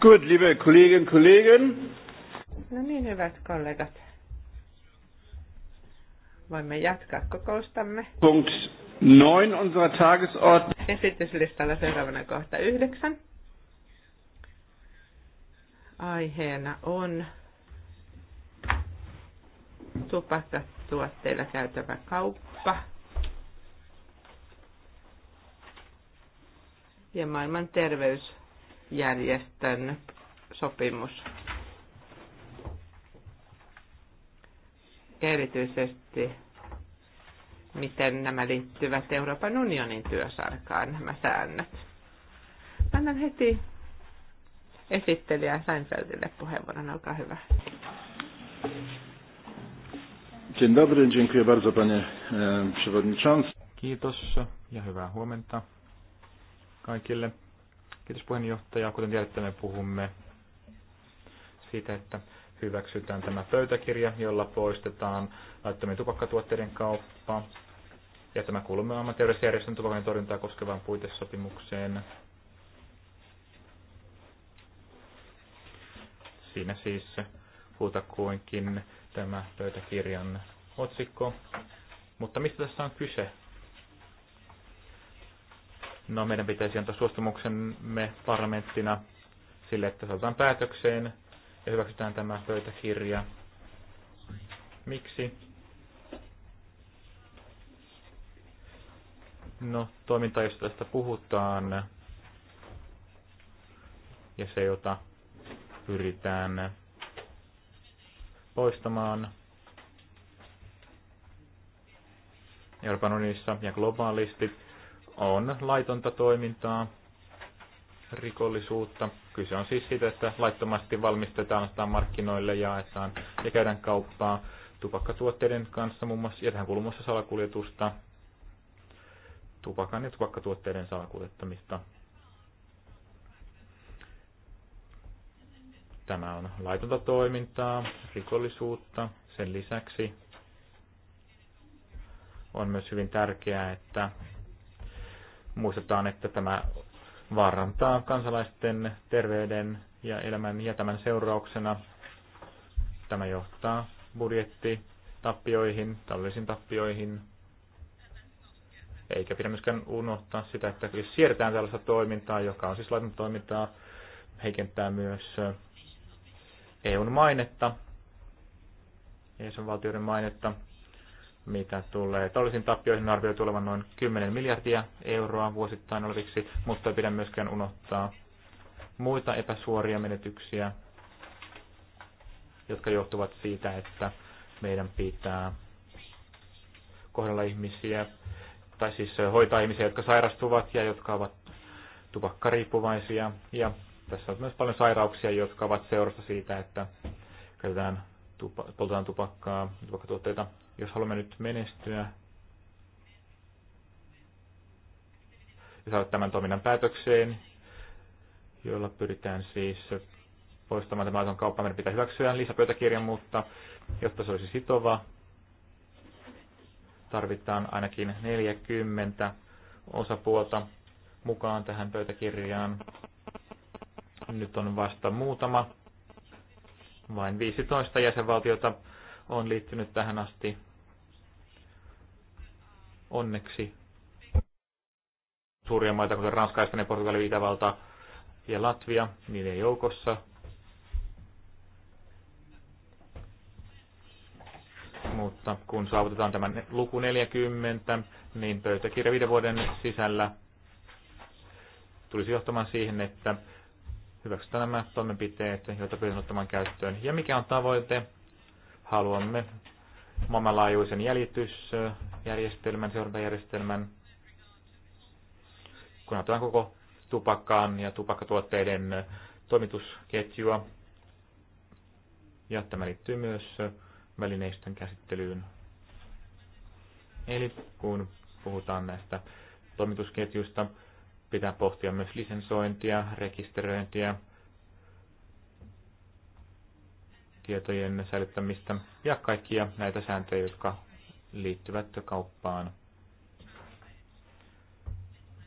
Gut, liebe Kolleginnen Kollegen. No niin, hyvät kollegat. Voimme jatkaa kokoustamme. Punkt 9 unserer Tagesordnung. Esityslistalla seuraavana kohta 9. Aiheena on tupakkatuotteilla käytävä kauppa. ja maailman terveys järjestön sopimus. Erityisesti miten nämä liittyvät Euroopan unionin työsarkaan, nämä säännöt. Annan heti esittelijä Seinfeldille puheenvuoron, olkaa hyvä. Dzień dobry, dziękuję bardzo panie e, przewodniczący. Kiitos ja hyvää huomenta kaikille. Kiitos puheenjohtaja. Kuten tiedätte, me puhumme siitä, että hyväksytään tämä pöytäkirja, jolla poistetaan laittomien tupakkatuotteiden kauppa. Ja tämä kuuluu maailman terveysjärjestön tupakan torjuntaa koskevaan puitesopimukseen. Siinä siis kutakuinkin tämä pöytäkirjan otsikko. Mutta mistä tässä on kyse? No meidän pitäisi antaa suostumuksemme parlamenttina sille, että saadaan päätökseen ja hyväksytään tämä pöytäkirja. Miksi? No, toiminta, josta tästä puhutaan ja se, jota pyritään poistamaan Euroopan unionissa ja globaalisti on laitonta toimintaa, rikollisuutta. Kyse on siis siitä, että laittomasti valmistetaan, ostetaan markkinoille, jaetaan ja käydään kauppaa tupakkatuotteiden kanssa muun muassa, ja tähän kuuluu muassa salakuljetusta, tupakan ja tupakkatuotteiden salakuljettamista. Tämä on laitonta toimintaa, rikollisuutta. Sen lisäksi on myös hyvin tärkeää, että muistetaan, että tämä vaarantaa kansalaisten terveyden ja elämän ja tämän seurauksena tämä johtaa budjetti tappioihin, taloudellisiin tappioihin. Eikä pidä myöskään unohtaa sitä, että jos siirretään tällaista toimintaa, joka on siis laitonta toimintaa, heikentää myös äh, EUn mainetta, e valtioiden mainetta mitä tulee taloudellisiin tappioihin, arvioi tulevan noin 10 miljardia euroa vuosittain oleviksi, mutta ei pidä myöskään unohtaa muita epäsuoria menetyksiä, jotka johtuvat siitä, että meidän pitää kohdella ihmisiä, tai siis hoitaa ihmisiä, jotka sairastuvat ja jotka ovat tupakkariippuvaisia. Ja tässä on myös paljon sairauksia, jotka ovat seurasta siitä, että käytetään tupa, poltetaan tupakkaa, tupakkatuotteita. Jos haluamme nyt menestyä, ja saada tämän toiminnan päätökseen, jolla pyritään siis poistamaan tämä aiton kauppa. Meidän pitää hyväksyä lisäpöytäkirjan, mutta jotta se olisi sitova, tarvitaan ainakin 40 osapuolta mukaan tähän pöytäkirjaan. Nyt on vasta muutama. Vain 15 jäsenvaltiota on liittynyt tähän asti onneksi suuria maita, kuten Ranska, Espanja, Portugali, Itävalta ja Latvia, niiden joukossa. Mutta kun saavutetaan tämä luku 40, niin pöytäkirja viiden vuoden sisällä tulisi johtamaan siihen, että hyväksytään nämä toimenpiteet, joita pyydän ottamaan käyttöön. Ja mikä on tavoite? Haluamme maailmanlaajuisen jäljitysjärjestelmän, seurantajärjestelmän, kun otetaan koko tupakkaan ja tupakkatuotteiden toimitusketjua. Ja tämä liittyy myös välineistön käsittelyyn. Eli kun puhutaan näistä toimitusketjuista, pitää pohtia myös lisensointia, rekisteröintiä, tietojen säilyttämistä ja kaikkia näitä sääntöjä, jotka liittyvät kauppaan,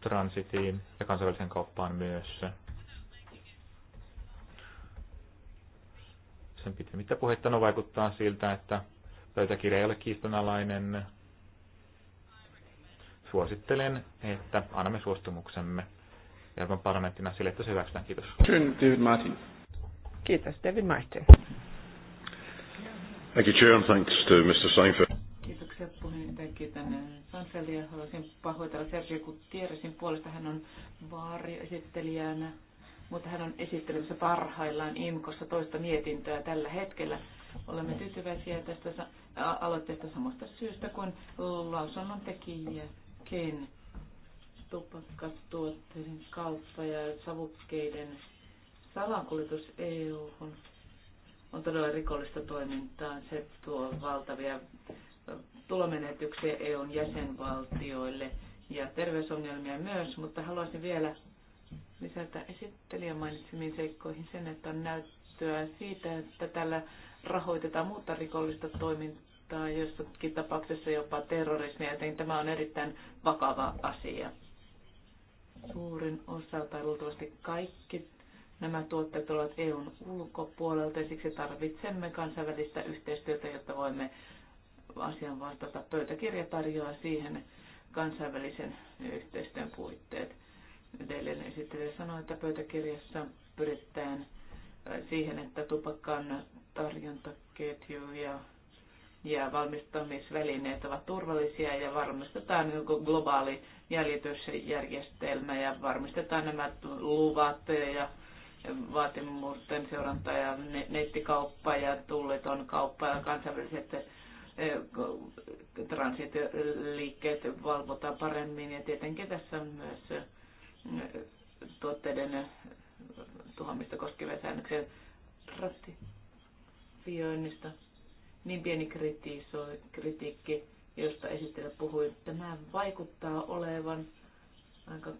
transitiin ja kansainväliseen kauppaan myös. Sen pitemmittä puhetta no vaikuttaa siltä, että pöytäkirja ei ole kiistanalainen. Suosittelen, että annamme suostumuksemme Euroopan parlamenttina sille, että se hyväksytään. Kiitos. David Martin. Kiitos, David Martin. Thank you, Chair, and thanks to Mr. Seinfeld. Kiitoksia puheenjohtaja. Kiitän eh, Sanfeldia. Haluaisin pahoitella Sergio Gutierrezin puolesta. Hän on vaariesittelijänä, mutta hän on esittelemässä parhaillaan IMKossa toista mietintöä tällä hetkellä. Olemme tyytyväisiä tästä aloitteesta samasta syystä kuin lausunnon Ken tupakkatuotteiden kauppa ja savukkeiden salakuljetus EU-hun on todella rikollista toimintaa. Se tuo valtavia tulomenetyksiä EUn jäsenvaltioille ja terveysongelmia myös, mutta haluaisin vielä lisätä esittelijän mainitsemiin seikkoihin sen, että on näyttöä siitä, että tällä rahoitetaan muuta rikollista toimintaa, jossakin tapauksessa jopa terrorismia, joten tämä on erittäin vakava asia. Suurin osa tai luultavasti kaikki Nämä tuotteet ovat EUn ulkopuolelta ja siksi tarvitsemme kansainvälistä yhteistyötä, jotta voimme asian vastata. Pöytäkirja tarjoaa siihen kansainvälisen yhteistyön puitteet. Edelleen esittelijä sanoi, että pöytäkirjassa pyritään äh, siihen, että tupakkaan tarjontaketju ja, ja valmistamisvälineet ovat turvallisia ja varmistetaan globaali jäljitysjärjestelmä ja varmistetaan nämä luvat ja vaatimusten seuranta ja nettikauppa ja tulleton kauppa ja kansainväliset eh, transitliikkeet valvotaan paremmin ja tietenkin tässä on myös eh, tuotteiden eh, tuhoamista koskevia säännöksiä ratifioinnista. Niin pieni kritiikki, josta esittelijä puhui, että tämä vaikuttaa olevan aika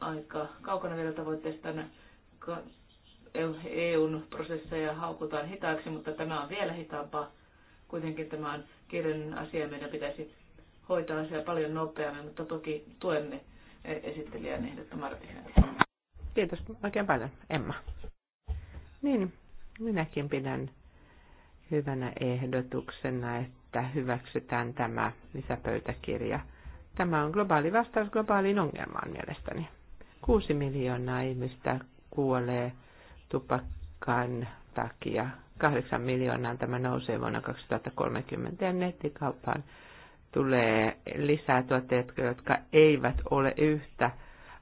aika kaukana vielä tavoitteesta EUn e prosesseja haukutaan hitaaksi, mutta tämä on vielä hitaampaa. Kuitenkin tämä on kiireinen asia, meidän pitäisi hoitaa asia paljon nopeammin, mutta toki tuemme esittelijän ehdotta ratifiointia. Kiitos oikein paljon, Emma. Niin, minäkin pidän hyvänä ehdotuksena, että hyväksytään tämä lisäpöytäkirja. Tämä on globaali vastaus globaaliin ongelmaan mielestäni. Kuusi miljoonaa ihmistä kuolee tupakkaan takia. Kahdeksan miljoonaa tämä nousee vuonna 2030 ja nettikauppaan tulee lisää tuotteet, jotka eivät ole yhtä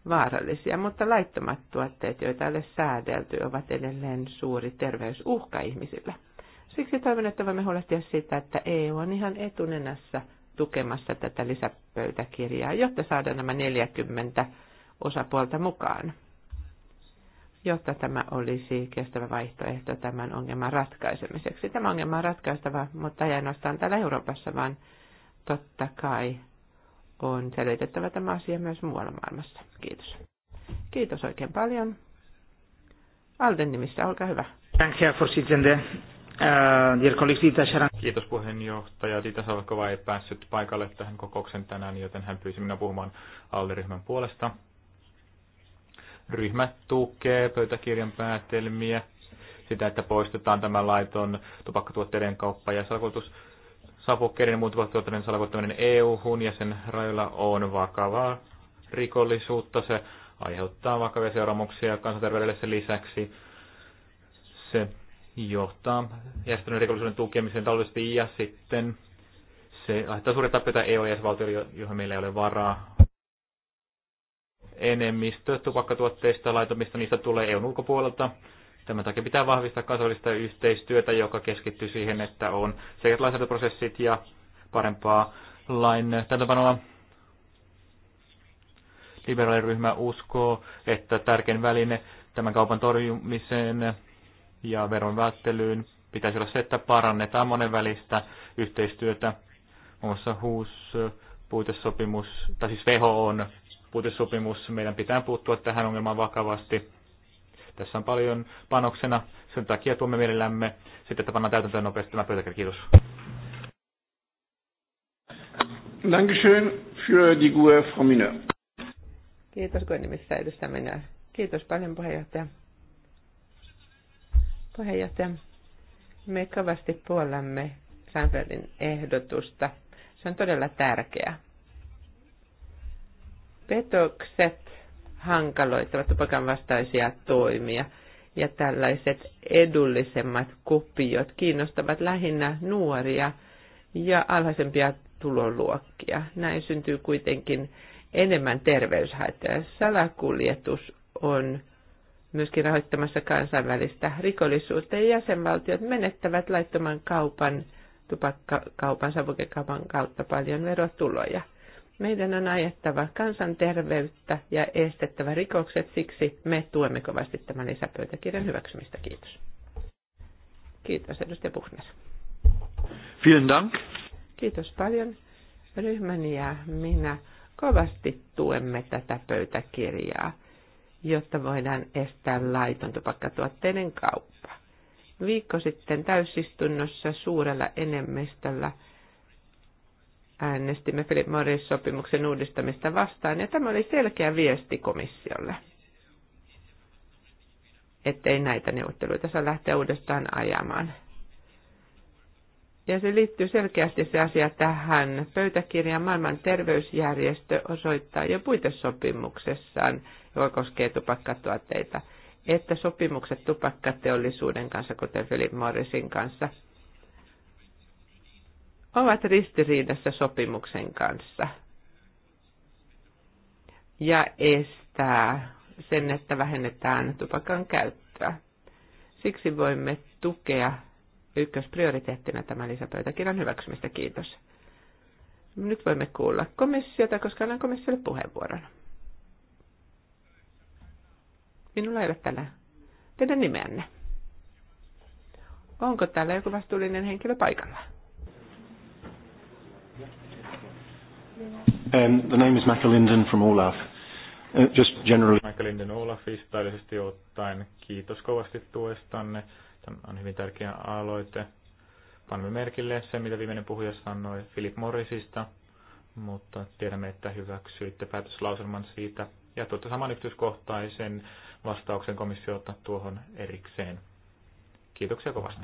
vaarallisia, mutta laittomat tuotteet, joita ei ole säädelty, ovat edelleen suuri terveysuhka ihmisille. Siksi toivon, että voimme huolehtia siitä, että EU on ihan etunenässä tukemassa tätä lisäpöytäkirjaa, jotta saadaan nämä 40 osapuolta mukaan, jotta tämä olisi kestävä vaihtoehto tämän ongelman ratkaisemiseksi. Tämä ongelma on ratkaistava, mutta ei ainoastaan täällä Euroopassa, vaan totta kai on selitettävä tämä asia myös muualla maailmassa. Kiitos. Kiitos oikein paljon. Alden nimissä, olkaa hyvä. Thanks, Herr Vorsitzende. Kiitos puheenjohtaja. Dita Salkova ei päässyt paikalle tähän kokoukseen tänään, joten hän pyysi minua puhumaan alderyhmän puolesta ryhmät tukee pöytäkirjan päätelmiä, sitä, että poistetaan tämä laiton tupakkatuotteiden kauppa ja salkoitus Savukkeiden ja muun tupakkatuotteiden salkoittaminen EU-hun ja sen rajoilla on vakavaa rikollisuutta. Se aiheuttaa vakavia seuraamuksia kansanterveydelle sen lisäksi. Se johtaa järjestäneen rikollisuuden tukemiseen taloudellisesti ja sitten se aiheuttaa suuria tappioita EU- ja johon meillä ei ole varaa enemmistö tupakkatuotteista laitomista niistä tulee EUn ulkopuolelta. Tämän takia pitää vahvistaa kansallista yhteistyötä, joka keskittyy siihen, että on sekä lainsäädäntöprosessit ja parempaa lain täytäntöpanoa. Liberaaliryhmä uskoo, että tärkein väline tämän kaupan torjumiseen ja veron välttelyyn pitäisi olla se, että parannetaan monenvälistä yhteistyötä. Muun muassa HUS, puitesopimus, tai siis WHO on puitesopimus. Meidän pitää puuttua tähän ongelmaan vakavasti. Tässä on paljon panoksena. Sen takia tuomme mielellämme sitten, että pannaan täytäntöön nopeasti tämä pöytäkirja. Kiitos. Dankeschön für die Frau Kiitos, kun nimissä edustaa Minör. Kiitos paljon, puheenjohtaja. Puheenjohtaja, me kovasti puolellamme Sanfordin ehdotusta. Se on todella tärkeää. Petokset hankaloittavat tupakan vastaisia toimia ja tällaiset edullisemmat kupiot kiinnostavat lähinnä nuoria ja alhaisempia tuloluokkia. Näin syntyy kuitenkin enemmän terveyshaittoja. Salakuljetus on myöskin rahoittamassa kansainvälistä rikollisuutta ja jäsenvaltiot menettävät laittoman kaupan, tupakkakaupan, savukekaupan kautta paljon verotuloja. Meidän on ajettava kansanterveyttä ja estettävä rikokset, siksi me tuemme kovasti tämän lisäpöytäkirjan hyväksymistä. Kiitos. Kiitos, edustaja Buchner. Vielen dank. Kiitos paljon. Ryhmäni ja minä kovasti tuemme tätä pöytäkirjaa, jotta voidaan estää laiton tupakkatuotteiden kauppa. Viikko sitten täysistunnossa suurella enemmistöllä – äänestimme Philip Morris-sopimuksen uudistamista vastaan, ja tämä oli selkeä viesti komissiolle, ettei näitä neuvotteluita saa lähteä uudestaan ajamaan. Ja se liittyy selkeästi se asia tähän. Pöytäkirjan maailman terveysjärjestö osoittaa jo puitesopimuksessaan, joka koskee tupakkatuotteita, että sopimukset tupakkateollisuuden kanssa, kuten Philip Morrisin kanssa – ovat ristiriidassa sopimuksen kanssa ja estää sen, että vähennetään tupakan käyttöä. Siksi voimme tukea ykkösprioriteettina tämän lisäpöytäkirjan hyväksymistä. Kiitos. Nyt voimme kuulla komissiota, koska annan komissiolle puheenvuoron. Minulla ei ole tällä teidän nimeänne. Onko täällä joku vastuullinen henkilö paikalla? Um, the name is Michael Linden from Olaf. Uh, just generally. Michael Linden Olafista yleisesti ottaen. Kiitos kovasti tuestanne. Tämä on hyvin tärkeä aloite. Panemme merkille se, mitä viimeinen puhuja sanoi Philip Morrisista, mutta tiedämme, että hyväksyitte päätöslauselman siitä ja tuotte saman yksityiskohtaisen vastauksen komissiolta tuohon erikseen. Kiitoksia kovasti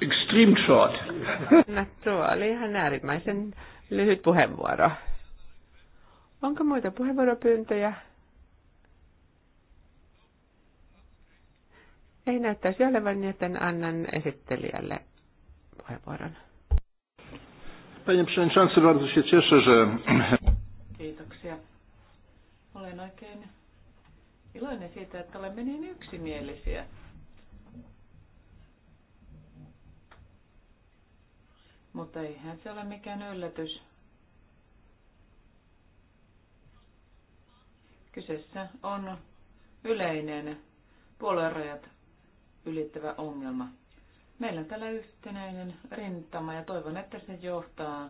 extreme short. No, tuo oli ihan äärimmäisen lyhyt puheenvuoro. Onko muita puheenvuoropyyntöjä? Ei näyttäisi olevan, joten annan esittelijälle puheenvuoron. Panie Przewodniczący, bardzo się cieszę, że... Kiitoksia. Olen oikein iloinen siitä, että olemme niin yksimielisiä mutta eihän se ole mikään yllätys. Kyseessä on yleinen puoluerajat ylittävä ongelma. Meillä on täällä yhtenäinen rintama ja toivon, että se johtaa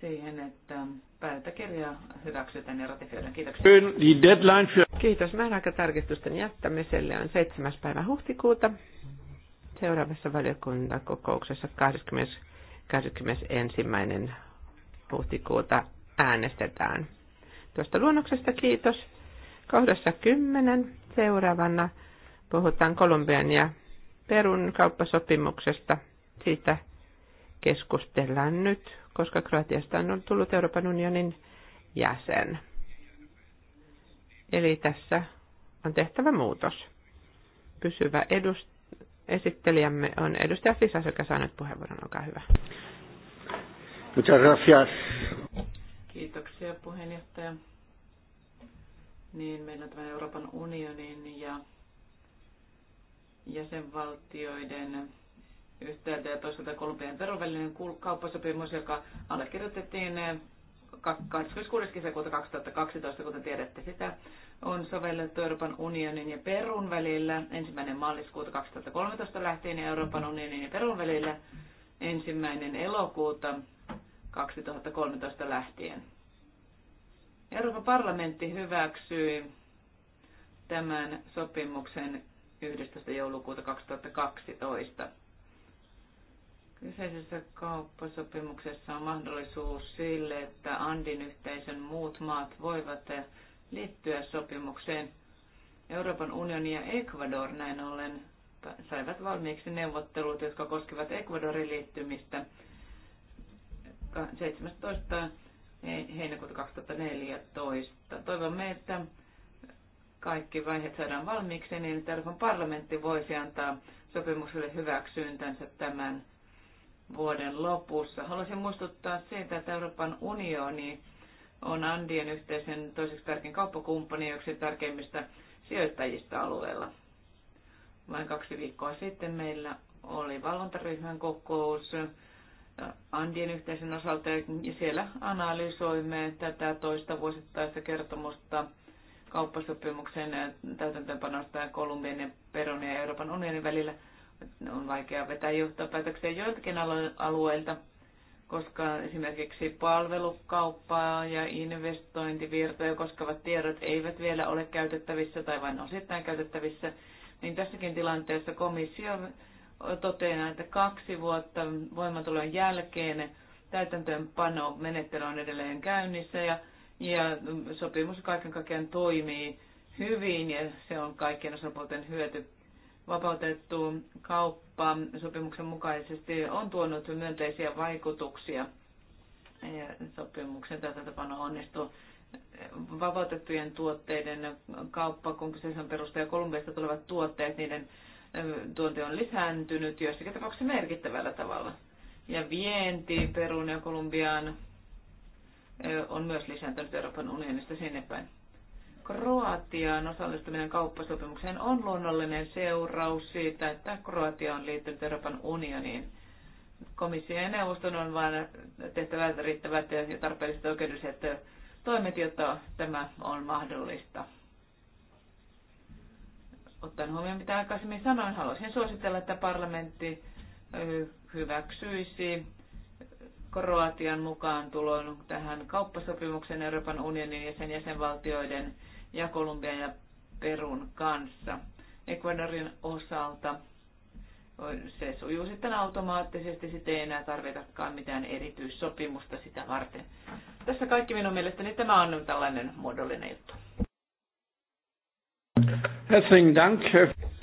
siihen, että päätäkirja hyväksytään ja ratifioidaan. Kiitoksia. Kiitos. Määräaikatarkistusten jättämiselle on 7. päivä huhtikuuta. Seuraavassa valiokuntakokouksessa 20. 21. huhtikuuta äänestetään. Tuosta luonnoksesta kiitos. Kohdassa 10 seuraavana puhutaan Kolumbian ja Perun kauppasopimuksesta. Siitä keskustellaan nyt, koska Kroatiasta on tullut Euroopan unionin jäsen. Eli tässä on tehtävä muutos. Pysyvä edustaja esittelijämme on edustaja Fisas, joka saa nyt puheenvuoron. Olkaa hyvä. Muchas gracias. Kiitoksia puheenjohtaja. Niin, meillä on tämä Euroopan unionin ja jäsenvaltioiden yhteyttä ja toisaalta Kolumbian verovälinen kauppasopimus, joka allekirjoitettiin 26. kesäkuuta 2012, kuten tiedätte sitä, on sovellettu Euroopan unionin ja Perun välillä ensimmäinen maaliskuuta 2013 lähtien ja Euroopan unionin ja Perun välillä ensimmäinen elokuuta 2013 lähtien. Euroopan parlamentti hyväksyi tämän sopimuksen 11. joulukuuta 2012. Kyseisessä kauppasopimuksessa on mahdollisuus sille, että Andin yhteisön muut maat voivat liittyä sopimukseen. Euroopan unioni ja Ecuador näin ollen saivat valmiiksi neuvottelut, jotka koskevat Ecuadorin liittymistä 17. heinäkuuta 2014. Toivomme, että kaikki vaiheet saadaan valmiiksi, niin Euroopan parlamentti voisi antaa sopimukselle hyväksyntänsä tämän vuoden lopussa. Haluaisin muistuttaa siitä, että Euroopan unioni on Andien yhteisen toiseksi tärkein kauppakumppani ja yksi tärkeimmistä sijoittajista alueella. Vain kaksi viikkoa sitten meillä oli valvontaryhmän kokous Andien yhteisen osalta ja siellä analysoimme tätä toista vuosittaista kertomusta kauppasopimuksen täytäntöönpanosta Kolumbian ja Peron ja Euroopan unionin välillä – on vaikea vetää johtopäätöksiä joiltakin alueilta, koska esimerkiksi palvelukauppaa ja investointivirtoja koskevat tiedot eivät vielä ole käytettävissä tai vain osittain käytettävissä, niin tässäkin tilanteessa komissio toteaa, että kaksi vuotta voimatulon jälkeen täytäntöönpano menettely on edelleen käynnissä ja, ja sopimus kaiken kaikkiaan toimii hyvin ja se on kaikkien osapuolten hyöty vapautettu kauppa sopimuksen mukaisesti on tuonut myönteisiä vaikutuksia. ja Sopimuksen täytäntöpano onnistuu vapautettujen tuotteiden kauppa, kun kyseessä on perustaja Kolumbiasta tulevat tuotteet, niiden tuonti on lisääntynyt joissakin tapauksissa merkittävällä tavalla. Ja vienti Peruun ja Kolumbiaan on myös lisääntynyt Euroopan unionista sinne päin. Kroatian osallistuminen kauppasopimukseen on luonnollinen seuraus siitä, että Kroatia on liittynyt Euroopan unioniin. Komission ja neuvoston on vain tehtävä riittävät ja tarpeelliset oikeudelliset toimet, jotta tämä on mahdollista. Ottaen huomioon, mitä aikaisemmin sanoin, haluaisin suositella, että parlamentti hyväksyisi Kroatian mukaan tulon tähän kauppasopimukseen Euroopan unionin ja sen jäsenvaltioiden ja Kolumbian ja Perun kanssa. Ecuadorin osalta se sujuu sitten automaattisesti, sitten ei enää tarvitakaan mitään erityissopimusta sitä varten. Tässä kaikki minun mielestäni tämä on nyt tällainen muodollinen juttu.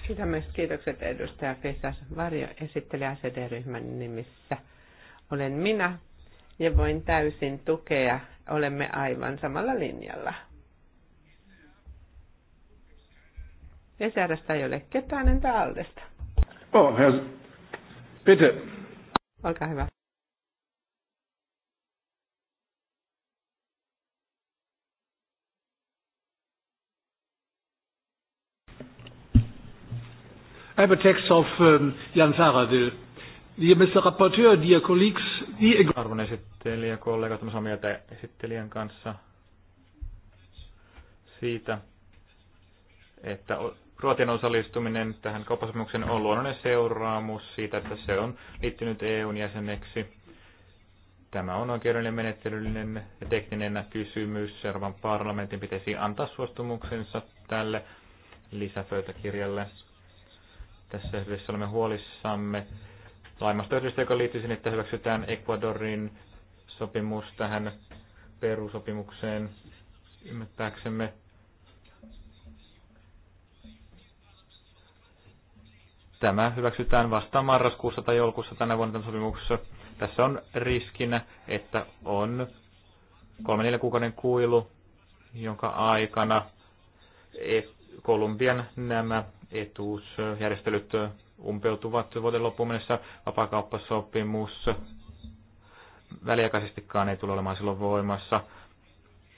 Sitä myös kiitokset edustaja Fesas Varjo esitteli acd ryhmän nimissä. Olen minä ja voin täysin tukea. Olemme aivan samalla linjalla. Esärästä ei ole ketään, entä Aldesta? Oh, herr... Bitte. Olkaa hyvä. I have a text of um, Jan Saradil. Dear Mr. Rapporteur, dear colleagues, dear... Arvon esittelijä, kollegat, mä samaa mieltä esittelijän kanssa siitä, että Ruotian osallistuminen tähän kauppasopimukseen on luonnollinen seuraamus siitä, että se on liittynyt EUn jäseneksi. Tämä on oikeudellinen, menettelyllinen ja tekninen kysymys. Euroopan parlamentin pitäisi antaa suostumuksensa tälle lisäpöytäkirjalle. Tässä yhdessä olemme huolissamme laimasta yhdestä, joka liittyy sinne, että hyväksytään Ecuadorin sopimus tähän perusopimukseen. Ymmärtääksemme Tämä hyväksytään vasta marraskuussa tai joulukuussa tänä vuonna tämän sopimuksessa. Tässä on riskinä, että on 3-4 kuukauden kuilu, jonka aikana e- Kolumbian nämä etuusjärjestelyt umpeutuvat vuoden loppuun mennessä. Vapaakauppasopimus väliaikaisestikaan ei tule olemaan silloin voimassa.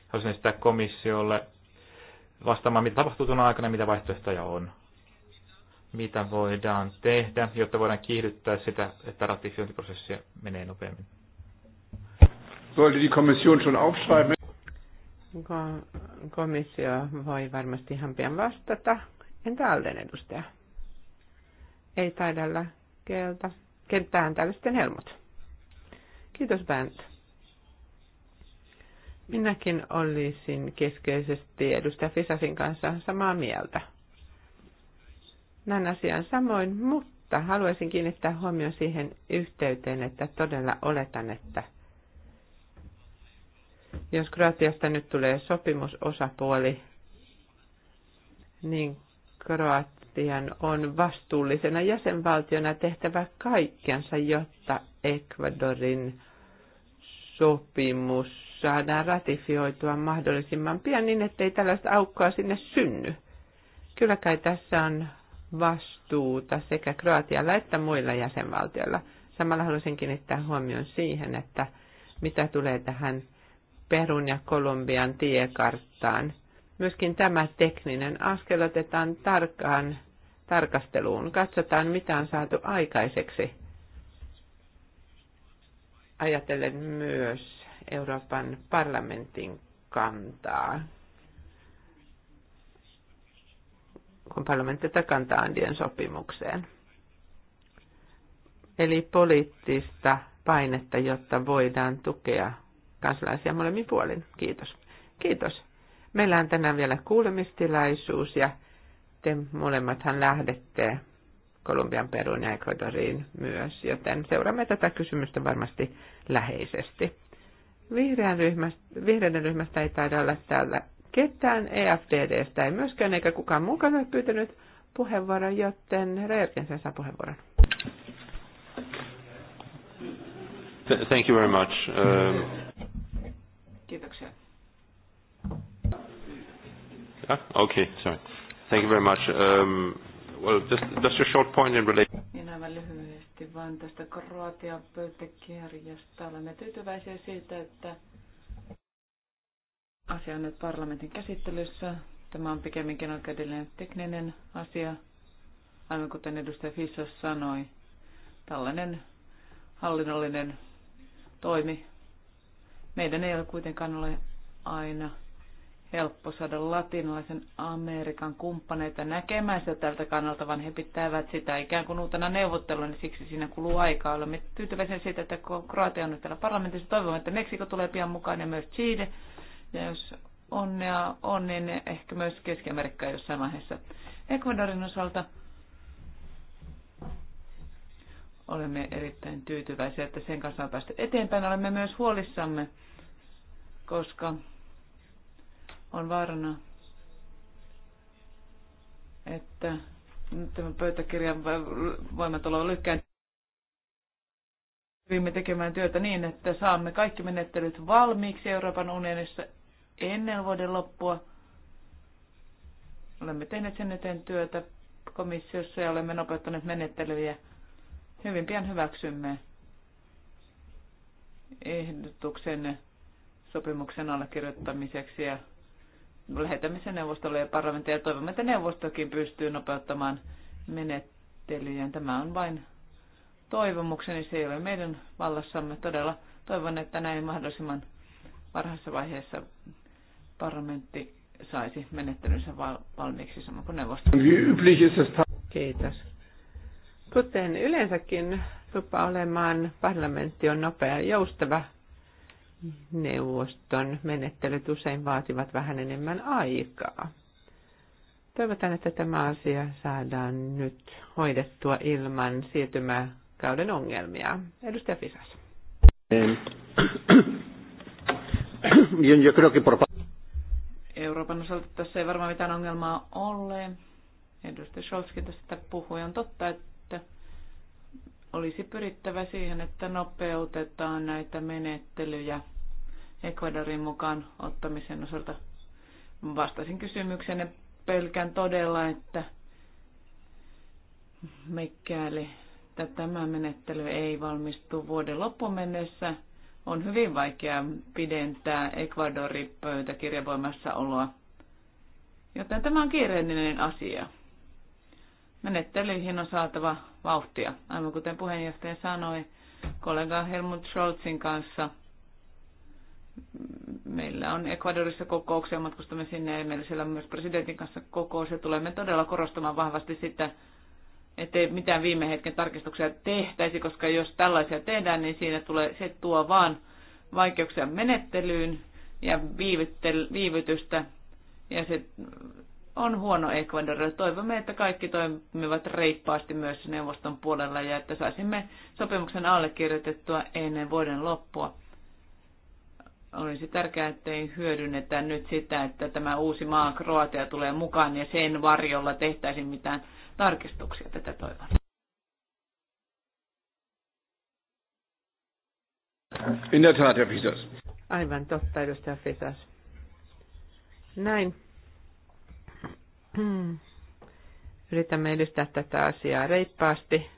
Haluaisin esittää komissiolle vastaamaan, mitä tapahtuu tuona aikana ja mitä vaihtoehtoja on mitä voidaan tehdä, jotta voidaan kiihdyttää sitä, että ratifiointiprosessia menee nopeammin. Sollte die Kommission schon aufschreiben? Komissio voi varmasti ihan pian vastata. Entä Alden edustaja? Ei taidella kelta. Kenttään täällä sitten Helmut. Kiitos Bernd. Minäkin olisin keskeisesti edustaja Fisasin kanssa samaa mieltä näin asian samoin, mutta haluaisin kiinnittää huomioon siihen yhteyteen, että todella oletan, että jos Kroatiasta nyt tulee sopimusosapuoli, niin Kroatian on vastuullisena jäsenvaltiona tehtävä kaikkensa, jotta Ecuadorin sopimus saadaan ratifioitua mahdollisimman pian niin, ettei tällaista aukkoa sinne synny. Kyllä kai tässä on vastuuta sekä Kroatialla että muilla jäsenvaltioilla. Samalla haluaisin kiinnittää huomioon siihen, että mitä tulee tähän Perun ja Kolumbian tiekarttaan. Myöskin tämä tekninen askel otetaan tarkkaan tarkasteluun. Katsotaan, mitä on saatu aikaiseksi. Ajatellen myös Euroopan parlamentin kantaa kun parlamentti takantaa Andien sopimukseen. Eli poliittista painetta, jotta voidaan tukea kansalaisia molemmin puolin. Kiitos. Kiitos. Meillä on tänään vielä kuulemistilaisuus ja te molemmathan lähdette Kolumbian, Perun ja Ecuadoriin myös, joten seuraamme tätä kysymystä varmasti läheisesti. Vihreän ryhmästä, vihreiden ryhmästä ei taida olla täällä Ketään EFDDstä ei myöskään, eikä kukaan muukaan ole pyytänyt puheenvuoron, joten herra Jörgensen saa puheenvuoron. Thank you very much. Um... Kiitoksia. Yeah? Okay, sorry. Thank you very much. Um, well, just, just a short point in relation... Niin aivan lyhyesti vaan tästä Kroatian pöytäkirjasta. Olemme tyytyväisiä siitä, että asia on nyt parlamentin käsittelyssä. Tämä on pikemminkin oikeudellinen tekninen asia, aivan kuten edustaja Fissos sanoi. Tällainen hallinnollinen toimi. Meidän ei ole kuitenkaan ole aina helppo saada latinalaisen Amerikan kumppaneita näkemään sitä tältä kannalta, vaan he pitävät sitä ikään kuin uutena neuvottelua, niin siksi siinä kuluu aikaa. Olemme tyytyväisiä siitä, että Kroatia on nyt täällä parlamentissa. Toivomme, että Meksiko tulee pian mukaan ja myös Chile ja jos onnea on, niin ehkä myös Keski-Amerikkaa jossain vaiheessa. Ecuadorin osalta olemme erittäin tyytyväisiä, että sen kanssa on päästy eteenpäin. Olemme myös huolissamme, koska on vaarana, että nyt tämä pöytäkirjan olla lykkään. Pyrimme tekemään työtä niin, että saamme kaikki menettelyt valmiiksi Euroopan unionissa ennen vuoden loppua. Olemme tehneet sen eteen työtä komissiossa ja olemme nopeuttaneet menettelyjä. Hyvin pian hyväksymme ehdotuksen sopimuksen allekirjoittamiseksi ja lähetämme sen neuvostolle ja parlamentille toivomme, että neuvostokin pystyy nopeuttamaan menettelyjä. Tämä on vain toivomukseni, se ei ole meidän vallassamme todella. Toivon, että näin mahdollisimman varhaisessa vaiheessa parlamentti saisi menettelynsä valmiiksi samoin kuin neuvosto. Kiitos. Kuten yleensäkin tupa olemaan, parlamentti on nopea ja joustava. Neuvoston menettelyt usein vaativat vähän enemmän aikaa. Toivotaan, että tämä asia saadaan nyt hoidettua ilman siirtymäkauden ongelmia. Edustaja Fisas. yo creo que por Euroopan osalta tässä ei varmaan mitään ongelmaa ole. Edustaja Scholzki tästä puhui. On totta, että olisi pyrittävä siihen, että nopeutetaan näitä menettelyjä Ecuadorin mukaan ottamisen osalta. Vastasin kysymyksenne pelkään todella, että mikäli tämä menettely ei valmistu vuoden loppuun mennessä, on hyvin vaikea pidentää Ecuadorin oloa. Joten tämä on kiireellinen asia. Menettelyihin on saatava vauhtia. Aivan kuten puheenjohtaja sanoi, kollega Helmut Scholzin kanssa meillä on Ecuadorissa kokouksia, matkustamme sinne ja meillä siellä on myös presidentin kanssa kokous ja tulemme todella korostamaan vahvasti sitä, ettei mitään viime hetken tarkistuksia tehtäisi, koska jos tällaisia tehdään, niin siinä tulee, se tuo vaan vaikeuksia menettelyyn ja viivytystä. Ja se on huono Ecuadorille. Toivomme, että kaikki toimivat reippaasti myös neuvoston puolella ja että saisimme sopimuksen allekirjoitettua ennen vuoden loppua. Olisi tärkeää, ettei hyödynnetä nyt sitä, että tämä uusi maa Kroatia tulee mukaan ja sen varjolla tehtäisiin mitään tarkistuksia. Tätä toivon. In Aivan totta, edustaja Fisas. Näin. Yritämme edistää tätä asiaa reippaasti.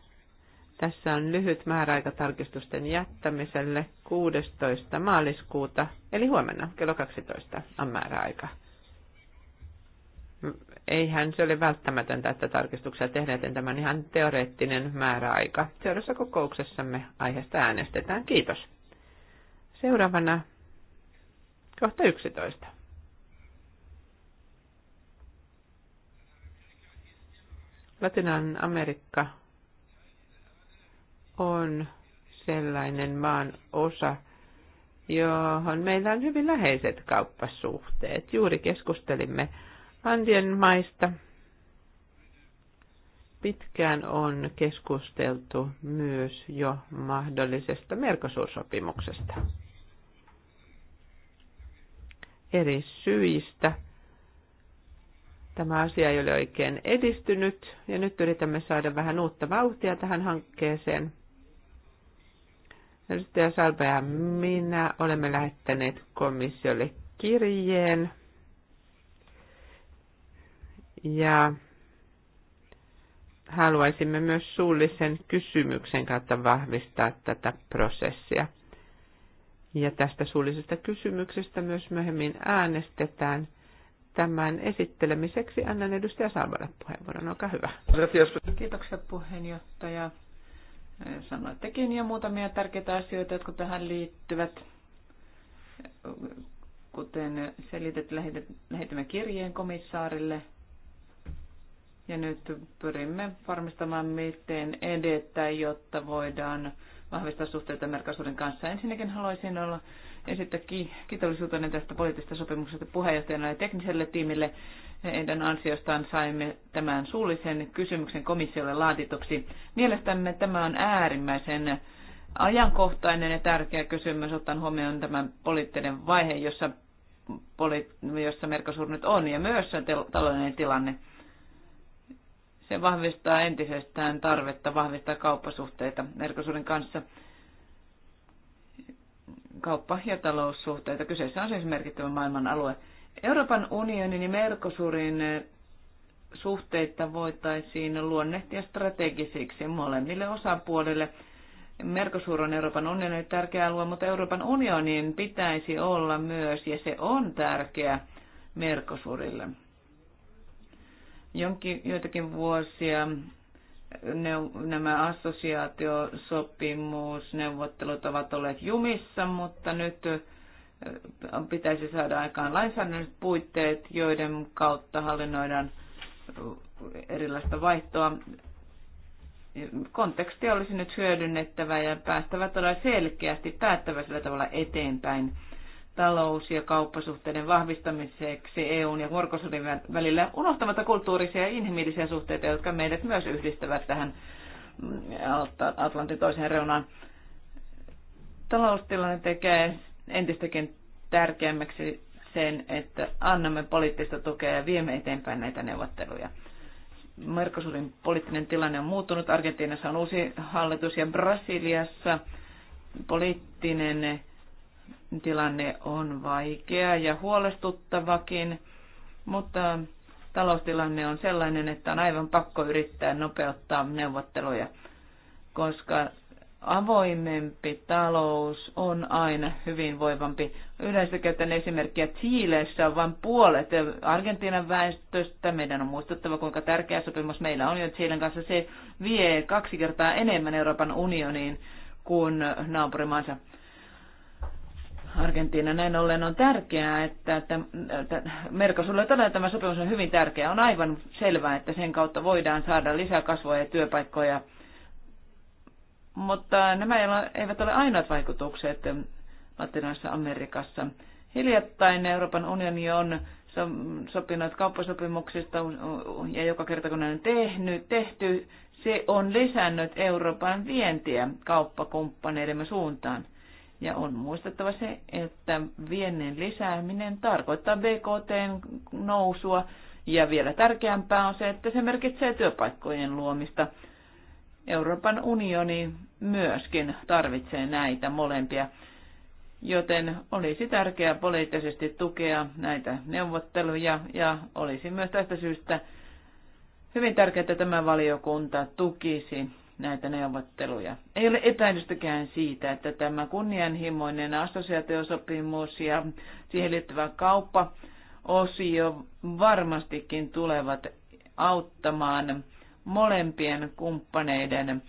Tässä on lyhyt määräaika tarkistusten jättämiselle 16. maaliskuuta, eli huomenna kello 12 on määräaika eihän se ole välttämätöntä, että tarkistuksia tehdään, joten tämä on ihan teoreettinen määräaika. Seuraavassa kokouksessamme aiheesta äänestetään. Kiitos. Seuraavana kohta 11. Latinan Amerikka on sellainen maan osa, johon meillä on hyvin läheiset kauppasuhteet. Juuri keskustelimme Andien maista pitkään on keskusteltu myös jo mahdollisesta merkosuursopimuksesta. Eri syistä tämä asia ei ole oikein edistynyt ja nyt yritämme saada vähän uutta vauhtia tähän hankkeeseen. Edustaja salpa ja minä olemme lähettäneet komissiolle kirjeen ja haluaisimme myös suullisen kysymyksen kautta vahvistaa tätä prosessia. Ja tästä suullisesta kysymyksestä myös myöhemmin äänestetään. Tämän esittelemiseksi annan edustaja Salvalle puheenvuoron. Olkaa hyvä. Kiitoksia puheenjohtaja. Sanoittekin jo muutamia tärkeitä asioita, jotka tähän liittyvät. Kuten selitet, lähetimme kirjeen komissaarille – ja nyt pyrimme varmistamaan, miten edetä, jotta voidaan vahvistaa suhteita merkaisuuden kanssa. Ensinnäkin haluaisin olla esittää kiitollisuuteni tästä poliittisesta sopimuksesta puheenjohtajana ja tekniselle tiimille. Heidän ansiostaan saimme tämän suullisen kysymyksen komissiolle laatituksi. Mielestämme tämä on äärimmäisen ajankohtainen ja tärkeä kysymys, ottaen huomioon tämän poliittinen vaihe, jossa, poli, jossa Mercosur nyt on, ja myös taloudellinen tilanne. Se vahvistaa entisestään tarvetta vahvistaa kauppasuhteita Mercosurin kanssa. Kauppa- ja taloussuhteita. Kyseessä on siis merkittävä maailman alue. Euroopan unionin ja Mercosurin eh, suhteita voitaisiin luonnehtia strategisiksi molemmille osapuolille. Mercosur on Euroopan unionin tärkeä alue, mutta Euroopan unionin pitäisi olla myös, ja se on tärkeä Mercosurille jonkin, joitakin vuosia ne, nämä assosiaatiosopimusneuvottelut ovat olleet jumissa, mutta nyt pitäisi saada aikaan lainsäädännön puitteet, joiden kautta hallinnoidaan erilaista vaihtoa. Kontekstia olisi nyt hyödynnettävä ja päästävä todella selkeästi päättäväisellä tavalla eteenpäin talous- ja kauppasuhteiden vahvistamiseksi EUn ja Morkosodin välillä, unohtamatta kulttuurisia ja inhimillisiä suhteita, jotka meidät myös yhdistävät tähän mm, Atlantin toiseen reunaan. Taloustilanne tekee entistäkin tärkeämmäksi sen, että annamme poliittista tukea ja viemme eteenpäin näitä neuvotteluja. Mercosurin poliittinen tilanne on muuttunut. Argentiinassa on uusi hallitus ja Brasiliassa poliittinen Tilanne on vaikea ja huolestuttavakin, mutta taloustilanne on sellainen, että on aivan pakko yrittää nopeuttaa neuvotteluja, koska avoimempi talous on aina hyvinvoivampi. Yleensä käytän esimerkkiä Chiilessä on vain puolet Argentiinan väestöstä. Meidän on muistettava, kuinka tärkeä sopimus meillä on jo Chilen kanssa. Se vie kaksi kertaa enemmän Euroopan unioniin kuin naapurimaansa. Argentiina. Näin ollen on tärkeää, että Merkosulle todella tämä sopimus on hyvin tärkeä. On aivan selvää, että sen kautta voidaan saada lisää kasvua ja työpaikkoja. Mutta nämä eivät ole ainoat vaikutukset Latinassa Amerikassa. Hiljattain Euroopan unioni on sopinut kauppasopimuksista ja joka kerta kun ne on tehnyt, tehty, se on lisännyt Euroopan vientiä kauppakumppaneidemme suuntaan. Ja on muistettava se, että viennin lisääminen tarkoittaa bkt nousua ja vielä tärkeämpää on se, että se merkitsee työpaikkojen luomista. Euroopan unioni myöskin tarvitsee näitä molempia, joten olisi tärkeää poliittisesti tukea näitä neuvotteluja ja olisi myös tästä syystä hyvin tärkeää, että tämä valiokunta tukisi näitä neuvotteluja. Ei ole epäilystäkään siitä, että tämä kunnianhimoinen assosiaatiosopimus ja siihen liittyvä kauppaosio varmastikin tulevat auttamaan molempien kumppaneiden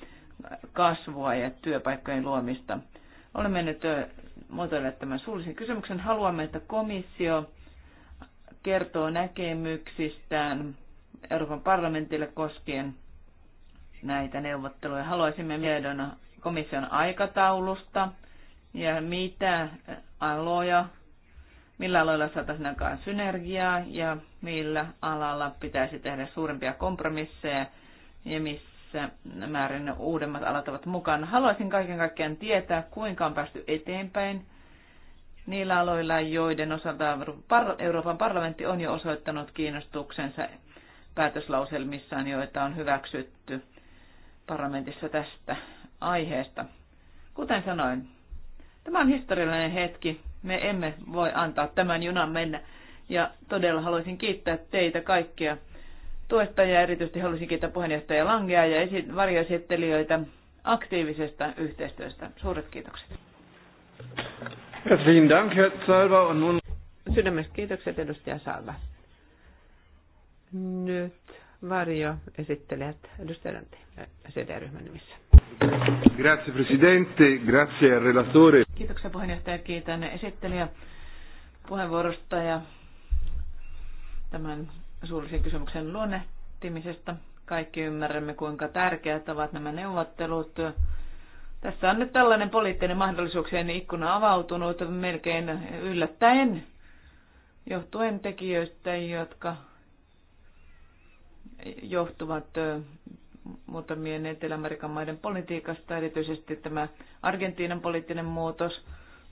kasvua ja työpaikkojen luomista. Olemme nyt muotoilleet tämän suullisen kysymyksen. Haluamme, että komissio kertoo näkemyksistään Euroopan parlamentille koskien näitä neuvotteluja. Haluaisimme tiedon komission aikataulusta ja mitä aloja, millä aloilla saataisiin aikaa synergiaa ja millä alalla pitäisi tehdä suurempia kompromisseja ja missä määrin uudemmat alat ovat mukana. Haluaisin kaiken kaikkiaan tietää, kuinka on päästy eteenpäin niillä aloilla, joiden osalta Euroopan parlamentti on jo osoittanut kiinnostuksensa päätöslauselmissaan, joita on hyväksytty parlamentissa tästä aiheesta. Kuten sanoin, tämä on historiallinen hetki. Me emme voi antaa tämän junan mennä. Ja todella haluaisin kiittää teitä kaikkia tuesta ja erityisesti haluaisin kiittää puheenjohtaja Langea ja varjoesittelijöitä aktiivisesta yhteistyöstä. Suuret kiitokset. Herzlichen Dank, Herr Salva. Und nun... Sydämestä kiitokset, edustaja Salva. Nyt Vario esittelijät edustajantti CD-ryhmän eh, nimissä. Grazie Presidente, grazie relatore. Kiitoksia puheenjohtaja, kiitän esittelijä puheenvuorosta ja tämän suullisen kysymyksen luonnehtimisesta. Kaikki ymmärrämme, kuinka tärkeät ovat nämä neuvottelut. Tässä on nyt tällainen poliittinen mahdollisuuksien ikkuna avautunut melkein yllättäen johtuen tekijöistä, jotka johtuvat muutamien Etelä-Amerikan maiden politiikasta, erityisesti tämä Argentiinan poliittinen muutos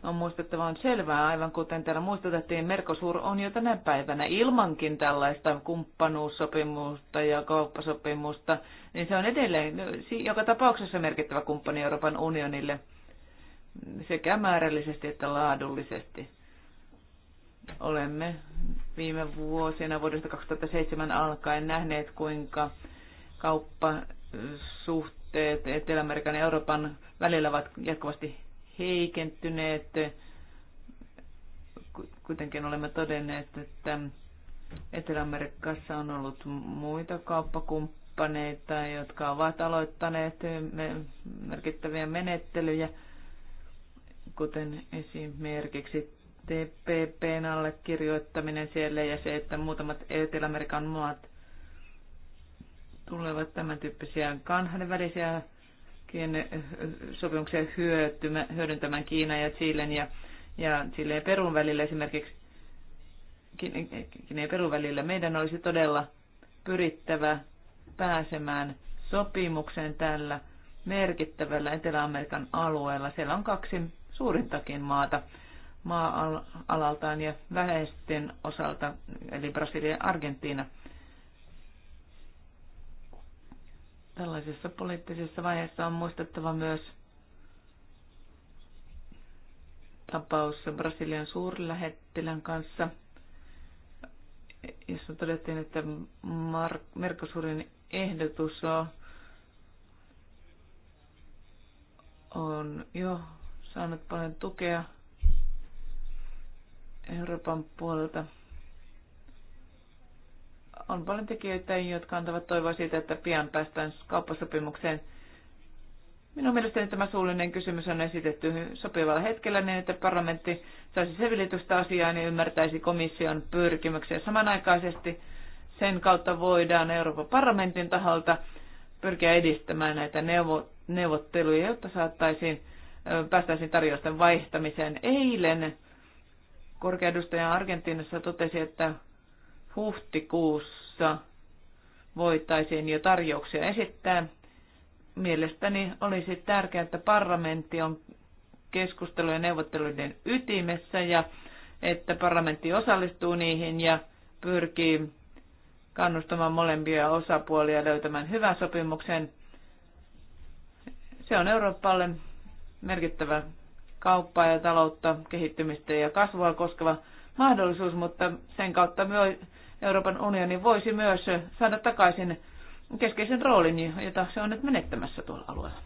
on muistettava on selvää, aivan kuten täällä muistutettiin, Mercosur on jo tänä päivänä ilmankin tällaista kumppanuussopimusta ja kauppasopimusta, niin se on edelleen no, joka tapauksessa merkittävä kumppani Euroopan unionille sekä määrällisesti että laadullisesti. Olemme viime vuosina vuodesta 2007 alkaen nähneet, kuinka kauppasuhteet Etelä-Amerikan ja Euroopan välillä ovat jatkuvasti heikentyneet. Kuitenkin olemme todenneet, että Etelä-Amerikassa on ollut muita kauppakumppaneita, jotka ovat aloittaneet merkittäviä menettelyjä, kuten esimerkiksi TPPn allekirjoittaminen siellä ja se, että muutamat Etelä-Amerikan maat tulevat tämän tyyppisiä kansainvälisiä sopimuksia hyödyntämään Kiinan ja Chilen ja, ja Chilen ja Perun välillä esimerkiksi Kiinan ja Perun välillä. Meidän olisi todella pyrittävä pääsemään sopimukseen tällä merkittävällä Etelä-Amerikan alueella. Siellä on kaksi suurintakin maata maa-alaltaan ja väestön osalta, eli Brasilia ja Argentiina. Tällaisessa poliittisessa vaiheessa on muistettava myös tapaus Brasilian suurlähettilän kanssa, jossa todettiin, että Merkosurin ehdotus on, on jo saanut paljon tukea Euroopan puolelta. On paljon tekijöitä, jotka antavat toivoa siitä, että pian päästään kauppasopimukseen. Minun mielestäni tämä suullinen kysymys on esitetty sopivalla hetkellä niin, että parlamentti saisi selvitystä asiaa ja ymmärtäisi komission pyrkimyksiä. Samanaikaisesti sen kautta voidaan Euroopan parlamentin taholta pyrkiä edistämään näitä neuvo- neuvotteluja, jotta saattaisiin, päästäisiin tarjousten vaihtamiseen. Eilen Korkeadustaja Argentiinassa totesi, että huhtikuussa voitaisiin jo tarjouksia esittää. Mielestäni olisi tärkeää, että parlamentti on keskustelujen neuvotteluiden ytimessä ja että parlamentti osallistuu niihin ja pyrkii kannustamaan molempia osapuolia löytämään hyvän sopimuksen. Se on Euroopalle merkittävä kauppaa ja taloutta, kehittymistä ja kasvua koskeva mahdollisuus, mutta sen kautta myös Euroopan unioni voisi myös saada takaisin keskeisen roolin, jota se on nyt menettämässä tuolla alueella.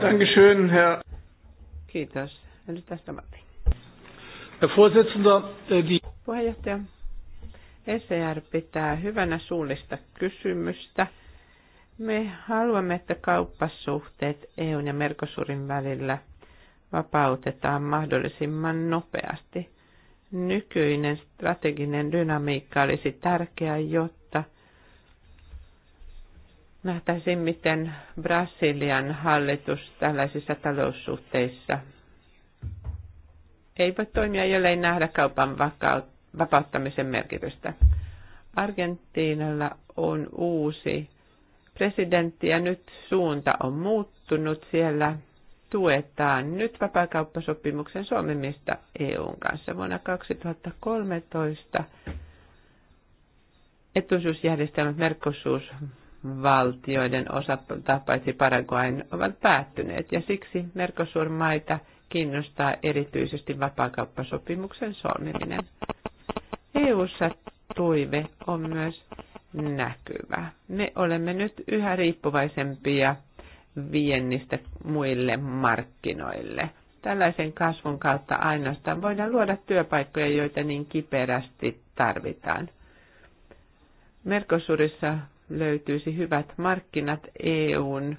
Dankeschön, Herr. Kiitos. Edustaja Stamatti. Herr Vorsitzender, äh, die... Puheenjohtaja, ECR pitää hyvänä suullista kysymystä – me haluamme, että kauppasuhteet EUn ja Merkosurin välillä vapautetaan mahdollisimman nopeasti. Nykyinen strateginen dynamiikka olisi tärkeä, jotta nähtäisiin, miten Brasilian hallitus tällaisissa taloussuhteissa ei voi toimia, jollei nähdä kaupan vapauttamisen merkitystä. Argentiinalla on uusi presidentti ja nyt suunta on muuttunut siellä. Tuetaan nyt vapaakauppasopimuksen solmimista EUn kanssa vuonna 2013. Etuisuusjärjestelmät Merkosuusvaltioiden osalta, paitsi Paraguain, ovat päättyneet ja siksi Merkosuurmaita kiinnostaa erityisesti vapaakauppasopimuksen solmiminen. EU:ssa toive on myös näkyvä. Me olemme nyt yhä riippuvaisempia viennistä muille markkinoille. Tällaisen kasvun kautta ainoastaan voidaan luoda työpaikkoja, joita niin kiperästi tarvitaan. Merkosurissa löytyisi hyvät markkinat EUn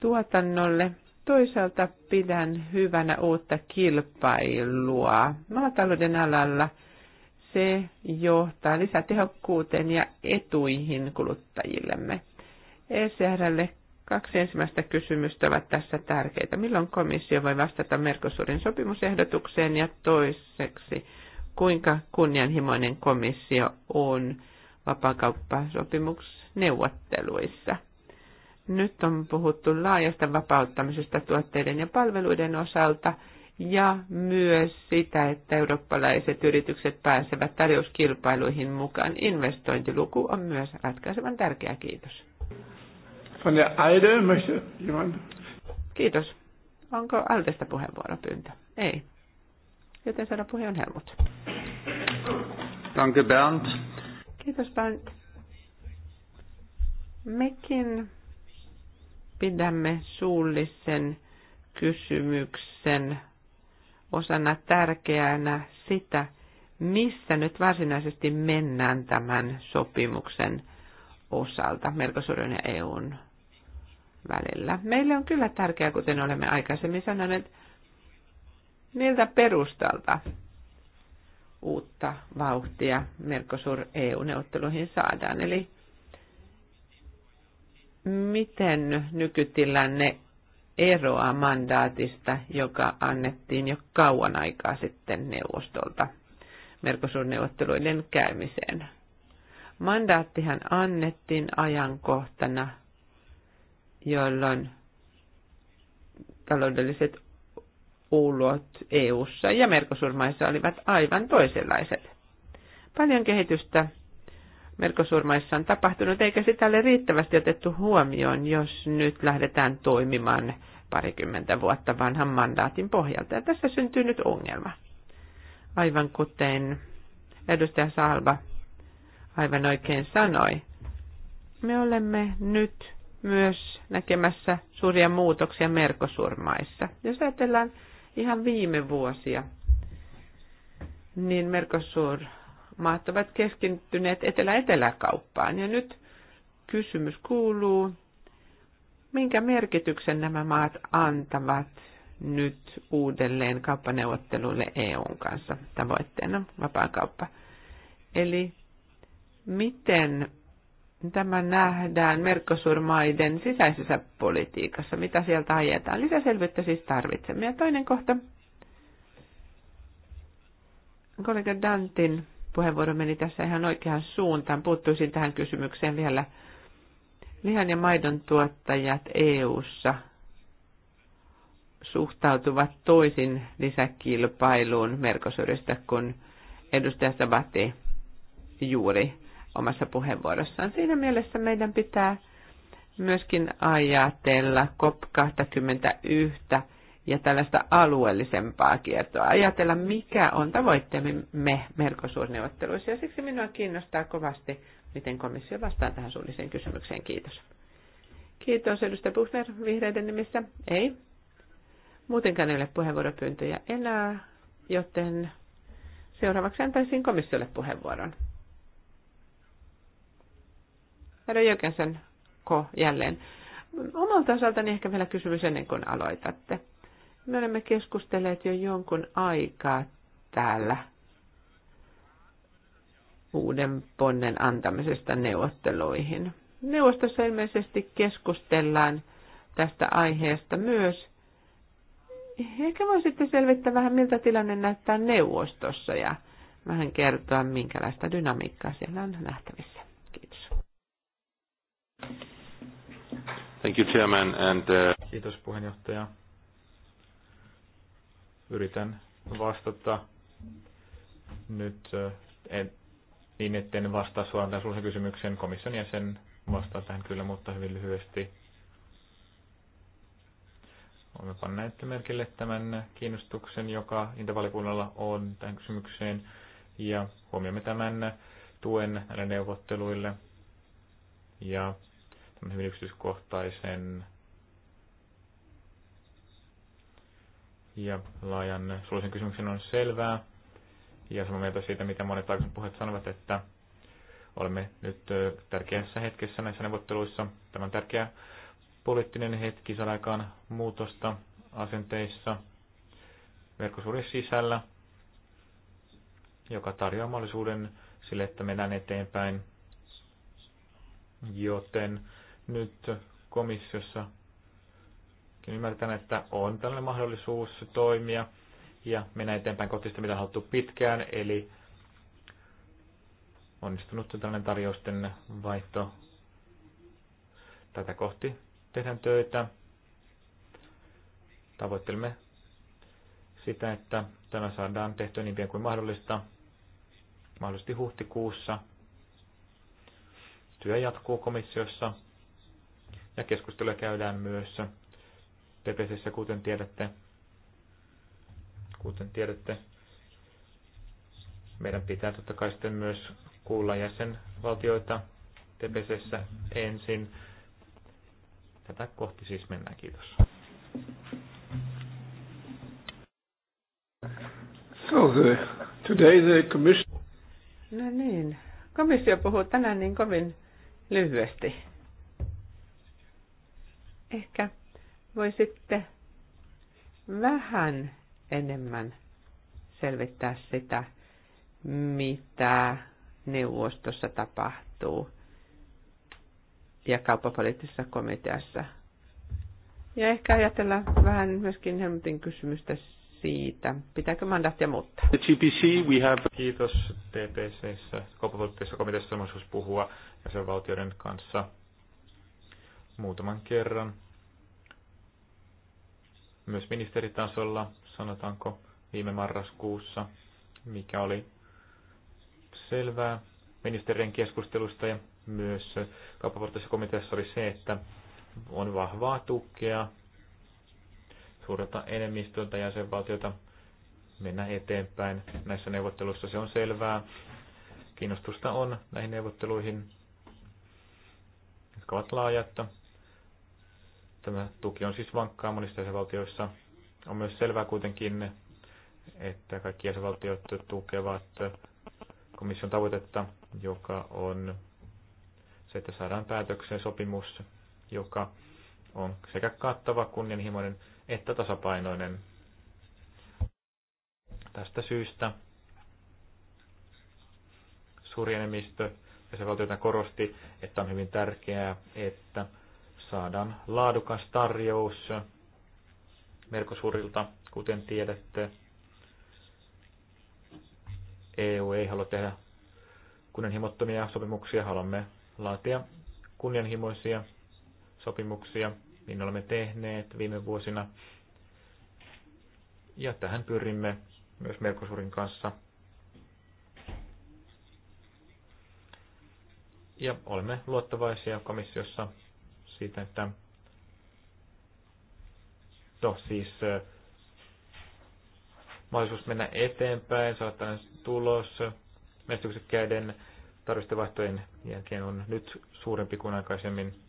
tuotannolle. Toisaalta pidän hyvänä uutta kilpailua maatalouden alalla – se johtaa lisätehokkuuteen ja etuihin kuluttajillemme. ECRlle kaksi ensimmäistä kysymystä ovat tässä tärkeitä. Milloin komissio voi vastata Mercosurin sopimusehdotukseen ja toiseksi, kuinka kunnianhimoinen komissio on vapaakauppasopimusneuvotteluissa? Nyt on puhuttu laajasta vapauttamisesta tuotteiden ja palveluiden osalta – ja myös sitä, että eurooppalaiset yritykset pääsevät tarjouskilpailuihin mukaan. Investointiluku on myös ratkaisevan tärkeä. Kiitos. Von der Alde möchte jemand. Kiitos. Onko Aldesta puheenvuoropyyntö? Ei. Joten saada puhe on Helmut. Danke Bernd. Kiitos Bernd. Mekin pidämme suullisen kysymyksen osana tärkeänä sitä, missä nyt varsinaisesti mennään tämän sopimuksen osalta Mercosurin ja EUn välillä. Meille on kyllä tärkeää, kuten olemme aikaisemmin sanoneet, miltä perustalta uutta vauhtia Mercosur EU-neuvotteluihin saadaan. Eli miten nykytilanne eroa mandaatista, joka annettiin jo kauan aikaa sitten neuvostolta mercosur käymiseen. Mandaattihan annettiin ajankohtana, jolloin taloudelliset ulot EU:ssa ja mercosur olivat aivan toisenlaiset. Paljon kehitystä Merkosurmaissa on tapahtunut, eikä sitä ole riittävästi otettu huomioon, jos nyt lähdetään toimimaan parikymmentä vuotta vanhan mandaatin pohjalta. Ja tässä syntyy nyt ongelma. Aivan kuten edustaja Salva aivan oikein sanoi, me olemme nyt myös näkemässä suuria muutoksia merkosurmaissa. Jos ajatellaan ihan viime vuosia, niin merkosurmaissa maat ovat keskittyneet etelä-eteläkauppaan. Ja nyt kysymys kuuluu, minkä merkityksen nämä maat antavat nyt uudelleen kauppaneuvotteluille EUn kanssa tavoitteena vapaakauppa. Eli miten tämä nähdään merkosurmaiden sisäisessä politiikassa, mitä sieltä ajetaan. Lisäselvyyttä siis tarvitsemme. Ja toinen kohta, kollega Dantin puheenvuoro meni tässä ihan oikeaan suuntaan. Puuttuisin tähän kysymykseen vielä. Lihan ja maidon tuottajat EU:ssa suhtautuvat toisin lisäkilpailuun Merkosurista kuin edustaja Sabati juuri omassa puheenvuorossaan. Siinä mielessä meidän pitää myöskin ajatella COP21 ja tällaista alueellisempaa kiertoa. Ajatella, mikä on tavoitteemme me Merkosuusneuvotteluissa. Ja siksi minua kiinnostaa kovasti, miten komissio vastaa tähän suulliseen kysymykseen. Kiitos. Kiitos edustaja Buchner vihreiden nimissä. Ei. Muutenkaan ei ole puheenvuoropyyntöjä enää, joten seuraavaksi antaisin komissiolle puheenvuoron. Herra Jökensen, ko jälleen. Omalta osaltani ehkä vielä kysymys ennen kuin aloitatte. Me olemme keskustelleet jo jonkun aikaa täällä uuden ponnen antamisesta neuvotteluihin. Neuvostossa ilmeisesti keskustellaan tästä aiheesta myös. Ehkä voisitte selvittää vähän, miltä tilanne näyttää neuvostossa ja vähän kertoa, minkälaista dynamiikkaa siellä on nähtävissä. Kiitos. Thank you, Chairman, and, uh... Kiitos puheenjohtaja yritän vastata nyt et, niin, etten vastaa suoraan tämän kysymykseen. Komission jäsen vastaa tähän kyllä, mutta hyvin lyhyesti. Olemme panneet merkille tämän kiinnostuksen, joka intervallikunnalla on tähän kysymykseen, ja huomioimme tämän tuen näille neuvotteluille ja tämän hyvin yksityiskohtaisen ja laajan suullisen kysymyksen on selvää. Ja samaa mieltä siitä, mitä monet aikaisemmin puheet sanovat, että olemme nyt tärkeässä hetkessä näissä neuvotteluissa. Tämä on tärkeä poliittinen hetki saada aikaan muutosta asenteissa verkkosuuden sisällä, joka tarjoaa mahdollisuuden sille, että mennään eteenpäin. Joten nyt komissiossa ymmärtänyt, että on tällainen mahdollisuus toimia ja mennä eteenpäin kohti sitä, mitä on haluttu pitkään, eli onnistunut tällainen tarjousten vaihto. Tätä kohti tehdään töitä. Tavoittelemme sitä, että tämä saadaan tehtyä niin pian kuin mahdollista, mahdollisesti huhtikuussa. Työ jatkuu komissiossa ja keskustelua käydään myös Tepesissä, kuten tiedätte. Kuten tiedätte, meidän pitää totta kai sitten myös kuulla jäsenvaltioita Tepesessä ensin. Tätä kohti siis mennään. Kiitos. So the, today the commission... No niin, komissio puhuu tänään niin kovin lyhyesti. Ehkä sitten vähän enemmän selvittää sitä, mitä neuvostossa tapahtuu ja kauppapoliittisessa komiteassa. Ja ehkä ajatella vähän myöskin Helmutin kysymystä siitä, pitääkö mandaattia muuttaa. The GPC we have... Kiitos TPCssä, kauppapoliittisessa komiteassa on mahdollisuus puhua valtioiden kanssa muutaman kerran myös ministeritasolla, sanotaanko viime marraskuussa, mikä oli selvää ministerien keskustelusta ja myös kauppapoliittisessa komiteassa oli se, että on vahvaa tukea suurelta enemmistöltä jäsenvaltiota mennä eteenpäin näissä neuvotteluissa. Se on selvää. Kiinnostusta on näihin neuvotteluihin, jotka ovat laajat Tämä tuki on siis vankkaa monissa jäsenvaltioissa. On myös selvää kuitenkin, että kaikki jäsenvaltiot tukevat komission tavoitetta, joka on se, että saadaan päätökseen sopimus, joka on sekä kattava, kunnianhimoinen että tasapainoinen. Tästä syystä suuri enemmistö jäsenvaltioita korosti, että on hyvin tärkeää, että saadaan laadukas tarjous Merkosurilta, kuten tiedätte. EU ei halua tehdä kunnianhimottomia sopimuksia, haluamme laatia kunnianhimoisia sopimuksia, niin olemme tehneet viime vuosina. Ja tähän pyrimme myös Merkosurin kanssa. Ja olemme luottavaisia komissiossa siitä, että no siis mahdollisuus mennä eteenpäin, saada tulos, tulos menestyksekkäiden tarvistevaihtojen jälkeen on nyt suurempi kuin aikaisemmin,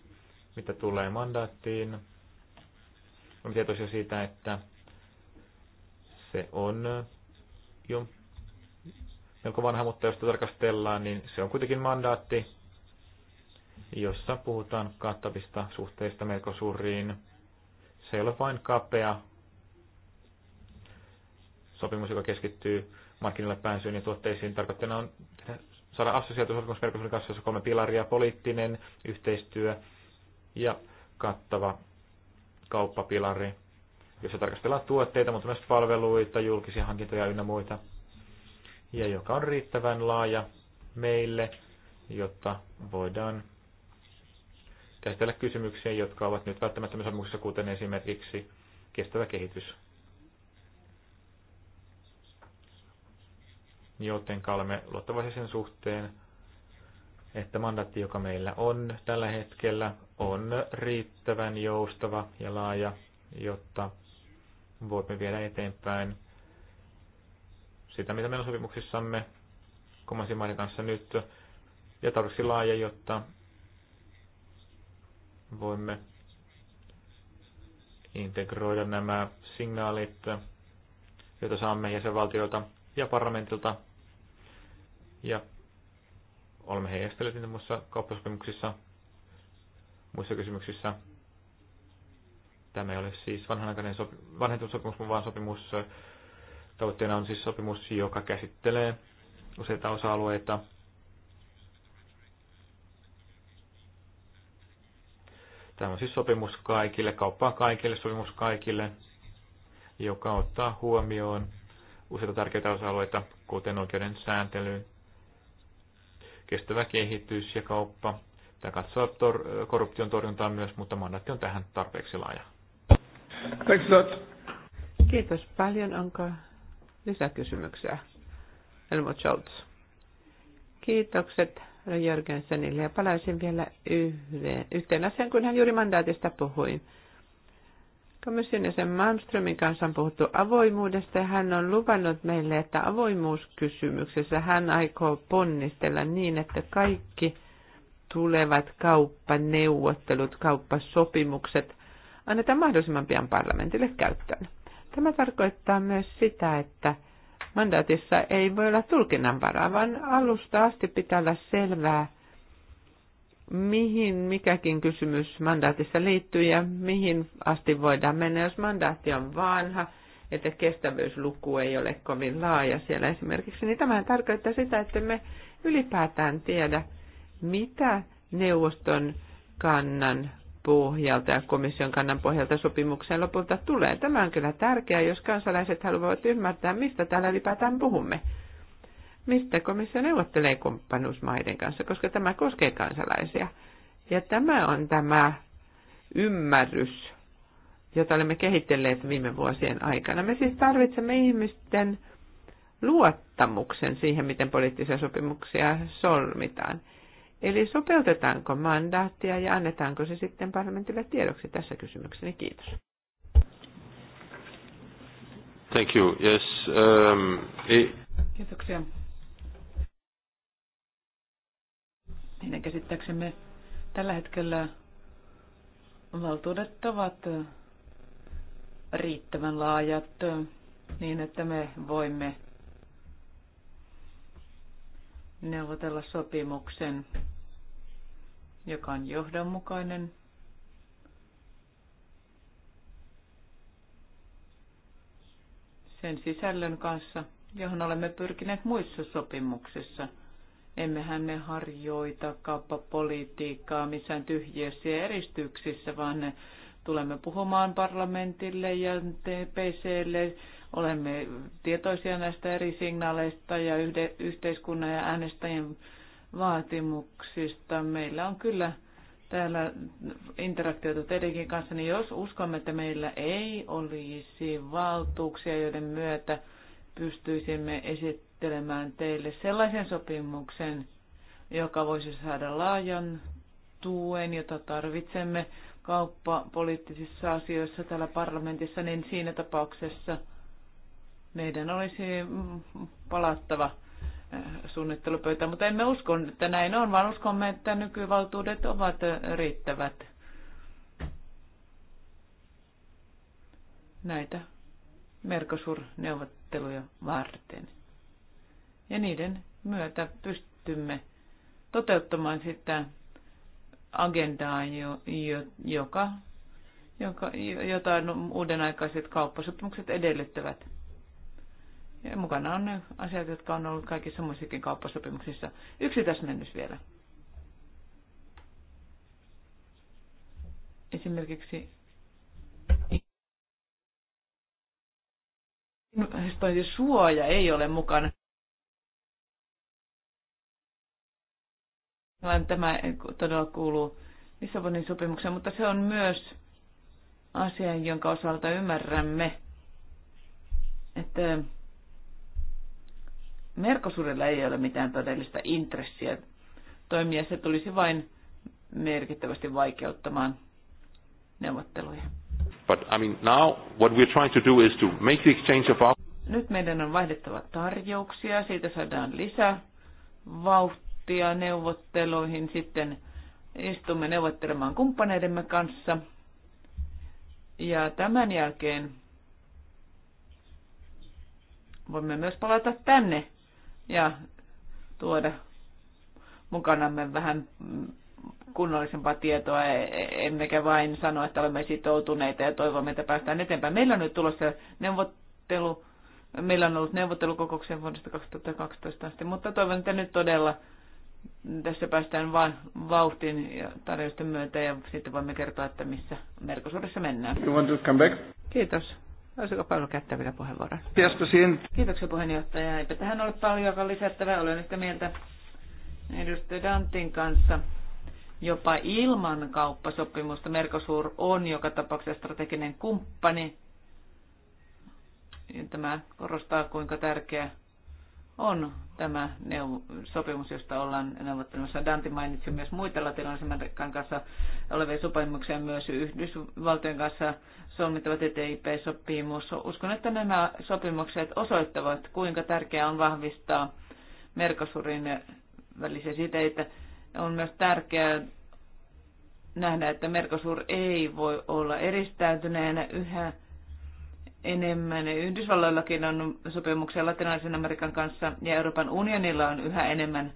mitä tulee mandaattiin. on tietoisia siitä, että se on jo melko vanha, mutta jos sitä tarkastellaan, niin se on kuitenkin mandaatti, jossa puhutaan kattavista suhteista Mercosuriin. Se ei ole vain kapea sopimus, joka keskittyy markkinoille pääsyyn ja tuotteisiin. Tarkoitteena on saada assosiaatiosopimus Mercosurin kanssa, jossa kolme pilaria, poliittinen yhteistyö ja kattava kauppapilari, jossa tarkastellaan tuotteita, mutta myös palveluita, julkisia hankintoja ynnä muita, ja joka on riittävän laaja meille, jotta voidaan käsitellä kysymyksiä, jotka ovat nyt välttämättömissä sopimuksissa, kuten esimerkiksi kestävä kehitys. Joten olemme luottavaisia sen suhteen, että mandaatti, joka meillä on tällä hetkellä, on riittävän joustava ja laaja, jotta voimme viedä eteenpäin sitä, mitä meillä on sopimuksissamme kolmansien kanssa nyt, ja tarvitsisi laaja, jotta voimme integroida nämä signaalit, joita saamme jäsenvaltioilta ja parlamentilta. Ja olemme heijastelleet niitä muissa kauppasopimuksissa, muissa kysymyksissä. Tämä ei ole siis vanhanaikainen sopi- vanhentunut sopimus, vaan sopimus. Tavoitteena on siis sopimus, joka käsittelee useita osa-alueita, Tämä on siis sopimus kaikille, kauppaa kaikille, sopimus kaikille, joka ottaa huomioon useita tärkeitä osa-alueita, kuten oikeuden sääntely, kestävä kehitys ja kauppa. Tämä katsoo tor- korruption torjuntaa myös, mutta mandaatti on tähän tarpeeksi laaja. Thanks a lot. Kiitos paljon. Onko lisäkysymyksiä? Helmut Scholz. Kiitokset Jörgensenille ja palaisin vielä yhden, yhteen asian, kun hän juuri mandaatista puhui. Komission jäsen Malmströmin kanssa on puhuttu avoimuudesta ja hän on luvannut meille, että avoimuuskysymyksessä hän aikoo ponnistella niin, että kaikki tulevat kauppaneuvottelut, kauppasopimukset annetaan mahdollisimman pian parlamentille käyttöön. Tämä tarkoittaa myös sitä, että mandaatissa ei voi olla tulkinnanvaraa, vaan alusta asti pitää olla selvää, mihin mikäkin kysymys mandaatissa liittyy ja mihin asti voidaan mennä, jos mandaatti on vanha, että kestävyysluku ei ole kovin laaja siellä esimerkiksi, niin tämä tarkoittaa sitä, että me ylipäätään tiedä, mitä neuvoston kannan pohjalta ja komission kannan pohjalta sopimukseen lopulta tulee. Tämä on kyllä tärkeää, jos kansalaiset haluavat ymmärtää, mistä täällä ylipäätään puhumme. Mistä komissio neuvottelee kumppanuusmaiden kanssa, koska tämä koskee kansalaisia. Ja tämä on tämä ymmärrys, jota olemme kehitelleet viime vuosien aikana. Me siis tarvitsemme ihmisten luottamuksen siihen, miten poliittisia sopimuksia solmitaan – Eli sopeutetaanko mandaattia ja annetaanko se sitten parlamentille tiedoksi tässä kysymykseni? Kiitos. Thank you. Yes, um, i... Kiitoksia. Meidän käsittääksemme tällä hetkellä valtuudet ovat riittävän laajat niin, että me voimme neuvotella sopimuksen joka on johdonmukainen. sen sisällön kanssa, johon olemme pyrkineet muissa sopimuksissa. Emmehän me harjoita kauppapolitiikkaa missään tyhjiössä ja eristyksissä, vaan tulemme puhumaan parlamentille ja TPClle. Olemme tietoisia näistä eri signaaleista ja yhteiskunnan ja äänestäjien vaatimuksista. Meillä on kyllä täällä interaktioitu teidänkin kanssa, niin jos uskomme, että meillä ei olisi valtuuksia, joiden myötä pystyisimme esittelemään teille sellaisen sopimuksen, joka voisi saada laajan tuen, jota tarvitsemme kauppapoliittisissa asioissa täällä parlamentissa, niin siinä tapauksessa meidän olisi palattava suunnittelupöytä, mutta emme usko, että näin on, vaan uskomme, että nykyvaltuudet ovat riittävät. Näitä Mercosur-neuvotteluja varten. Ja niiden myötä pystymme toteuttamaan sitä agendaa, jo, jo, joka, joka, jota uuden aikaiset kauppasopimukset edellyttävät. Ja mukana on ne asiat, jotka on ollut kaikissa muissakin kauppasopimuksissa. Yksi täsmennys vielä. Esimerkiksi suoja ei ole mukana. Tämä todella kuuluu Lissabonin sopimukseen, mutta se on myös asia, jonka osalta ymmärrämme, että Merkosurilla ei ole mitään todellista intressiä toimia. Se tulisi vain merkittävästi vaikeuttamaan neuvotteluja. But I mean now what we're trying to do is to make the exchange of our... Nyt meidän on vaihdettava tarjouksia, siitä saadaan lisää vauhtia neuvotteluihin. Sitten istumme neuvottelemaan kumppaneidemme kanssa. Ja tämän jälkeen voimme myös palata tänne ja tuoda mukanamme vähän kunnollisempaa tietoa, emmekä vain sano, että olemme sitoutuneita ja toivomme, että päästään eteenpäin. Meillä on nyt tulossa neuvottelu, meillä on ollut neuvottelukokouksia vuodesta 2012 asti, mutta toivon, että nyt todella tässä päästään vain vauhtiin ja tarjousten myötä ja sitten voimme kertoa, että missä Merkosuudessa mennään. You want to come back? Kiitos. Olisiko Paulu käyttää vielä puheenvuoron? Kiitoksia puheenjohtaja. Eipä tähän ole paljonkaan lisättävää. Olen yhtä mieltä edustaja Dantin kanssa. Jopa ilman kauppasopimusta Mercosur on joka tapauksessa strateginen kumppani. Ja tämä korostaa, kuinka tärkeä on tämä neuv- sopimus, josta ollaan neuvottelemassa. Dante mainitsi myös muita latinalaisen kanssa olevia sopimuksia, myös Yhdysvaltojen kanssa solmittava TTIP-sopimus. Uskon, että nämä sopimukset osoittavat, kuinka tärkeää on vahvistaa Merkosurin välisiä siteitä. On myös tärkeää nähdä, että merkosur ei voi olla eristäytyneenä yhä enemmän. Yhdysvalloillakin on sopimuksia Latinalaisen Amerikan kanssa ja Euroopan unionilla on yhä enemmän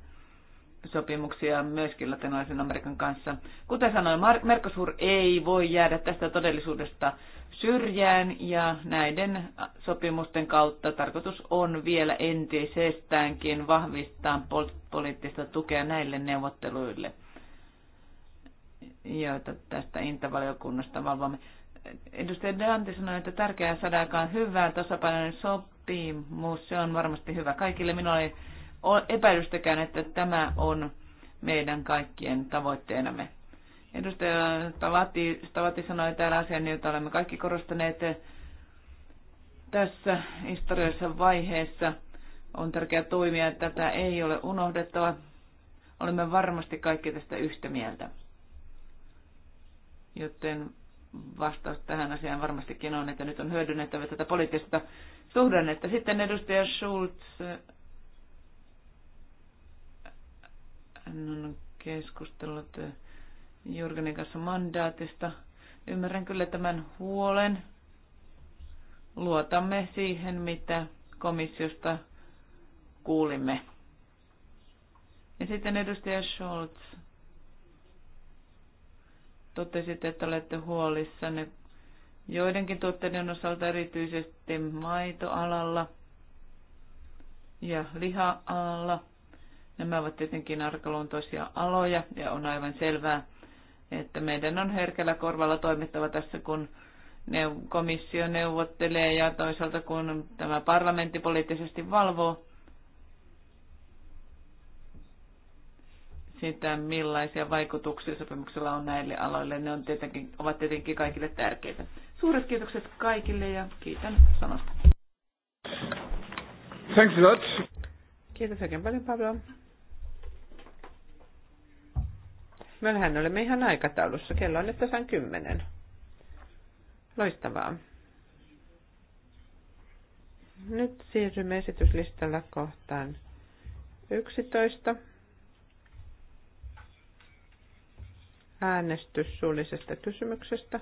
sopimuksia myöskin Latinalaisen Amerikan kanssa. Kuten sanoin, Mercosur ei voi jäädä tästä todellisuudesta syrjään ja näiden sopimusten kautta tarkoitus on vielä entisestäänkin vahvistaa poliittista tukea näille neuvotteluille, joita tästä intavaliokunnasta valvomme. Edustaja Dante sanoi, että tärkeää saada aikaan hyvää tasapainoinen sopimus. Se on varmasti hyvä kaikille. Minulla ei ole epäilystäkään, että tämä on meidän kaikkien tavoitteenamme. Edustaja Tavati, Tavati sanoi täällä asian, jota olemme kaikki korostaneet tässä historiallisessa vaiheessa. On tärkeää toimia, että tätä ei ole unohdettava. Olemme varmasti kaikki tästä yhtä mieltä. Joten vastaus tähän asiaan varmastikin on, että nyt on hyödynnettävä tätä poliittista suhdannetta. Sitten edustaja Schulz hän on keskustellut Jurgenin kanssa mandaatista. Ymmärrän kyllä tämän huolen. Luotamme siihen, mitä komissiosta kuulimme. Ja sitten edustaja Scholz Totesitte, että olette huolissanne joidenkin tuotteiden osalta, erityisesti maitoalalla ja liha-alalla. Nämä ovat tietenkin arkaluontoisia aloja ja on aivan selvää, että meidän on herkällä korvalla toimittava tässä, kun komissio neuvottelee ja toisaalta kun tämä parlamentti poliittisesti valvoo. sitä, millaisia vaikutuksia sopimuksella on näille aloille. Ne on tietenkin, ovat tietenkin kaikille tärkeitä. Suuret kiitokset kaikille ja kiitän sanasta. Thanks a lot. Kiitos oikein paljon, Pablo. Mehän olemme ihan aikataulussa. Kello on nyt tasan kymmenen. Loistavaa. Nyt siirrymme esityslistalla kohtaan 11. äänestys suullisesta kysymyksestä.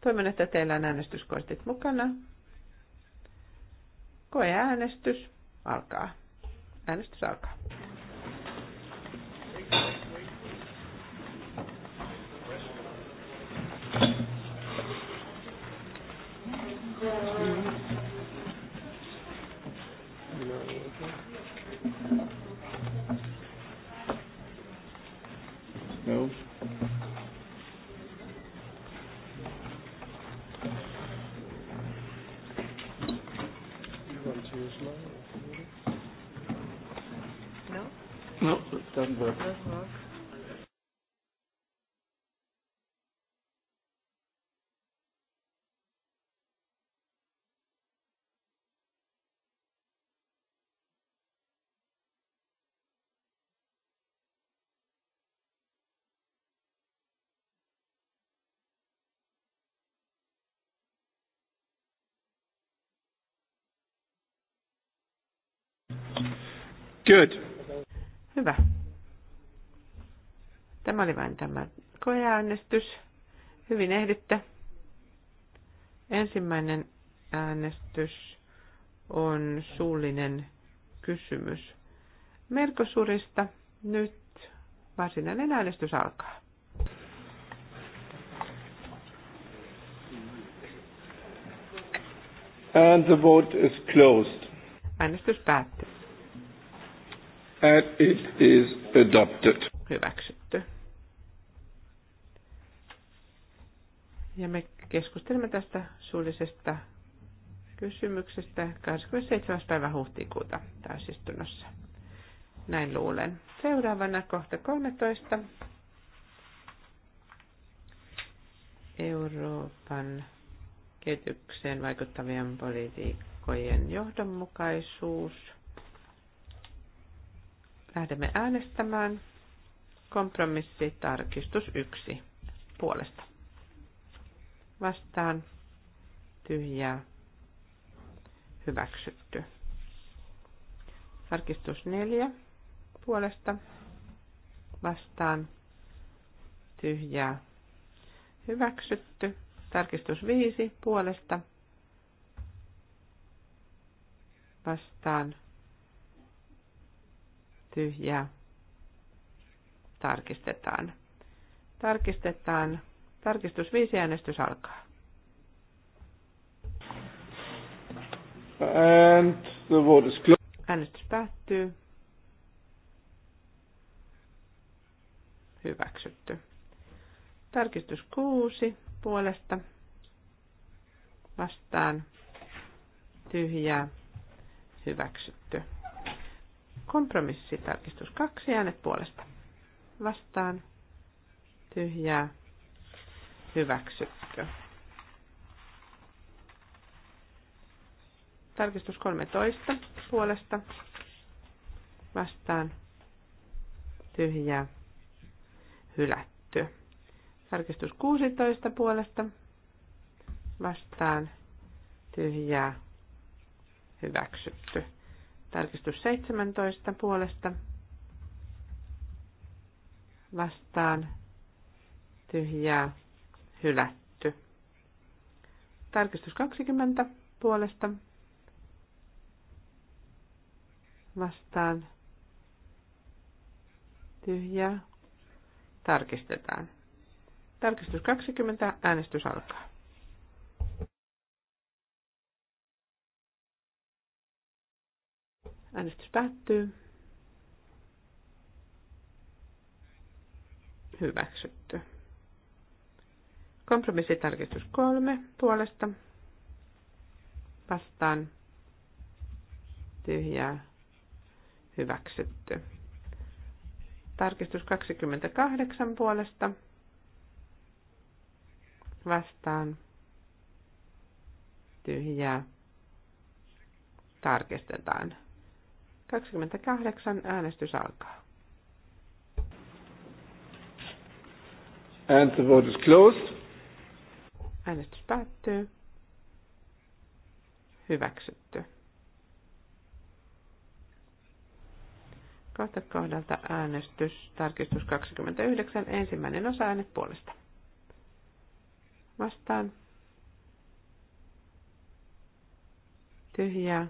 Toivon, että teillä on äänestyskortit mukana. Koeäänestys alkaa. Äänestys alkaa. you. No. No, it doesn't work. It doesn't work. Good. Hyvä. Tämä oli vain tämä koeäänestys. Hyvin ehditte. Ensimmäinen äänestys on suullinen kysymys Merkosurista. Nyt varsinainen äänestys alkaa. And the vote is closed. Äänestys päättyy. And it is adopted. Hyväksytty. Ja me keskustelemme tästä suullisesta kysymyksestä 27. päivä huhtikuuta täysistunnossa. Näin luulen. Seuraavana kohta 13. Euroopan kehitykseen vaikuttavien politiikkojen johdonmukaisuus. Lähdemme äänestämään. kompromissi tarkistus 1 puolesta. Vastaan tyhjää hyväksytty. Tarkistus 4 puolesta vastaan tyhjää hyväksytty. Tarkistus 5 puolesta vastaan tyhjää. Tarkistetaan. Tarkistetaan. Tarkistus 5 äänestys alkaa. And the vote is closed. Äänestys päättyy. Hyväksytty. Tarkistus kuusi puolesta vastaan tyhjää hyväksytty. Kompromissitarkistus kaksi äänet puolesta. Vastaan. Tyhjää. Hyväksytty. Tarkistus 13 puolesta. Vastaan. Tyhjää. Hylätty. Tarkistus 16 puolesta. Vastaan. Tyhjää. Hyväksytty. Tarkistus 17 puolesta vastaan tyhjää hylätty. Tarkistus 20 puolesta vastaan tyhjää tarkistetaan. Tarkistus 20, äänestys alkaa. Äänestys päättyy. Hyväksytty. Kompromissitarkistus kolme puolesta. Vastaan. Tyhjää. Hyväksytty. Tarkistus 28 puolesta. Vastaan. Tyhjää. Tarkistetaan. 28 äänestys alkaa. And the vote is closed. Äänestys päättyy. Hyväksytty. Kahta kohdalta äänestys, tarkistus 29, ensimmäinen osa äänet puolesta. Vastaan. Tyhjää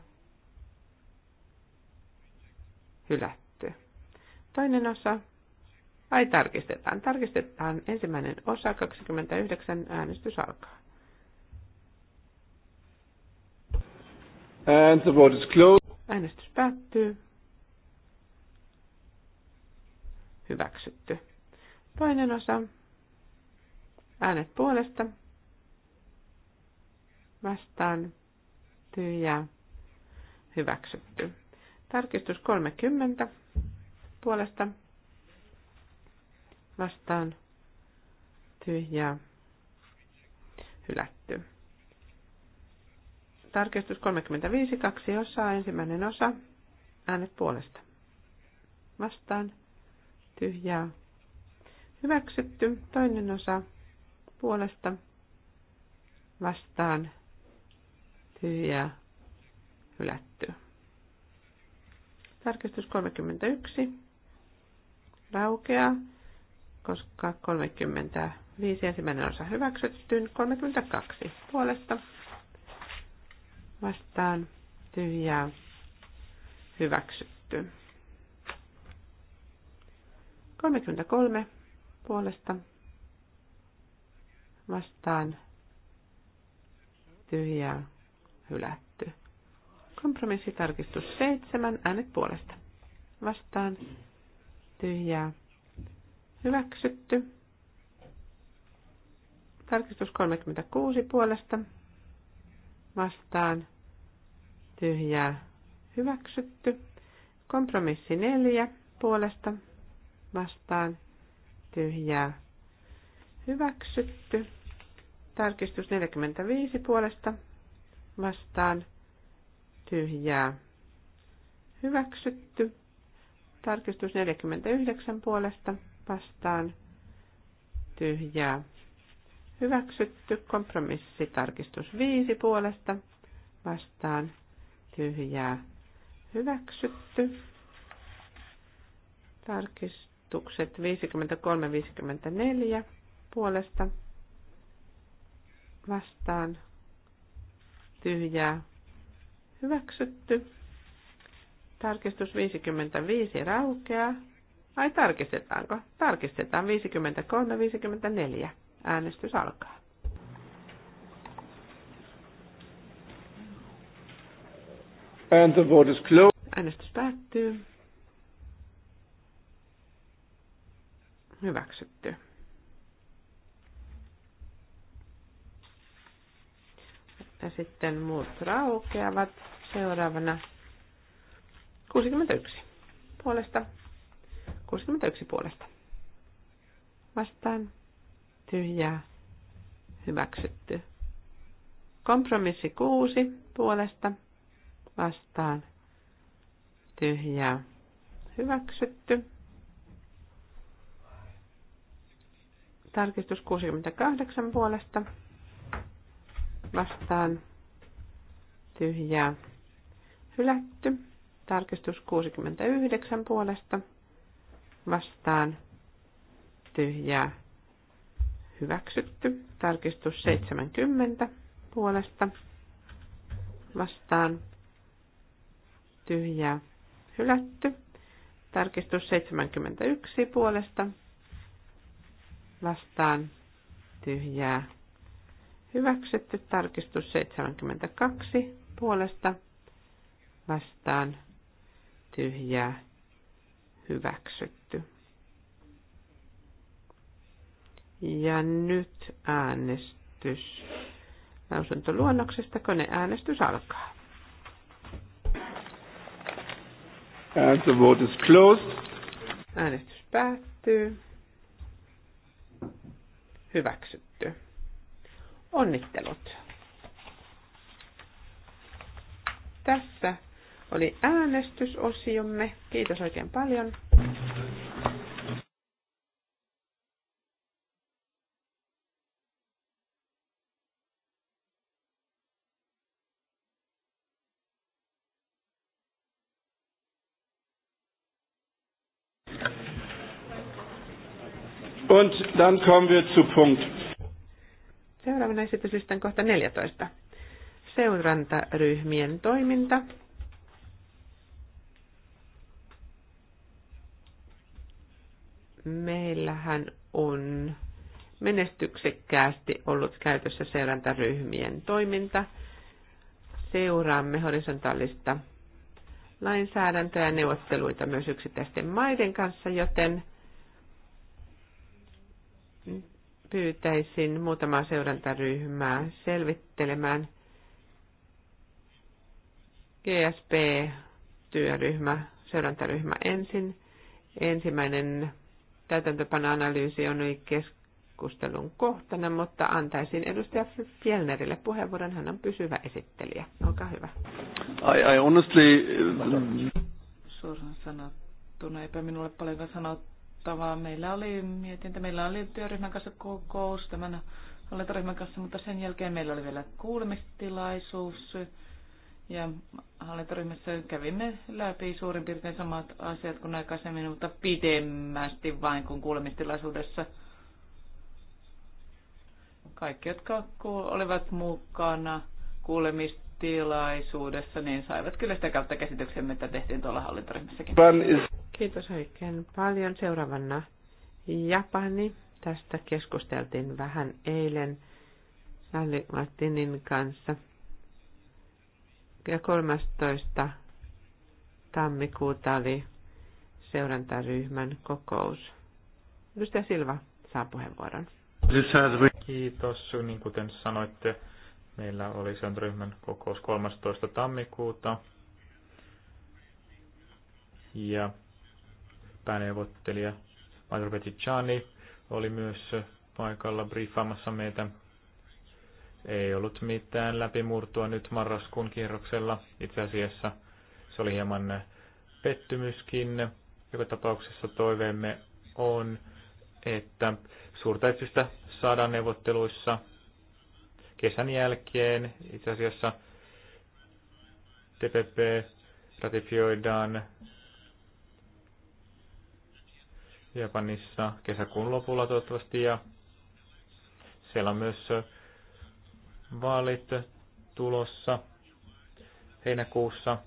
hylätty. Toinen osa, ai tarkistetaan. Tarkistetaan ensimmäinen osa, 29 äänestys alkaa. And the vote is closed. Äänestys päättyy. Hyväksytty. Toinen osa. Äänet puolesta. Vastaan. Tyhjää. Hyväksytty. Tarkistus 30 puolesta vastaan tyhjää hylätty. Tarkistus 35, kaksi osaa, ensimmäinen osa, äänet puolesta. Vastaan, tyhjää, hyväksytty, toinen osa, puolesta, vastaan, tyhjää, hylätty. Tarkistus 31 raukeaa, koska 35 ensimmäinen osa hyväksyttyyn, 32 puolesta vastaan tyhjää hyväksytty. 33 puolesta vastaan tyhjää hylätty. Kompromissitarkistus 7. Äänet puolesta. Vastaan. Tyhjää. Hyväksytty. Tarkistus 36 puolesta. Vastaan. Tyhjää. Hyväksytty. Kompromissi 4 puolesta. Vastaan. Tyhjää. Hyväksytty. Tarkistus 45 puolesta. Vastaan tyhjää hyväksytty. Tarkistus 49 puolesta vastaan tyhjää hyväksytty. Kompromissi tarkistus 5 puolesta vastaan tyhjää hyväksytty. Tarkistukset 53-54 puolesta vastaan tyhjää Hyväksytty. Tarkistus 55 raukeaa. Ai tarkistetaanko? Tarkistetaan 53-54. Äänestys alkaa. And the vote is closed. Äänestys päättyy. Hyväksytty. Ja sitten muut raukeavat. Seuraavana 61 puolesta. 61 puolesta. Vastaan. Tyhjää. Hyväksytty. Kompromissi 6 puolesta. Vastaan. Tyhjää. Hyväksytty. Tarkistus 68 puolesta. Vastaan. Tyhjää hylätty. Tarkistus 69 puolesta vastaan tyhjää hyväksytty. Tarkistus 70 puolesta vastaan tyhjää hylätty. Tarkistus 71 puolesta vastaan tyhjää hyväksytty. Tarkistus 72 puolesta vastaan tyhjää hyväksytty. Ja nyt äänestys lausuntoluonnoksesta. äänestys alkaa. And the vote is closed. Äänestys päättyy. Hyväksytty. Onnittelut. Tässä oli äänestysosiomme. Kiitos oikein paljon. Und dann kommen wir zu Punkt. Seuraavana esityslistan kohta 14. Seurantaryhmien toiminta. meillähän on menestyksekkäästi ollut käytössä seurantaryhmien toiminta. Seuraamme horisontaalista lainsäädäntöä ja neuvotteluita myös yksittäisten maiden kanssa, joten pyytäisin muutamaa seurantaryhmää selvittelemään GSP-työryhmä, seurantaryhmä ensin. Ensimmäinen täytäntöpanoanalyysi on yli keskustelun kohtana, mutta antaisin edustaja Fjellnerille puheenvuoron. Hän on pysyvä esittelijä. Olkaa hyvä. I, I honestly... Suoraan sanottuna, eipä minulle paljonkaan sanottavaa. Meillä oli mietintä, meillä oli työryhmän kanssa kokous tämän hallintoryhmän kanssa, mutta sen jälkeen meillä oli vielä kuulemistilaisuus ja hallintoryhmässä kävimme läpi suurin piirtein samat asiat kuin aikaisemmin, mutta pidemmästi vain kuin kuulemistilaisuudessa. Kaikki, jotka olivat mukana kuulemistilaisuudessa, niin saivat kyllä sitä kautta käsityksen, mitä tehtiin tuolla hallintoryhmässäkin. Kiitos oikein paljon. Seuraavana Japani. Tästä keskusteltiin vähän eilen Sally Martinin kanssa ja 13. tammikuuta oli seurantaryhmän kokous. Edustaja Silva saa puheenvuoron. Kiitos. Niin kuten sanoitte, meillä oli seurantaryhmän kokous 13. tammikuuta. Ja pääneuvottelija Madro Chani oli myös paikalla briefaamassa meitä ei ollut mitään läpimurtoa nyt marraskuun kierroksella. Itse asiassa se oli hieman pettymyskin. Joka tapauksessa toiveemme on, että suurtäytystä saadaan neuvotteluissa kesän jälkeen. Itse asiassa TPP ratifioidaan Japanissa kesäkuun lopulla toivottavasti ja siellä on myös vaalit tulossa heinäkuussa.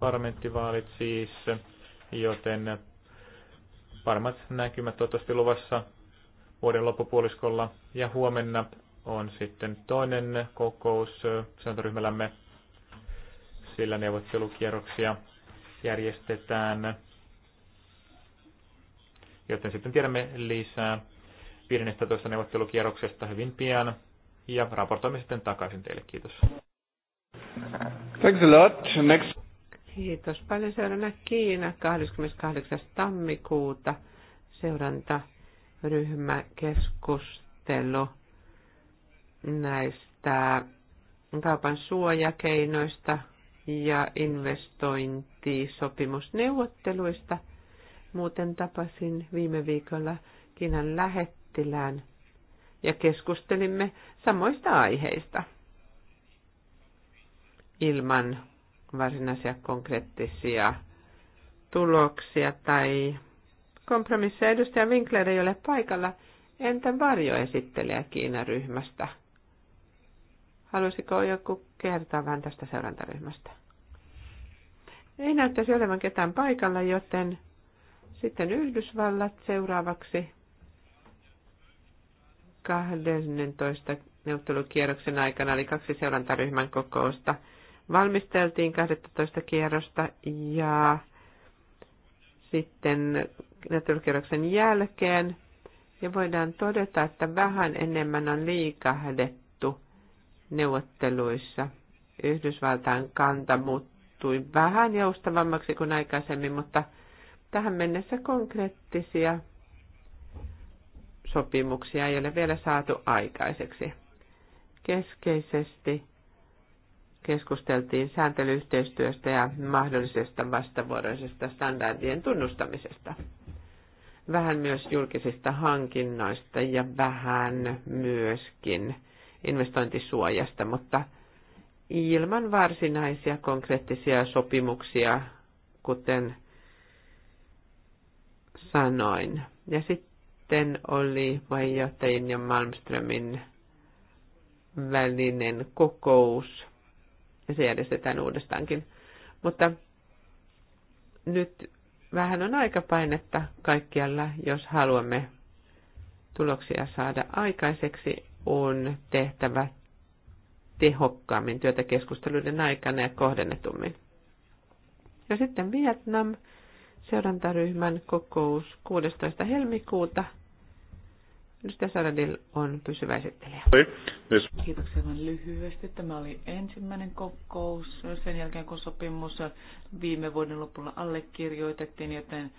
Parlamenttivaalit siis, joten paremmat näkymät toivottavasti luvassa vuoden loppupuoliskolla. Ja huomenna on sitten toinen kokous sääntöryhmällämme, sillä neuvottelukierroksia järjestetään. Joten sitten tiedämme lisää 15. neuvottelukierroksesta hyvin pian ja raportoimme sitten takaisin teille. Kiitos. Thanks a lot. Next. Kiitos paljon. Seurana Kiina 28. tammikuuta seurantaryhmäkeskustelu näistä kaupan suojakeinoista ja investointisopimusneuvotteluista. Muuten tapasin viime viikolla Kiinan lähettä kynttilään ja keskustelimme samoista aiheista ilman varsinaisia konkreettisia tuloksia tai kompromisseja. Edustaja Winkler ei ole paikalla. Entä varjoesittelijä Kiinan ryhmästä? Haluaisiko joku kertoa vähän tästä seurantaryhmästä? Ei näyttäisi olevan ketään paikalla, joten sitten Yhdysvallat seuraavaksi. 12 neuvottelukierroksen aikana, eli kaksi seurantaryhmän kokousta. Valmisteltiin 12 kierrosta ja sitten neuvottelukierroksen jälkeen. Ja voidaan todeta, että vähän enemmän on liikahdettu neuvotteluissa. Yhdysvaltain kanta muuttui vähän joustavammaksi kuin aikaisemmin, mutta tähän mennessä konkreettisia sopimuksia ei ole vielä saatu aikaiseksi. Keskeisesti keskusteltiin sääntelyyhteistyöstä ja mahdollisesta vastavuoroisesta standardien tunnustamisesta. Vähän myös julkisista hankinnoista ja vähän myöskin investointisuojasta, mutta ilman varsinaisia konkreettisia sopimuksia, kuten sanoin. Ja sitten sitten oli puheenjohtajien ja Malmströmin välinen kokous. Ja se järjestetään uudestaankin. Mutta nyt vähän on aika painetta kaikkialla, jos haluamme tuloksia saada aikaiseksi, on tehtävä tehokkaammin työtä keskusteluiden aikana ja kohdennetummin. Ja sitten Vietnam, seurantaryhmän kokous 16. helmikuuta – Edustaja Saradil on pysyvä esittelijä. Kiitoksia vain lyhyesti. Tämä oli ensimmäinen kokous sen jälkeen, kun sopimus viime vuoden lopulla allekirjoitettiin, joten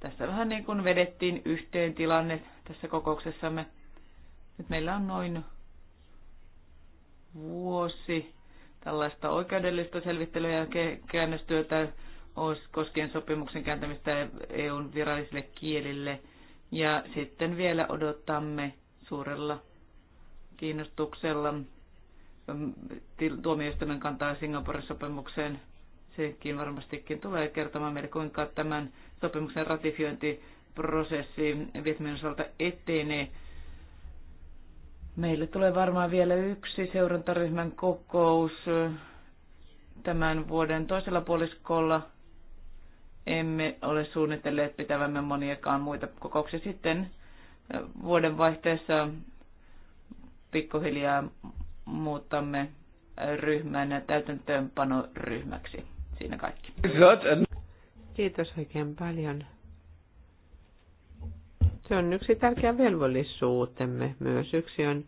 tässä vähän niin kuin vedettiin yhteen tilanne tässä kokouksessamme. Nyt meillä on noin vuosi tällaista oikeudellista selvittelyä ja käännöstyötä koskien sopimuksen kääntämistä e- EUn virallisille kielille – ja sitten vielä odotamme suurella kiinnostuksella mm, tuomioistuimen kantaa Singaporen sopimukseen. Sekin varmastikin tulee kertomaan meille, kuinka tämän sopimuksen ratifiointiprosessi Vietnamin osalta etenee. Meille tulee varmaan vielä yksi seurantaryhmän kokous eh, tämän vuoden toisella puoliskolla emme ole suunnitelleet pitävämme moniakaan muita kokouksia sitten vuoden vaihteessa pikkuhiljaa muutamme ryhmän täytäntöönpanoryhmäksi. Siinä kaikki. Kiitos oikein paljon. Se on yksi tärkeä velvollisuutemme myös. Yksi on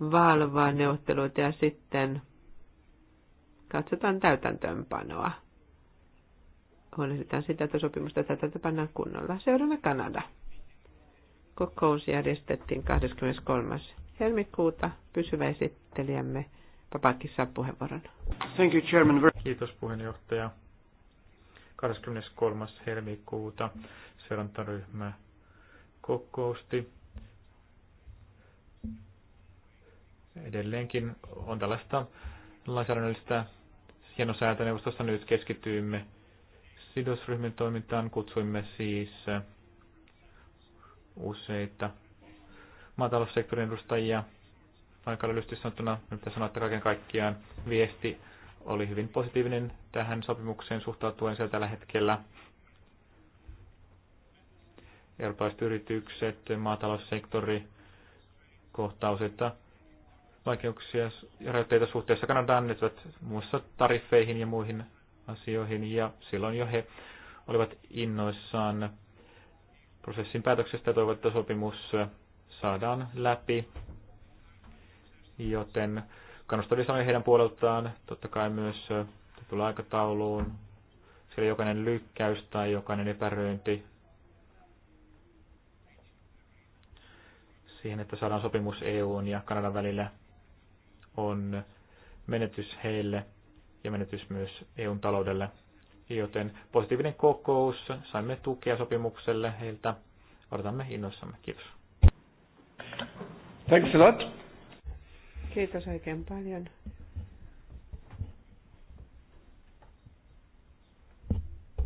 valvoa neuvotteluita ja sitten katsotaan täytäntöönpanoa huolehditaan sitä, että sopimusta tätä pannaan kunnolla. Seuraava Kanada. Kokous järjestettiin 23. helmikuuta. Pysyvä esittelijämme Papakis saa puheenvuoron. Thank you, Chairman. Kiitos puheenjohtaja. 23. helmikuuta seurantaryhmä kokousti. Edelleenkin on tällaista lainsäädännöllistä hienosäätöneuvostossa nyt keskityimme sidosryhmien toimintaan. Kutsuimme siis useita maataloussektorin edustajia. Aika lyhyesti sanottuna, mitä sanoa, että kaiken kaikkiaan viesti oli hyvin positiivinen tähän sopimukseen suhtautuen siellä tällä hetkellä. Eurooppalaiset yritykset, maataloussektori kohtaa useita vaikeuksia ja rajoitteita suhteessa Kanadaan, liittyvät muun muassa tariffeihin ja muihin asioihin ja silloin jo he olivat innoissaan prosessin päätöksestä ja toivovat, että sopimus saadaan läpi. Joten kannustavia sanoja heidän puoleltaan, totta kai myös tulla aikatauluun, Siellä jokainen lykkäys tai jokainen epäröinti siihen, että saadaan sopimus EUn ja Kanadan välillä on menetys heille ja menetys myös EUn taloudelle. Joten positiivinen kokous, saimme tukea sopimukselle heiltä. Odotamme innoissamme. Kiitos. Thanks a lot. Kiitos oikein paljon.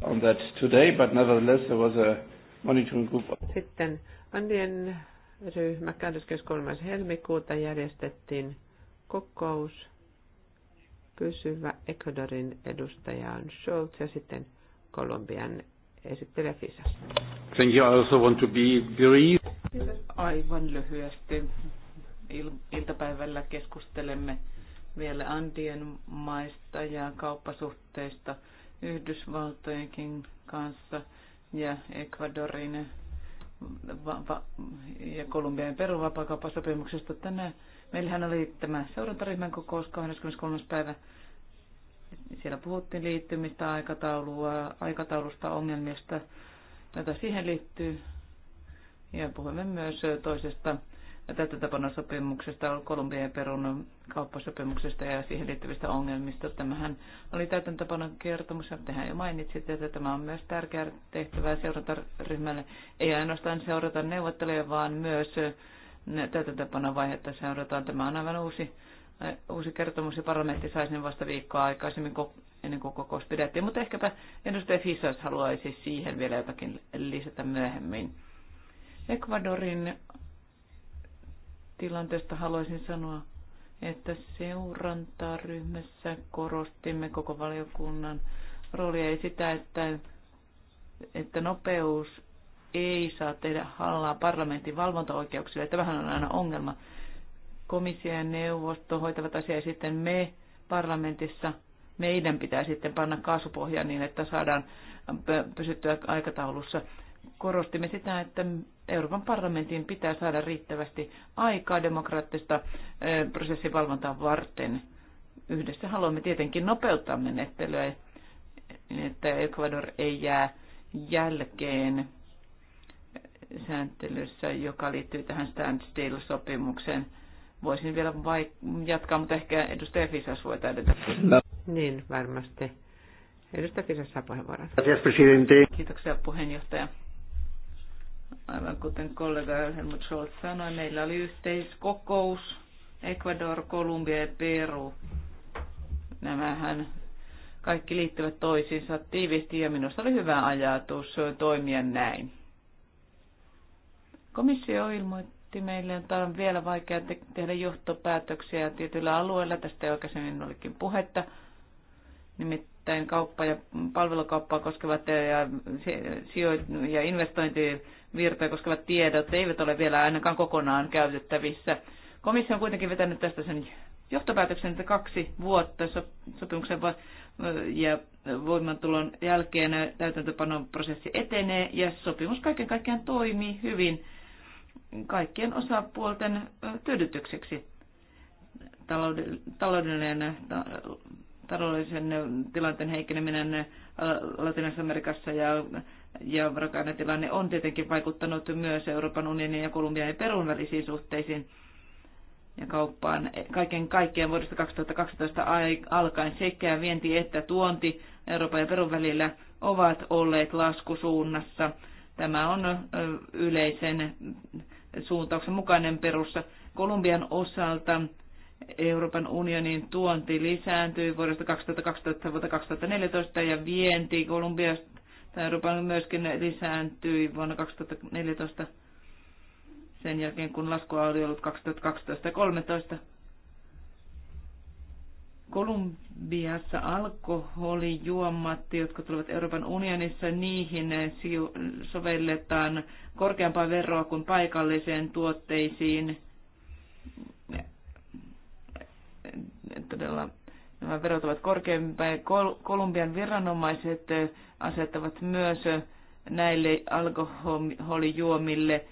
On that today, but nevertheless there was a monitoring group. Sitten Andien ryhmä 23. helmikuuta järjestettiin kokous pysyvä Ecuadorin edustaja on Schultz ja sitten Kolumbian esittelijä Fisas. Thank you. I also want to be brief. Aivan lyhyesti. Il- iltapäivällä keskustelemme vielä Andien maista ja kauppasuhteista Yhdysvaltojenkin kanssa ja Ecuadorin ja Kolumbian peruvapakauppasopimuksesta tänään Meillähän oli tämä seurantaryhmän kokous 23. päivä. Siellä puhuttiin liittymistä, aikataulua, aikataulusta, ongelmista, joita siihen liittyy. Ja puhuimme myös toisesta täytäntöpanosopimuksesta, Kolumbian ja Perun kauppasopimuksesta ja siihen liittyvistä ongelmista. Tämähän oli täytäntöpanon kertomus, ja tehän jo mainitsitte, että tämä on myös tärkeä tehtävä seurantaryhmälle. Ei ainoastaan seurata neuvotteluja, vaan myös täytäntöönpanovaihetta seurataan. Tämä on aivan uusi, uusi kertomus ja parlamentti sai sen vasta viikkoa aikaisemmin ennen kuin kokous pidettiin, mutta ehkäpä edustaja Fisas haluaisi siihen vielä jotakin lisätä myöhemmin. Ecuadorin tilanteesta haluaisin sanoa, että seurantaryhmässä korostimme koko valiokunnan roolia ja sitä, että, että nopeus ei saa tehdä hallaa parlamentin valvontaoikeuksille. Tämähän on aina ongelma. Komissio ja neuvosto hoitavat asiaa ja sitten me parlamentissa, meidän pitää sitten panna kaasupohja niin, että saadaan pysyttyä aikataulussa. Korostimme sitä, että Euroopan parlamentin pitää saada riittävästi aikaa demokraattista prosessivalvontaa varten. Yhdessä haluamme tietenkin nopeuttaa menettelyä, niin että Ecuador ei jää jälkeen sääntelyssä, joka liittyy tähän standstill-sopimukseen. Voisin vielä vaik- jatkaa, mutta ehkä edustaja Fisas voi täydetä. No. Niin, varmasti. Edustaja Fisas saa puheenvuoron. Kiitoksia puheenjohtaja. Aivan kuten kollega Helmut Scholz sanoi, meillä oli yhteiskokous Ecuador, Kolumbia ja Peru. Nämähän kaikki liittyvät toisiinsa tiiviisti ja minusta oli hyvä ajatus toimia näin. Komissio ilmoitti meille, että on vielä vaikea te- tehdä johtopäätöksiä tietyillä alueilla. Tästä oikeastaan olikin puhetta. Nimittäin kauppa- ja palvelukauppaa koskevat ja, sijoit- ja investointivirtoja koskevat tiedot eivät ole vielä ainakaan kokonaan käytettävissä. Komissio on kuitenkin vetänyt tästä sen johtopäätöksen, että kaksi vuotta sopimuksen ja voimantulon jälkeen täytäntöpanon prosessi etenee ja sopimus kaiken kaikkiaan toimii hyvin kaikkien osapuolten tyydytykseksi. Taloudellinen, taloudellisen tilanteen heikkeneminen Latinassa Amerikassa ja, ja tilanne on tietenkin vaikuttanut myös Euroopan unionin ja Kolumbian ja Perun välisiin suhteisiin ja kauppaan. Kaiken kaikkiaan vuodesta 2012 alkaen sekä vienti että tuonti Euroopan ja Perun välillä ovat olleet laskusuunnassa Tämä on yleisen suuntauksen mukainen perusta. Kolumbian osalta Euroopan unionin tuonti lisääntyi vuodesta 2012 vuotta 2014 ja vienti Kolumbiasta Euroopan myöskin lisääntyi vuonna 2014 sen jälkeen, kun laskua oli ollut 2012 ja 2013 Kolumbiassa alkoholijuomat, jotka tulevat Euroopan unionissa, niihin sovelletaan korkeampaa veroa kuin paikalliseen tuotteisiin. Todella nämä verot ovat korkeampia. Kolumbian viranomaiset asettavat myös näille alkoholijuomille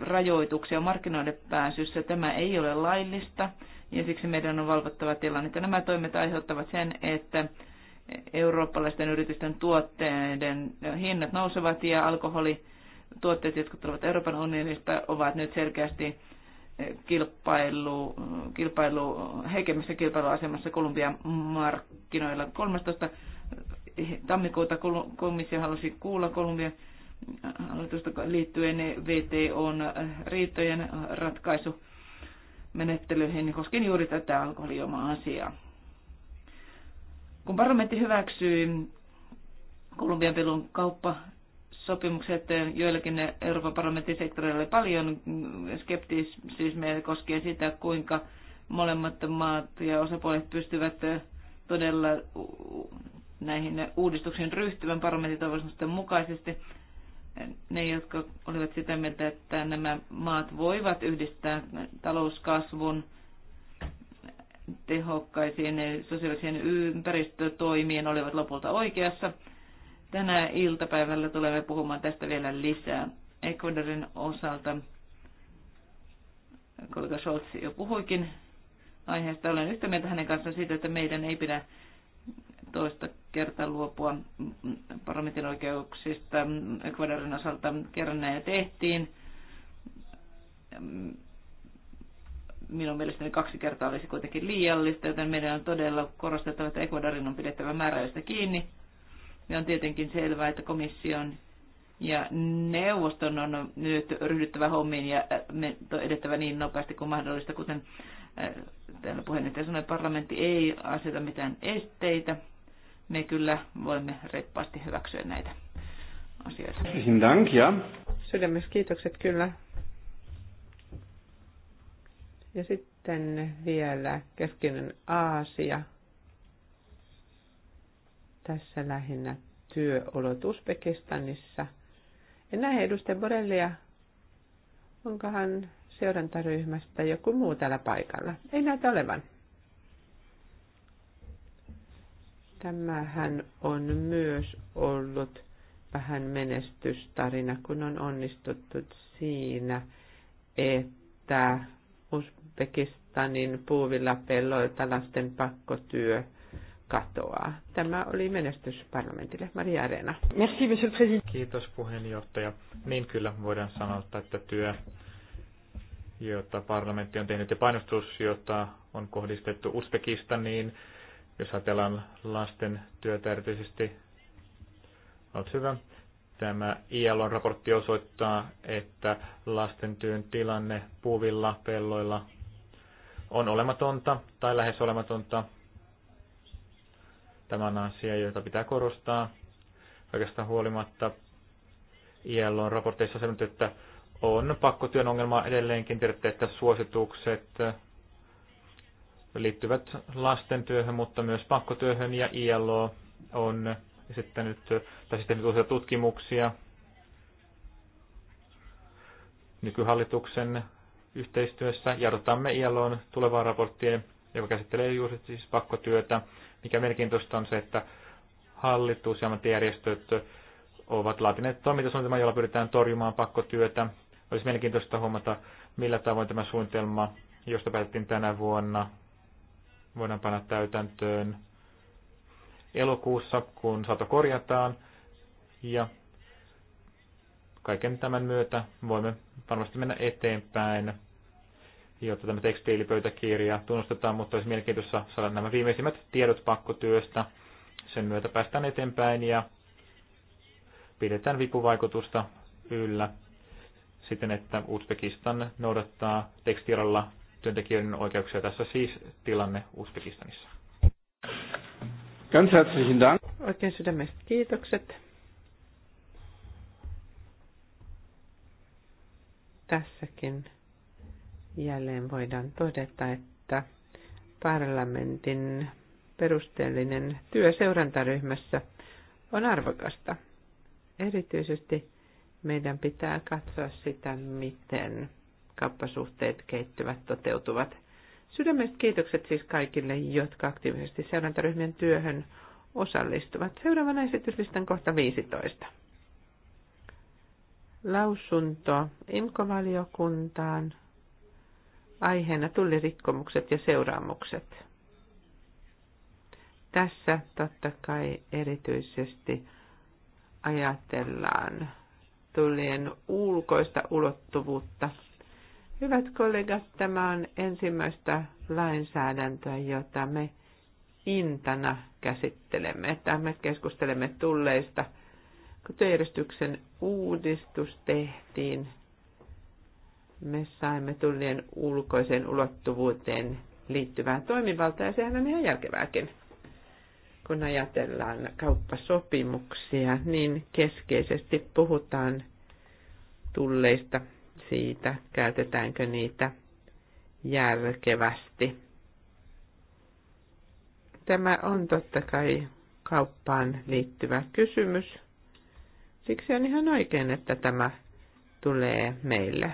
rajoituksia markkinoiden pääsyssä. Tämä ei ole laillista ja siksi meidän on valvottava tilannetta. Nämä toimet aiheuttavat sen, että eurooppalaisten yritysten tuotteiden hinnat nousevat ja alkoholituotteet, jotka tulevat Euroopan unionista, ovat nyt selkeästi kilpailu, kilpailu heikemmässä kilpailuasemassa Kolumbian markkinoilla. 13. tammikuuta komissio halusi kuulla Kolumbian hallitusta liittyen VTOn riitojen ratkaisu menettelyihin koskin juuri tätä alkoholiomaa asiaa Kun parlamentti hyväksyi Kolumbian pelun kauppasopimukset, joillakin Euroopan parlamentin sektoreilla oli paljon skeptisismiä koskien sitä, kuinka molemmat maat ja osapuolet pystyvät todella näihin uudistuksiin ryhtyvän parlamentin toivomusten mukaisesti ne, jotka olivat sitä mieltä, että nämä maat voivat yhdistää talouskasvun tehokkaisiin sosiaalisiin ympäristötoimiin, olivat lopulta oikeassa. Tänä iltapäivällä tulemme puhumaan tästä vielä lisää. Ecuadorin osalta kollega Scholz jo puhuikin aiheesta. Olen yhtä mieltä hänen kanssaan siitä, että meidän ei pidä toista kertaa luopua parlamentin oikeuksista Ecuadorin osalta kerran näin tehtiin. Minun mielestäni kaksi kertaa olisi kuitenkin liiallista, joten meidän on todella korostettava, että Ecuadorin on pidettävä määräystä kiinni. Ja on tietenkin selvää, että komission ja neuvoston on nyt ryhdyttävä hommiin ja äh, edettävä niin nopeasti kuin mahdollista, kuten äh, täällä puheenjohtaja sanoi, parlamentti ei aseta mitään esteitä me kyllä voimme reippaasti hyväksyä näitä asioita. Dank, ja. Sydämessä kiitokset kyllä. Ja sitten vielä keskinen Aasia. Tässä lähinnä työolot Uzbekistanissa. En näe edustaja Borellia. Onkohan seurantaryhmästä joku muu täällä paikalla? Ei näytä olevan. Tämähän on myös ollut vähän menestystarina, kun on onnistuttu siinä, että Uzbekistanin puuvilla pelloilta lasten pakkotyö katoaa. Tämä oli menestys parlamentille. Maria Arena. Merci, monsieur président. Kiitos puheenjohtaja. Niin kyllä voidaan sanoa, että työ, jota parlamentti on tehnyt ja painostus, jota on kohdistettu Uzbekistaniin, jos ajatellaan lasten työtä erityisesti, olet hyvä. Tämä ILOn raportti osoittaa, että lasten työn tilanne puuvilla, pelloilla on olematonta tai lähes olematonta. Tämä on asia, jota pitää korostaa. Oikeastaan huolimatta ILOn raporteissa on sanottu, että on pakkotyön ongelma edelleenkin. Tiedätte, että suositukset liittyvät lastentyöhön, mutta myös pakkotyöhön ja ILO on esittänyt, tai sitten nyt uusia tutkimuksia nykyhallituksen yhteistyössä. Jarrutamme odotamme ILOn tulevaa raporttia, joka käsittelee juuri siis pakkotyötä. Mikä merkintöistä on se, että hallitus ja ammattijärjestöt ovat laatineet toimintasuunnitelman, jolla pyritään torjumaan pakkotyötä. Olisi mielenkiintoista huomata, millä tavoin tämä suunnitelma, josta päätettiin tänä vuonna, voidaan panna täytäntöön elokuussa, kun sato korjataan. Ja kaiken tämän myötä voimme varmasti mennä eteenpäin, jotta tämä tekstiilipöytäkirja tunnustetaan, mutta olisi mielenkiintoista saada nämä viimeisimmät tiedot pakkotyöstä. Sen myötä päästään eteenpäin ja pidetään vipuvaikutusta yllä siten, että Uzbekistan noudattaa tekstialalla työntekijöiden oikeuksia. Tässä siis tilanne Uzbekistanissa. Ganz herzlichen Dank. Oikein sydämestä kiitokset. Tässäkin jälleen voidaan todeta, että parlamentin perusteellinen työ seurantaryhmässä on arvokasta. Erityisesti meidän pitää katsoa sitä, miten kauppasuhteet kehittyvät, toteutuvat. Sydämestä kiitokset siis kaikille, jotka aktiivisesti seurantaryhmien työhön osallistuvat. Seuraavana esityslistan kohta 15. Lausunto imkovaliokuntaan. Aiheena rikkomukset ja seuraamukset. Tässä totta kai erityisesti ajatellaan tullien ulkoista ulottuvuutta – Hyvät kollegat, tämä on ensimmäistä lainsäädäntöä, jota me intana käsittelemme, että me keskustelemme tulleista. Kun työjärjestyksen uudistus tehtiin, me saimme tullien ulkoiseen ulottuvuuteen liittyvää toimivaltaa, ja sehän on ihan järkevääkin. Kun ajatellaan kauppasopimuksia, niin keskeisesti puhutaan tulleista siitä, käytetäänkö niitä järkevästi. Tämä on totta kai kauppaan liittyvä kysymys. Siksi on ihan oikein, että tämä tulee meille.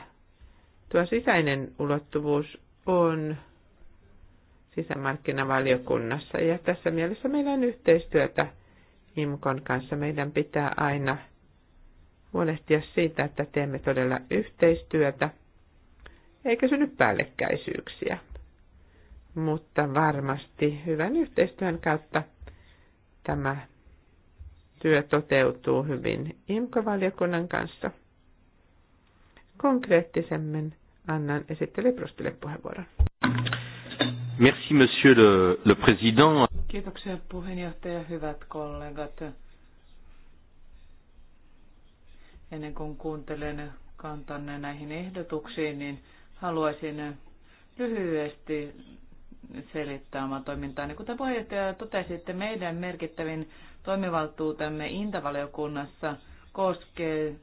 Tuo sisäinen ulottuvuus on sisämarkkinavaliokunnassa ja tässä mielessä meillä on yhteistyötä IMKON kanssa. Meidän pitää aina huolehtia siitä, että teemme todella yhteistyötä, eikä synny päällekkäisyyksiä. Mutta varmasti hyvän yhteistyön kautta tämä työ toteutuu hyvin IMKO-valiokunnan kanssa. Konkreettisemmin annan esittelyprostille puheenvuoron. Merci, monsieur le, le président. Kiitoksia puheenjohtaja, hyvät kollegat. Ennen kuin kuuntelen kantanne näihin ehdotuksiin, niin haluaisin lyhyesti selittää omaa Niin Kuten puheenjohtaja totesitte, meidän merkittävin toimivaltuutemme Intavaliokunnassa koskee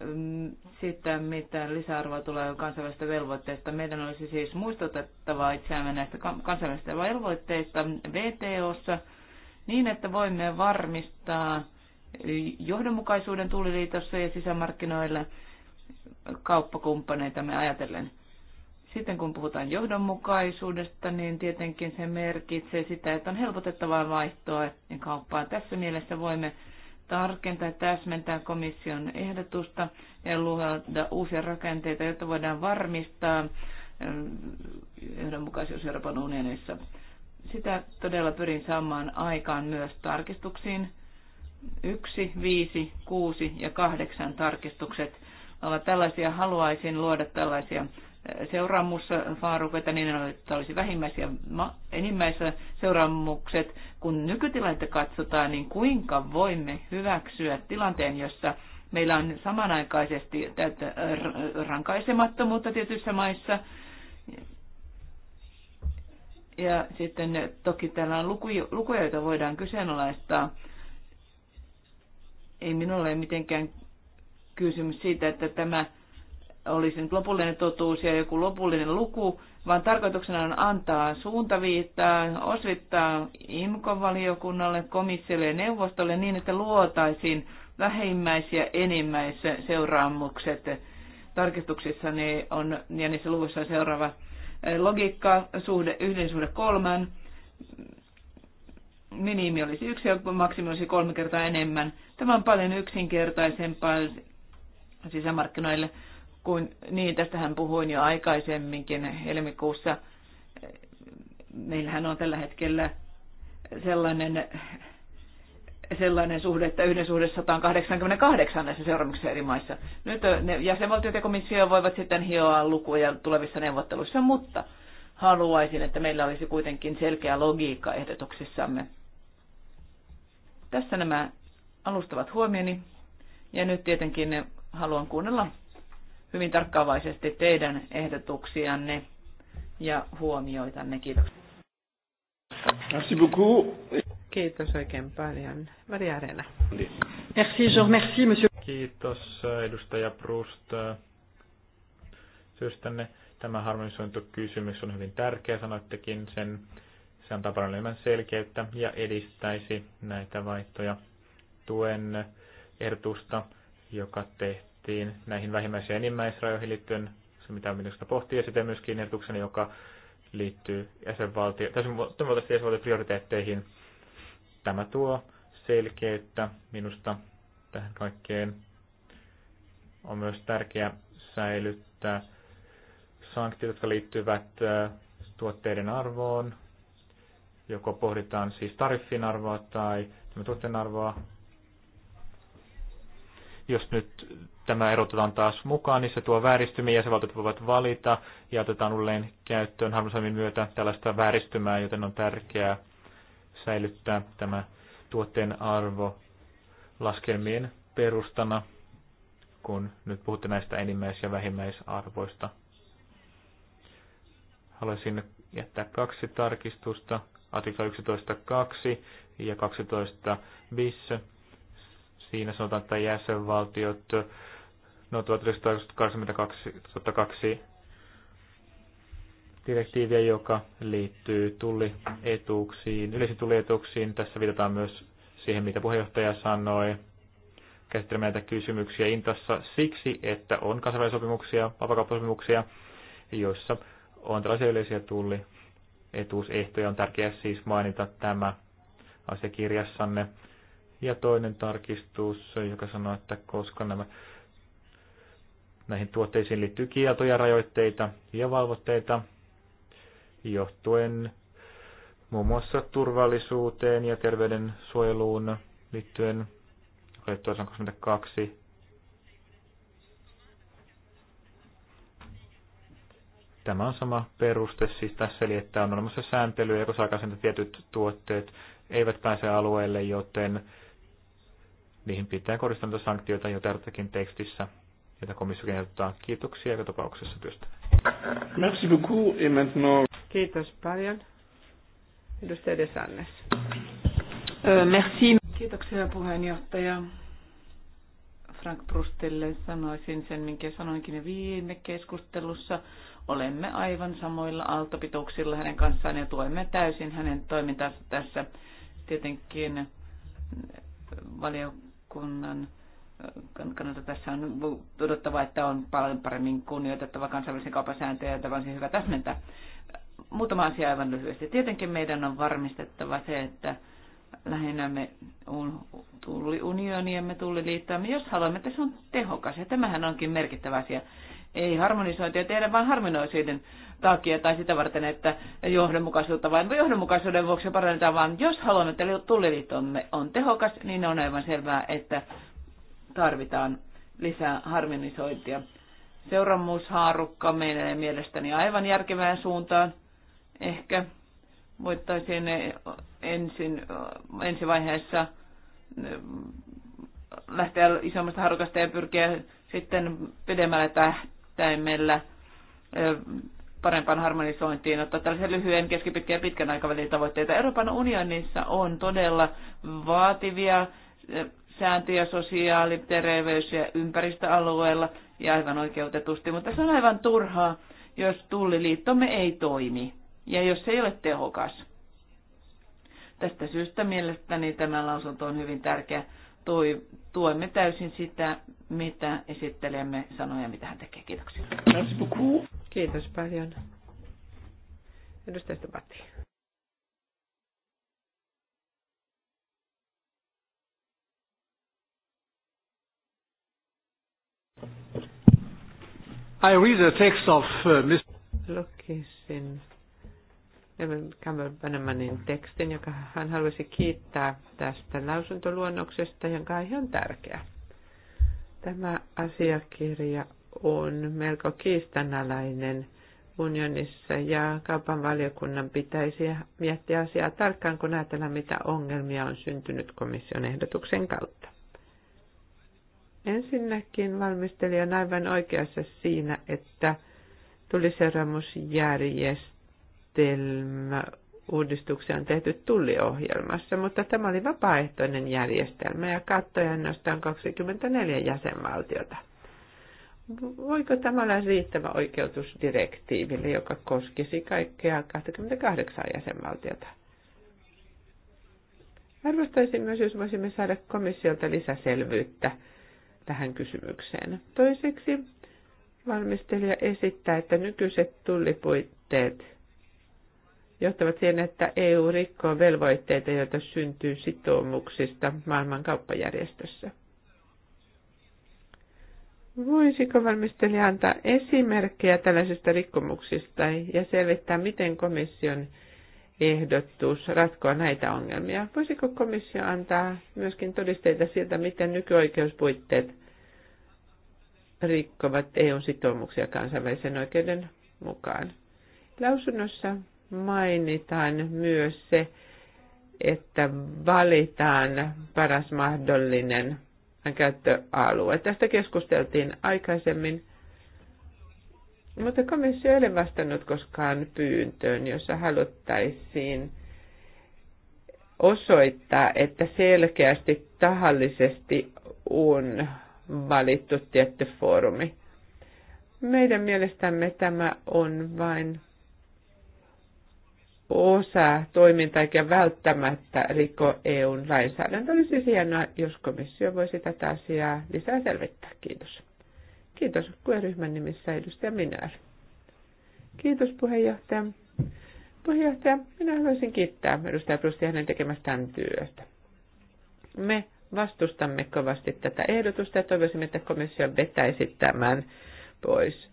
mm, sitä, mitä lisäarvoa tulee kansainvälistä velvoitteista. Meidän olisi siis muistutettava itseämme näistä kansainvälisistä velvoitteista VTOssa niin, että voimme varmistaa johdonmukaisuuden tulliliitossa ja sisämarkkinoilla kauppakumppaneita me ajatellen. Sitten kun puhutaan johdonmukaisuudesta, niin tietenkin se merkitsee sitä, että on helpotettavaa vaihtoa ja kauppaa. Tässä mielessä voimme tarkentaa ja täsmentää komission ehdotusta ja luoda uusia rakenteita, jotta voidaan varmistaa ähm, johdonmukaisuus Euroopan unionissa. Sitä todella pyrin saamaan aikaan myös tarkistuksiin 1, 5, 6 ja 8 tarkistukset ovat tällaisia. Haluaisin luoda tällaisia äh, seuraamusfaarukoita, niin että olisi vähimmäis- ja seuraamukset. Kun nykytilannetta katsotaan, niin kuinka voimme hyväksyä tilanteen, jossa meillä on samanaikaisesti täyttä äh, rankaisemattomuutta tietyissä maissa, ja sitten toki täällä on lukuja, joita voidaan kyseenalaistaa ei minulla ole mitenkään kysymys siitä, että tämä olisi nyt lopullinen totuus ja joku lopullinen luku, vaan tarkoituksena on antaa suuntaviittaa, osvittaa IMCO-valiokunnalle, komissiolle ja neuvostolle niin, että luotaisiin vähimmäis- ja enimmäisseuraamukset. Tarkistuksissa ne on, ja niissä luvuissa on seuraava logiikka, suhde yhden suhde kolman, minimi olisi yksi ja maksimi olisi kolme kertaa enemmän. Tämä on paljon yksinkertaisempaa sisämarkkinoille kuin niin, tästähän puhuin jo aikaisemminkin helmikuussa. Meillähän on tällä hetkellä sellainen, sellainen suhde, että yhden suhde 188 näissä seuraamuksissa eri maissa. Nyt ne jäsenvaltiot ja komissio voivat sitten hioa lukuja tulevissa neuvotteluissa, mutta haluaisin, että meillä olisi kuitenkin selkeä logiikka ehdotuksissamme. Tässä nämä alustavat huomioni ja nyt tietenkin haluan kuunnella hyvin tarkkaavaisesti teidän ehdotuksianne ja huomioitanne. Kiitoksia. Merci beaucoup. Kiitos oikein paljon. Maria Arena. Merci, Jean, merci monsieur. Kiitos edustaja Proust syystänne. Tämä harmonisointikysymys on hyvin tärkeä, sanoittekin sen on tapana enemmän selkeyttä ja edistäisi näitä vaihtoja. Tuen ehdotusta, joka tehtiin näihin vähimmäis- ja enimmäisrajoihin liittyen, se mitä minusta pohtii, ja sitten myöskin ehdotuksen, joka liittyy jäsenvaltio, täysin jäsenvaltio prioriteetteihin. Tämä tuo selkeyttä minusta tähän kaikkeen. On myös tärkeää säilyttää sanktiot, jotka liittyvät tuotteiden arvoon, joko pohditaan siis tariffin arvoa tai tuotteen arvoa. Jos nyt tämä erotetaan taas mukaan, niin se tuo vääristymiä, jäsenvaltiot voivat valita ja otetaan uudelleen käyttöön harmonisoinnin myötä tällaista vääristymää, joten on tärkeää säilyttää tämä tuotteen arvo laskelmien perustana, kun nyt puhutte näistä enimmäis- ja vähimmäisarvoista. Haluaisin jättää kaksi tarkistusta artikla 11.2 ja 12 bis. Siinä sanotaan, että jäsenvaltiot no 1982 direktiiviä, joka liittyy tullietuuksiin, yleisiin tullietuuksiin. Tässä viitataan myös siihen, mitä puheenjohtaja sanoi. Käsittelemme näitä kysymyksiä Intassa siksi, että on kansainvälisiä sopimuksia, vapakauppasopimuksia, joissa on tällaisia yleisiä tulli etuusehtoja. On tärkeää siis mainita tämä asiakirjassanne. Ja toinen tarkistus, joka sanoo, että koska nämä näihin tuotteisiin liittyy kieltoja, rajoitteita ja valvotteita johtuen muun muassa turvallisuuteen ja terveydensuojeluun liittyen. Otettu 22 Tämä on sama peruste siis tässä, eli että on olemassa sääntelyä, ja koska tietyt tuotteet eivät pääse alueelle, joten niihin pitää kohdistaa niitä sanktioita jo tärkeäkin tekstissä, jota komissio ehdottaa. Kiitoksia joka tapauksessa työstä. Merci beaucoup et maintenant... Kiitos paljon. Edustaja Desannes. Merci. Kiitoksia puheenjohtaja. Frank Brustille sanoisin sen, minkä sanoinkin viime keskustelussa. Olemme aivan samoilla aaltopituuksilla hänen kanssaan ja tuemme täysin hänen toimintansa tässä. Tietenkin eh, valiokunnan eh, kannalta tässä on todottava, että on paljon paremmin kunnioitettava kansainvälisen kaupan sääntöjä ja tämä hyvä täsmentää. Muutama asia aivan lyhyesti. Tietenkin meidän on varmistettava se, että lähinnä me tulliunioniemme tulliliittoamme, jos haluamme, että se on tehokas. Ja tämähän onkin merkittävä asia ei harmonisointia tehdä, vaan harminoisuuden takia tai sitä varten, että johdonmukaisuutta vain johdonmukaisuuden vuoksi parannetaan, vaan jos haluamme, että tulliliittomme on tehokas, niin on aivan selvää, että tarvitaan lisää harmonisointia. Seuraamushaarukka menee mielestäni aivan järkevään suuntaan. Ehkä voittaisiin ensin, ensivaiheessa mm, lähteä isommasta harukasta ja pyrkiä sitten pidemmälle tähtäimellä parempaan harmonisointiin, ottaa tällaisia lyhyen, keskipitkän ja pitkän aikavälin tavoitteita. Euroopan unionissa on todella vaativia sääntöjä sosiaali-, terveys- ja ympäristöalueella, ja aivan oikeutetusti, mutta se on aivan turhaa, jos tulliliittomme ei toimi, ja jos se ei ole tehokas. Tästä syystä mielestäni tämä lausunto on hyvin tärkeä toi, tuemme täysin sitä, mitä esittelemme sanoja, ja mitä hän tekee. Kiitoksia. Kiitos paljon. Edustaja Stubatti. I read the text of uh, Mr. Lukisin Campbell Banemanin tekstin, joka hän haluaisi kiittää tästä lausuntoluonnoksesta, jonka aihe on tärkeä. Tämä asiakirja on melko kiistanalainen unionissa ja kaupan valiokunnan pitäisi miettiä asiaa tarkkaan, kun ajatellaan, mitä ongelmia on syntynyt komission ehdotuksen kautta. Ensinnäkin valmistelija on aivan oikeassa siinä, että tuliseuraamusjärjestelmä järjestelmä uudistuksia on tehty tulliohjelmassa, mutta tämä oli vapaaehtoinen järjestelmä ja kattoja ainoastaan 24 jäsenvaltiota. Voiko tämä olla riittävä oikeutusdirektiiville, joka koskisi kaikkea 28 jäsenvaltiota? Arvostaisin myös, jos voisimme saada komissiolta lisäselvyyttä tähän kysymykseen. Toiseksi valmistelija esittää, että nykyiset tullipuitteet – johtavat siihen, että EU rikkoo velvoitteita, joita syntyy sitoumuksista maailman kauppajärjestössä. Voisiko valmistelija antaa esimerkkejä tällaisista rikkomuksista ja selvittää, miten komission ehdotus ratkoa näitä ongelmia? Voisiko komissio antaa myöskin todisteita siitä, miten nykyoikeuspuitteet rikkovat EUn sitoumuksia kansainvälisen oikeuden mukaan? Lausunnossa mainitaan myös se, että valitaan paras mahdollinen käyttöalue. Tästä keskusteltiin aikaisemmin, mutta komissio ei ole vastannut koskaan pyyntöön, jossa haluttaisiin osoittaa, että selkeästi tahallisesti on valittu tietty foorumi. Meidän mielestämme tämä on vain osa toimintaa ja välttämättä riko EUn lainsäädäntö. Olisi siis hienoa, jos komissio voisi tätä asiaa lisää selvittää. Kiitos. Kiitos ryhmän nimissä edustaja Minär. Kiitos puheenjohtaja. Puheenjohtaja, minä haluaisin kiittää edustaja Brustia hänen tekemästään työstä. Me vastustamme kovasti tätä ehdotusta ja toivoisimme, että komissio vetäisi tämän pois.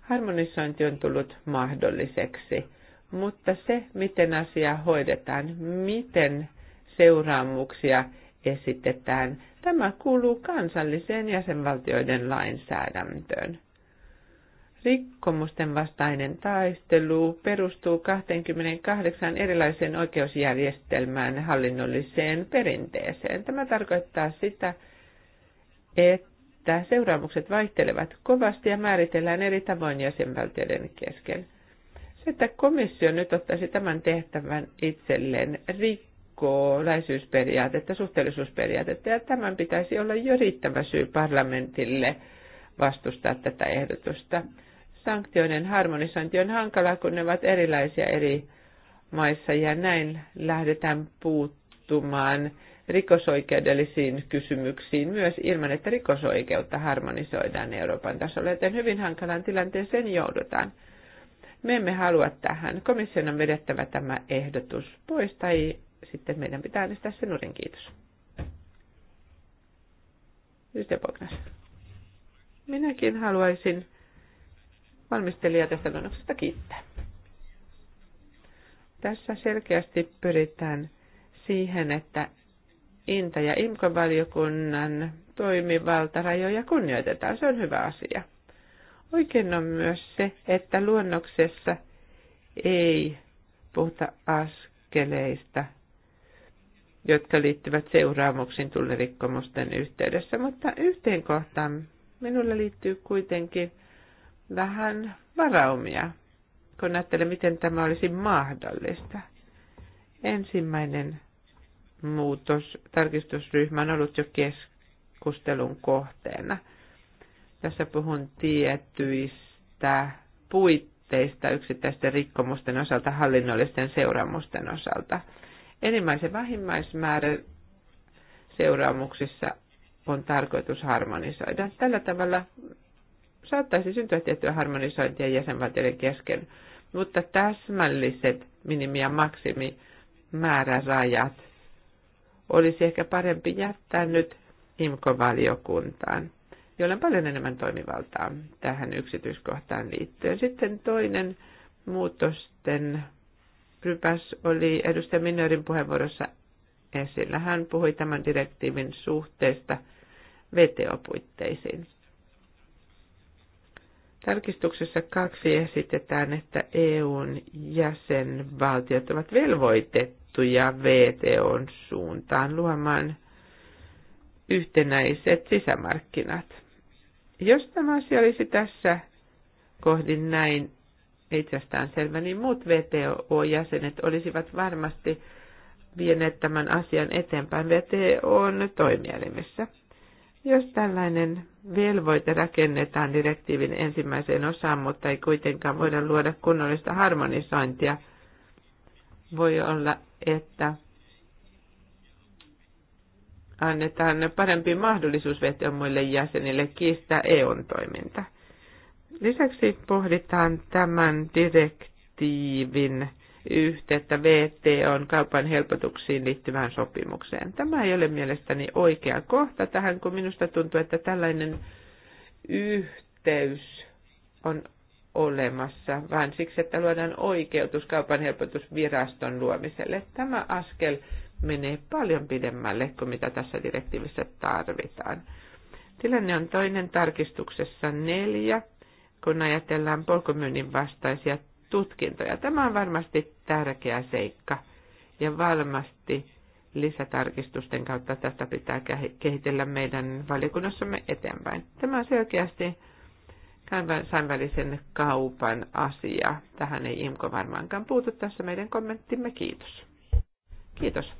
Harmonisointi on tullut mahdolliseksi mutta se, miten asia hoidetaan, miten seuraamuksia esitetään, tämä kuuluu kansalliseen jäsenvaltioiden lainsäädäntöön. Rikkomusten vastainen taistelu perustuu 28 erilaiseen oikeusjärjestelmään hallinnolliseen perinteeseen. Tämä tarkoittaa sitä, että seuraamukset vaihtelevat kovasti ja määritellään eri tavoin jäsenvaltioiden kesken että komissio nyt ottaisi tämän tehtävän itselleen rikkoo läheisyysperiaatetta, suhteellisuusperiaatetta, ja tämän pitäisi olla jo riittävä syy parlamentille vastustaa tätä ehdotusta. Sanktioiden harmonisointi on hankalaa, kun ne ovat erilaisia eri maissa, ja näin lähdetään puuttumaan rikosoikeudellisiin kysymyksiin myös ilman, että rikosoikeutta harmonisoidaan Euroopan tasolla, joten hyvin hankalan tilanteeseen joudutaan. Me emme halua tähän. Komission on vedettävä tämä ehdotus pois tai sitten meidän pitää äänestää sen uuden. Kiitos. Minäkin haluaisin valmistelija tästä luonnoksesta kiittää. Tässä selkeästi pyritään siihen, että Inta- ja Imkovaliokunnan toimivaltarajoja kunnioitetaan. Se on hyvä asia. Oikein on myös se, että luonnoksessa ei puhuta askeleista, jotka liittyvät seuraamuksiin tullirikkomusten yhteydessä, mutta yhteen kohtaan minulla liittyy kuitenkin vähän varaumia, kun ajattelen, miten tämä olisi mahdollista. Ensimmäinen muutos tarkistusryhmä on ollut jo keskustelun kohteena – tässä puhun tiettyistä puitteista yksittäisten rikkomusten osalta, hallinnollisten seuraamusten osalta. Enimmäisen ja vähimmäismäärä seuraamuksissa on tarkoitus harmonisoida. Tällä tavalla saattaisi syntyä tiettyä harmonisointia jäsenvaltioiden kesken, mutta täsmälliset minimi- ja maksimimäärärajat olisi ehkä parempi jättää nyt imkovaliokuntaan joilla on paljon enemmän toimivaltaa tähän yksityiskohtaan liittyen. Sitten toinen muutosten rypäs oli edustaja Minörin puheenvuorossa esillä. Hän puhui tämän direktiivin suhteesta VTO-puitteisiin. Tarkistuksessa kaksi esitetään, että EUn jäsenvaltiot ovat velvoitettuja VTOn suuntaan luomaan yhtenäiset sisämarkkinat. Jos tämä asia olisi tässä kohdin näin itsestään selvä, niin muut VTO-jäsenet olisivat varmasti vieneet tämän asian eteenpäin VTOn toimielimissä. Jos tällainen velvoite rakennetaan direktiivin ensimmäiseen osaan, mutta ei kuitenkaan voida luoda kunnollista harmonisointia, voi olla, että annetaan parempi mahdollisuus vetomuille muille jäsenille kiistää EUn toiminta. Lisäksi pohditaan tämän direktiivin yhteyttä VTOn kaupan helpotuksiin liittyvään sopimukseen. Tämä ei ole mielestäni oikea kohta tähän, kun minusta tuntuu, että tällainen yhteys on olemassa, vaan siksi, että luodaan oikeutus kaupan helpotusviraston luomiselle. Tämä askel menee paljon pidemmälle kuin mitä tässä direktiivissä tarvitaan. Tilanne on toinen tarkistuksessa neljä, kun ajatellaan polkumyynnin vastaisia tutkintoja. Tämä on varmasti tärkeä seikka ja varmasti lisätarkistusten kautta tätä pitää kehitellä meidän valiokunnassamme eteenpäin. Tämä on selkeästi kansainvälisen kaupan asia. Tähän ei IMKO varmaankaan puutu. Tässä meidän kommenttimme. Kiitos. Kiitos.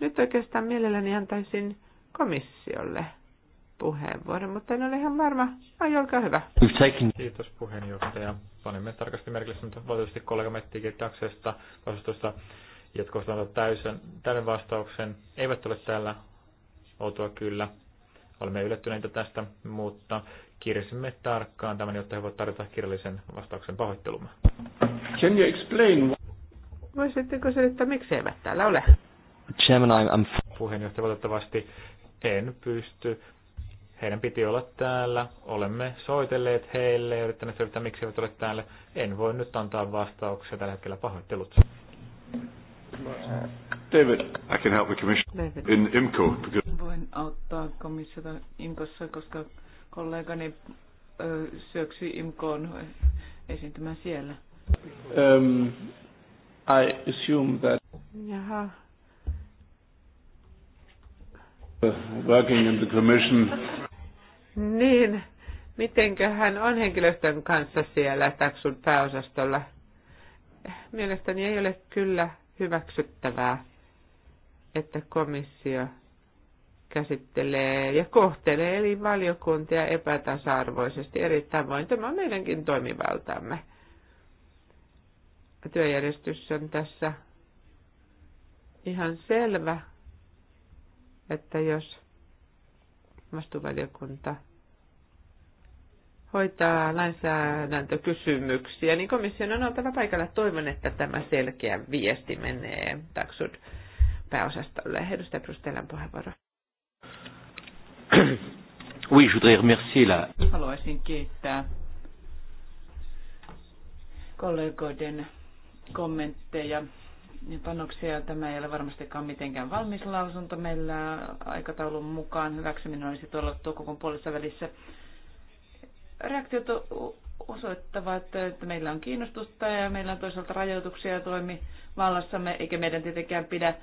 Nyt oikeastaan mielelläni antaisin komissiolle puheenvuoron, mutta en ole ihan varma. Ai, olkaa hyvä. Kiitos puheenjohtaja. Panimme tarkasti merkille valitettavasti kollega Metti Kirtaksesta vastustusta, jatkoista ovat täysin, täyden vastauksen. Eivät ole täällä outoa kyllä. Olemme yllättyneitä tästä, mutta kirjasimme tarkkaan tämän, jotta he voivat tarjota kirjallisen vastauksen pahoittelumme. Can you explain? Voisitteko selittää, miksi eivät täällä ole? Gemini I'm, I'm... Puheenjohtaja, valitettavasti en pysty. Heidän piti olla täällä. Olemme soitelleet heille ja yrittäneet selvittää, miksi he eivät ole täällä. En voi nyt antaa vastauksia tällä hetkellä. Pahoittelut. David, I can help the commission David. in IMCO. Because... Voin auttaa komissiota IMCOssa, koska kollegani ö, syöksyi IMCOon esiintymään siellä. Um, I assume that... Jaha, Working in the commission. Niin, hän on henkilöstön kanssa siellä taksun pääosastolla? Mielestäni ei ole kyllä hyväksyttävää, että komissio käsittelee ja kohtelee eli valiokuntia epätasa-arvoisesti eri tavoin. Tämä on meidänkin toimivaltamme. Työjärjestys on tässä ihan selvä että jos vastuuvaliokunta hoitaa lainsäädäntökysymyksiä, niin komission on oltava paikalla. Toivon, että tämä selkeä viesti menee taksud pääosastolle. Edustaja Prustelan puheenvuoro. Oui, je remercier la... Haluaisin kiittää kollegoiden kommentteja niin panoksia. Tämä ei ole varmastikaan mitenkään valmis lausunto. Meillä aikataulun mukaan hyväksyminen olisi tuolla toukokuun puolessa välissä. Reaktiot osoittavat, että meillä on kiinnostusta ja meillä on toisaalta rajoituksia vallassamme, eikä meidän tietenkään pidä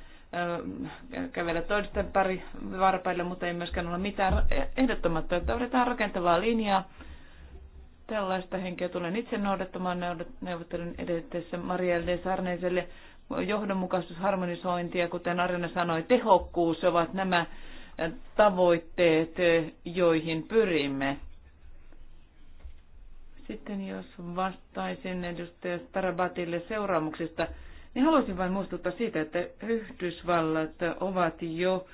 kävellä toisten pari varpaille, mutta ei myöskään ole mitään ehdottomatta, että odotetaan rakentavaa linjaa. Tällaista henkeä tulen itse noudattamaan neuvottelun edetessä Marielle Sarneiselle johdonmukaisuus, harmonisointi ja kuten Arina sanoi, tehokkuus ovat nämä tavoitteet, joihin pyrimme. Sitten jos vastaisin edustaja Starabatille seuraamuksista, niin haluaisin vain muistuttaa siitä, että Yhdysvallat ovat jo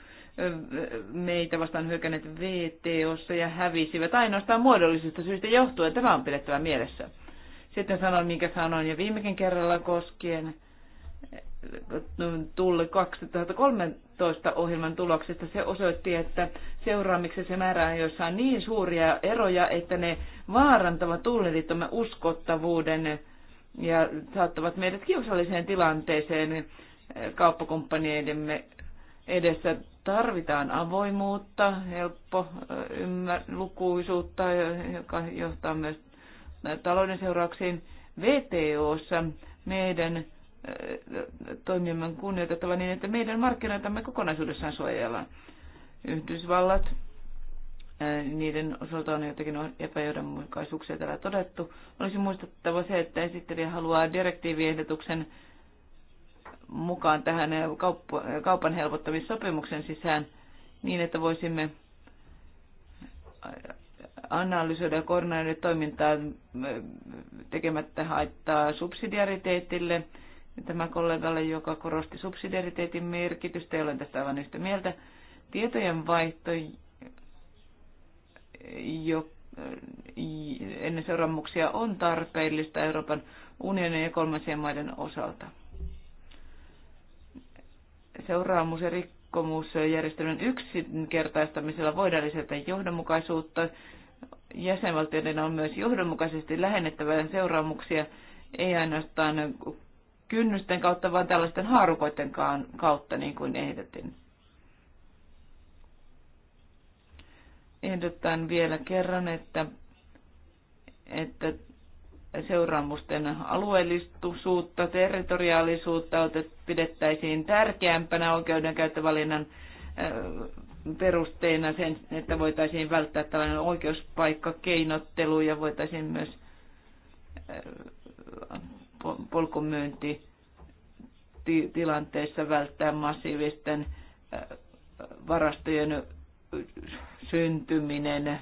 meitä vastaan hyökänneet VTOssa ja hävisivät ainoastaan muodollisista syistä johtuen. Tämä on pidettävä mielessä. Sitten sanoin, minkä sanoin jo viimekin kerralla koskien tulli 2013 ohjelman tuloksesta. Se osoitti, että seuraamiksi määrä on jossain niin suuria eroja, että ne vaarantavat tulliliittomme uskottavuuden ja saattavat meidät kiusalliseen tilanteeseen kauppakumppaneidemme edessä. Tarvitaan avoimuutta, helppo ymmär, lukuisuutta, joka johtaa myös talouden seurauksiin. VTOssa meidän toimimme kunnioitettava niin, että meidän markkinoitamme kokonaisuudessaan suojellaan. Yhdysvallat, niiden osalta on jotakin epäjohdonmukaisuuksia täällä todettu. Olisi muistettava se, että esittelijä haluaa direktiiviehdotuksen mukaan tähän kaupan helpottamissopimuksen sisään niin, että voisimme analysoida koordinaatioiden toimintaa tekemättä haittaa subsidiariteetille tämä kollegalle, joka korosti subsidiariteetin merkitystä, ja olen tästä aivan yhtä mieltä. Tietojen vaihto jo, eh, ennen seuraamuksia on tarpeellista Euroopan unionin ja kolmansien maiden osalta. Seuraamus- ja rikkomusjärjestelmän yksinkertaistamisella voidaan lisätä johdonmukaisuutta. Jäsenvaltioiden on myös johdonmukaisesti lähennettävä seuraamuksia ei ainoastaan kynnysten kautta, vaan tällaisten haarukoiden kautta, niin kuin ehdotin. Ehdotan vielä kerran, että, että seuraamusten alueellisuutta, territoriaalisuutta pidettäisiin tärkeämpänä oikeudenkäyttövalinnan perusteena sen, että voitaisiin välttää tällainen oikeuspaikkakeinottelu ja voitaisiin myös polkumyynti tilanteissa välttää massiivisten äh, varastojen syntyminen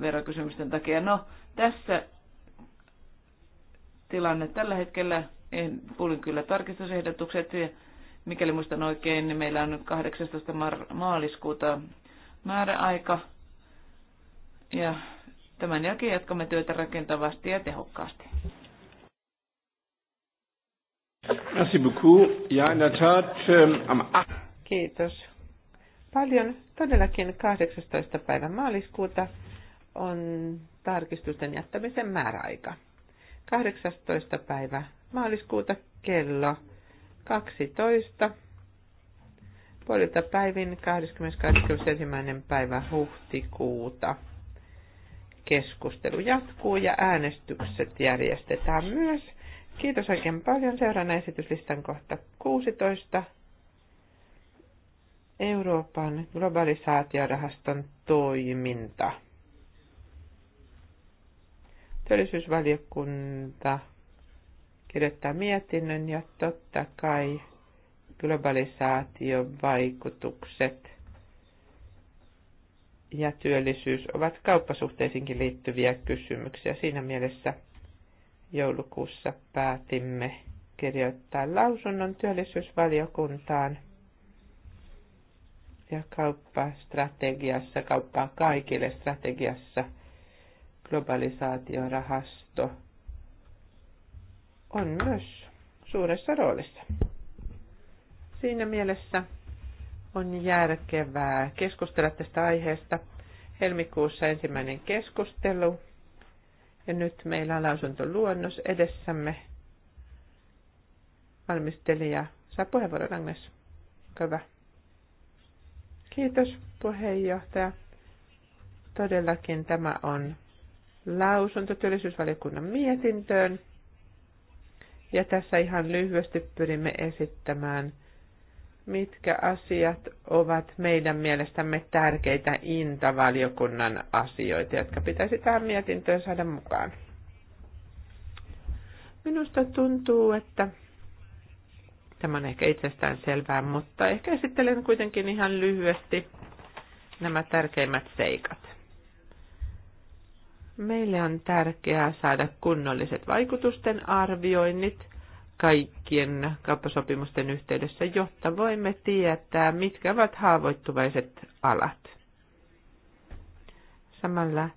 verokysymysten takia. No, tässä tilanne tällä hetkellä, en pullin kyllä tarkistusehdotukset, ja mikäli muistan oikein, niin meillä on 18. maaliskuuta määräaika, ja tämän jälkeen jatkamme työtä rakentavasti ja tehokkaasti. Merci beaucoup. Ja in der Tat, ähm, am Kiitos. Paljon todellakin 18. päivä maaliskuuta on tarkistusten jättämisen määräaika. 18. päivä maaliskuuta kello 12. Puolilta päivin 21. päivä huhtikuuta keskustelu jatkuu ja äänestykset järjestetään myös Kiitos oikein paljon. Seuraavana esityslistan kohta 16. Euroopan globalisaatiorahaston toiminta. Työllisyysvaliokunta kirjoittaa mietinnön ja totta kai globalisaation vaikutukset ja työllisyys ovat kauppasuhteisiinkin liittyviä kysymyksiä. Siinä mielessä joulukuussa päätimme kirjoittaa lausunnon työllisyysvaliokuntaan ja kauppastrategiassa, kauppaa kaikille strategiassa globalisaatiorahasto on myös suuressa roolissa. Siinä mielessä on järkevää keskustella tästä aiheesta. Helmikuussa ensimmäinen keskustelu ja nyt meillä on lausuntoluonnos edessämme. Valmistelija saa puheenvuoron Agnes. Hyvä. Kiitos puheenjohtaja. Todellakin tämä on lausunto työllisyysvaliokunnan mietintöön. Ja tässä ihan lyhyesti pyrimme esittämään – mitkä asiat ovat meidän mielestämme tärkeitä Inta-valiokunnan asioita, jotka pitäisi tähän mietintöön saada mukaan. Minusta tuntuu, että tämä on ehkä itsestään selvää, mutta ehkä esittelen kuitenkin ihan lyhyesti nämä tärkeimmät seikat. Meille on tärkeää saada kunnolliset vaikutusten arvioinnit – kaikkien kauppasopimusten yhteydessä, jotta voimme tietää, mitkä ovat haavoittuvaiset alat. Samalla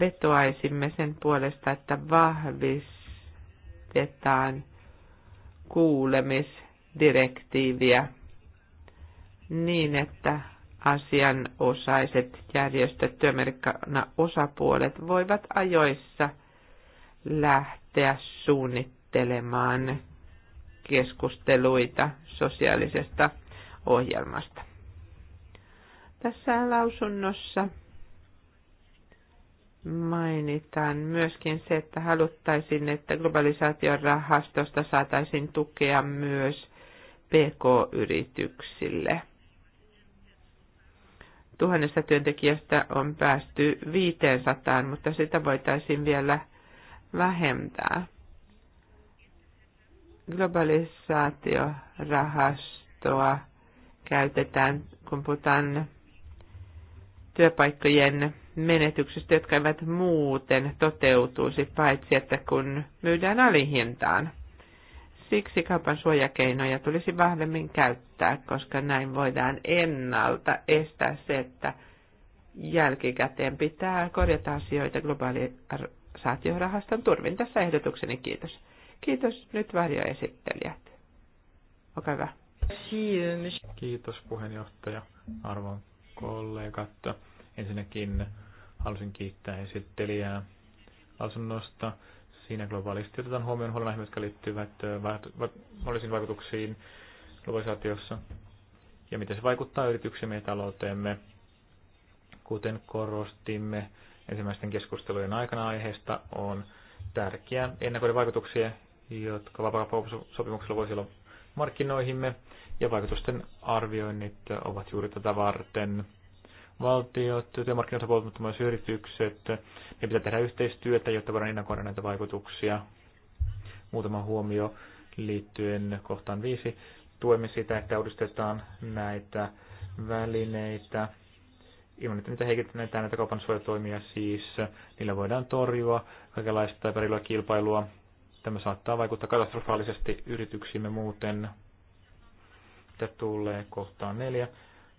vetoaisimme sen puolesta, että vahvistetaan kuulemisdirektiiviä niin, että asianosaiset järjestöt, työmerkkana osapuolet voivat ajoissa lähteä suunnittelemaan keskusteluita sosiaalisesta ohjelmasta. Tässä lausunnossa mainitaan myöskin se, että haluttaisiin, että globalisaation rahastosta saataisiin tukea myös PK-yrityksille. Tuhannesta työntekijästä on päästy 500, mutta sitä voitaisiin vielä vähentää globalisaatiorahastoa käytetään, kun puhutaan työpaikkojen menetyksistä, jotka eivät muuten toteutuisi, paitsi että kun myydään alihintaan. Siksi kaupan suojakeinoja tulisi vahvemmin käyttää, koska näin voidaan ennalta estää se, että jälkikäteen pitää korjata asioita globaalisaatiorahaston turvin. Tässä ehdotukseni kiitos. Kiitos nyt varjoesittelijät. Olkaa hyvä. Kiitos puheenjohtaja, arvon kollegat. Ensinnäkin halusin kiittää esittelijää lausunnosta. Siinä globaalisti otetaan huomioon huolenaiheet, jotka liittyvät mahdollisiin vaikutuksiin globalisaatiossa ja miten se vaikuttaa yrityksemme ja talouteemme. Kuten korostimme ensimmäisten keskustelujen aikana aiheesta, on tärkeää ennakoida vaikutuksia jotka vapaakauppasopimuksella voisi olla markkinoihimme, ja vaikutusten arvioinnit ovat juuri tätä varten. Valtiot, työmarkkinoiden mutta myös yritykset, ne pitää tehdä yhteistyötä, jotta voidaan ennakoida näitä vaikutuksia. Muutama huomio liittyen kohtaan viisi. Tuemme sitä, että uudistetaan näitä välineitä ilman, että niitä heikennetään näitä kaupan suojatoimia siis. Niillä voidaan torjua kaikenlaista epäreilua kilpailua Tämä saattaa vaikuttaa katastrofaalisesti yrityksiimme muuten. Mitä tulee kohtaan neljä?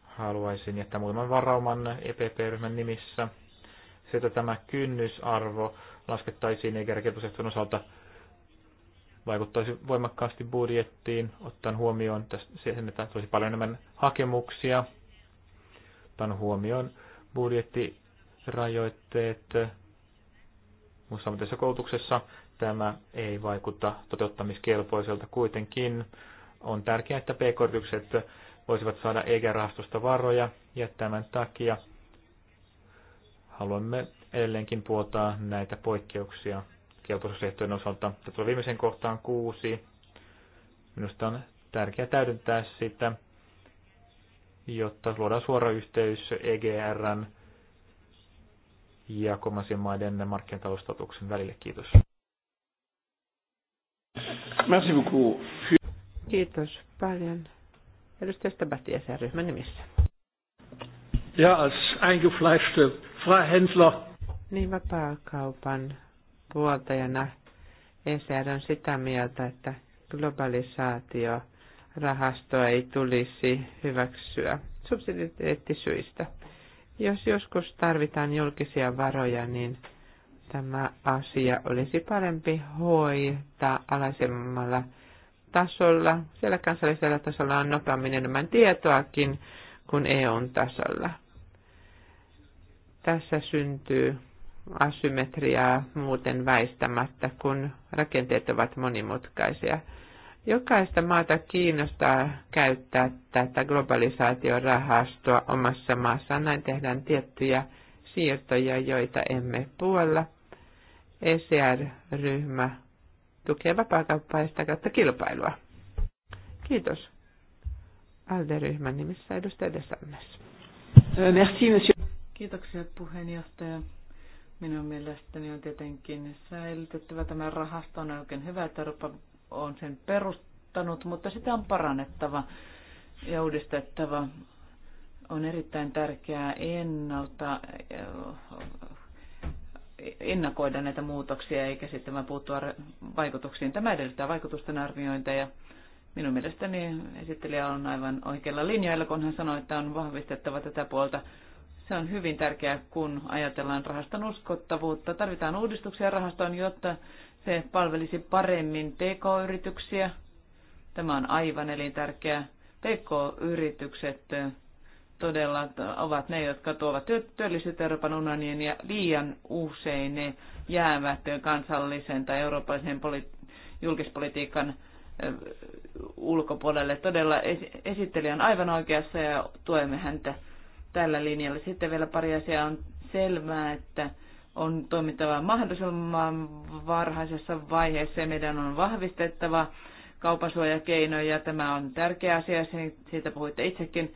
Haluaisin jättää muutaman varauman EPP-ryhmän nimissä. Se, että tämä kynnysarvo laskettaisiin eikä rakentusehtojen osalta vaikuttaisi voimakkaasti budjettiin, ottaen huomioon sen, että tosi paljon enemmän hakemuksia, ottaen huomioon budjettirajoitteet, muussa koulutuksessa tämä ei vaikuta toteuttamiskelpoiselta. Kuitenkin on tärkeää, että pk-yritykset voisivat saada EG-rahastosta varoja ja tämän takia haluamme edelleenkin puoltaa näitä poikkeuksia kelpoisuusehtojen osalta. Tätä viimeisen kohtaan kuusi. Minusta on tärkeää täydentää sitä, jotta luodaan suora yhteys EGRn ja kolmansien maiden markkinataloustatuksen välille. Kiitos. Merci beaucoup. Kiitos paljon. Edustaja Stabatti ryhmän nimissä. Ja, als eingefleischte Freihändler. Niin vapaakaupan puoltajana ECR on sitä mieltä, että globalisaatio rahastoa ei tulisi hyväksyä subsiditeettisyistä. Jos joskus tarvitaan julkisia varoja, niin tämä asia olisi parempi hoitaa alaisemmalla tasolla. Siellä kansallisella tasolla on nopeammin enemmän tietoakin kuin eu tasolla. Tässä syntyy asymmetriaa muuten väistämättä, kun rakenteet ovat monimutkaisia. Jokaista maata kiinnostaa käyttää tätä globalisaatiorahastoa omassa maassaan. Näin tehdään tiettyjä siirtoja, joita emme puolla – ECR-ryhmä tukee vapaakauppaa ja sitä kautta kilpailua. Kiitos. ALDE-ryhmän nimissä edustaja Desannes. Merci, monsieur. Kiitoksia puheenjohtaja. Minun mielestäni on tietenkin säilytettävä tämä rahasto. On oikein hyvä, että Eurooppa on sen perustanut, mutta sitä on parannettava ja uudistettava. On erittäin tärkeää ennalta ennakoida näitä muutoksia eikä sitten puuttua vaikutuksiin. Tämä edellyttää vaikutusten arviointeja. Minun mielestäni esittelijä on aivan oikealla linjoilla, kun hän sanoi, että on vahvistettava tätä puolta. Se on hyvin tärkeää, kun ajatellaan rahaston uskottavuutta. Tarvitaan uudistuksia rahastoon, jotta se palvelisi paremmin pk-yrityksiä. Tämä on aivan elintärkeää. PK-yritykset todella ovat ne, jotka tuovat työllisyyttä Euroopan unionin ja liian usein ne jäävät kansallisen tai eurooppalaisen julkispolitiikan ulkopuolelle. Todella esittelijä on aivan oikeassa ja tuemme häntä tällä linjalla. Sitten vielä pari asiaa on selvää, että on toimittava mahdollisimman varhaisessa vaiheessa ja meidän on vahvistettava kaupansuojakeinoja. Tämä on tärkeä asia, siitä puhuitte itsekin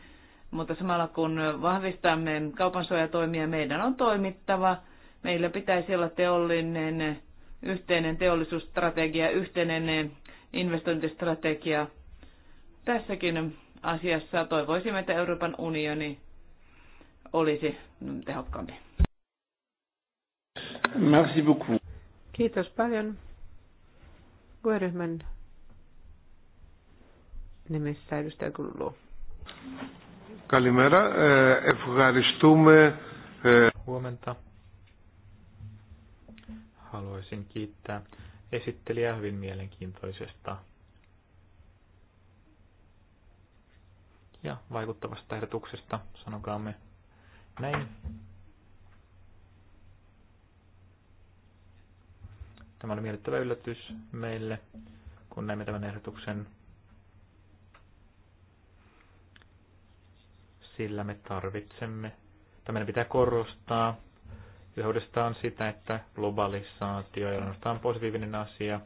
mutta samalla kun vahvistamme kaupansuojatoimia, meidän on toimittava. Meillä pitäisi olla teollinen, yhteinen teollisuusstrategia, yhteinen investointistrategia. Tässäkin asiassa toivoisimme, että Euroopan unioni olisi tehokkaampi. Merci beaucoup. Kiitos paljon. Kueryhmän nimessä edustaja Kullu. Καλημέρα. Ευχαριστούμε. Huomenta. Haluaisin kiittää esittelijää hyvin mielenkiintoisesta ja vaikuttavasta ehdotuksesta, sanokaamme näin. Tämä oli miellyttävä yllätys meille, kun näimme tämän ehdotuksen sillä me tarvitsemme, tai meidän pitää korostaa yhä uudestaan sitä, että globalisaatio ei ainoastaan positiivinen asia.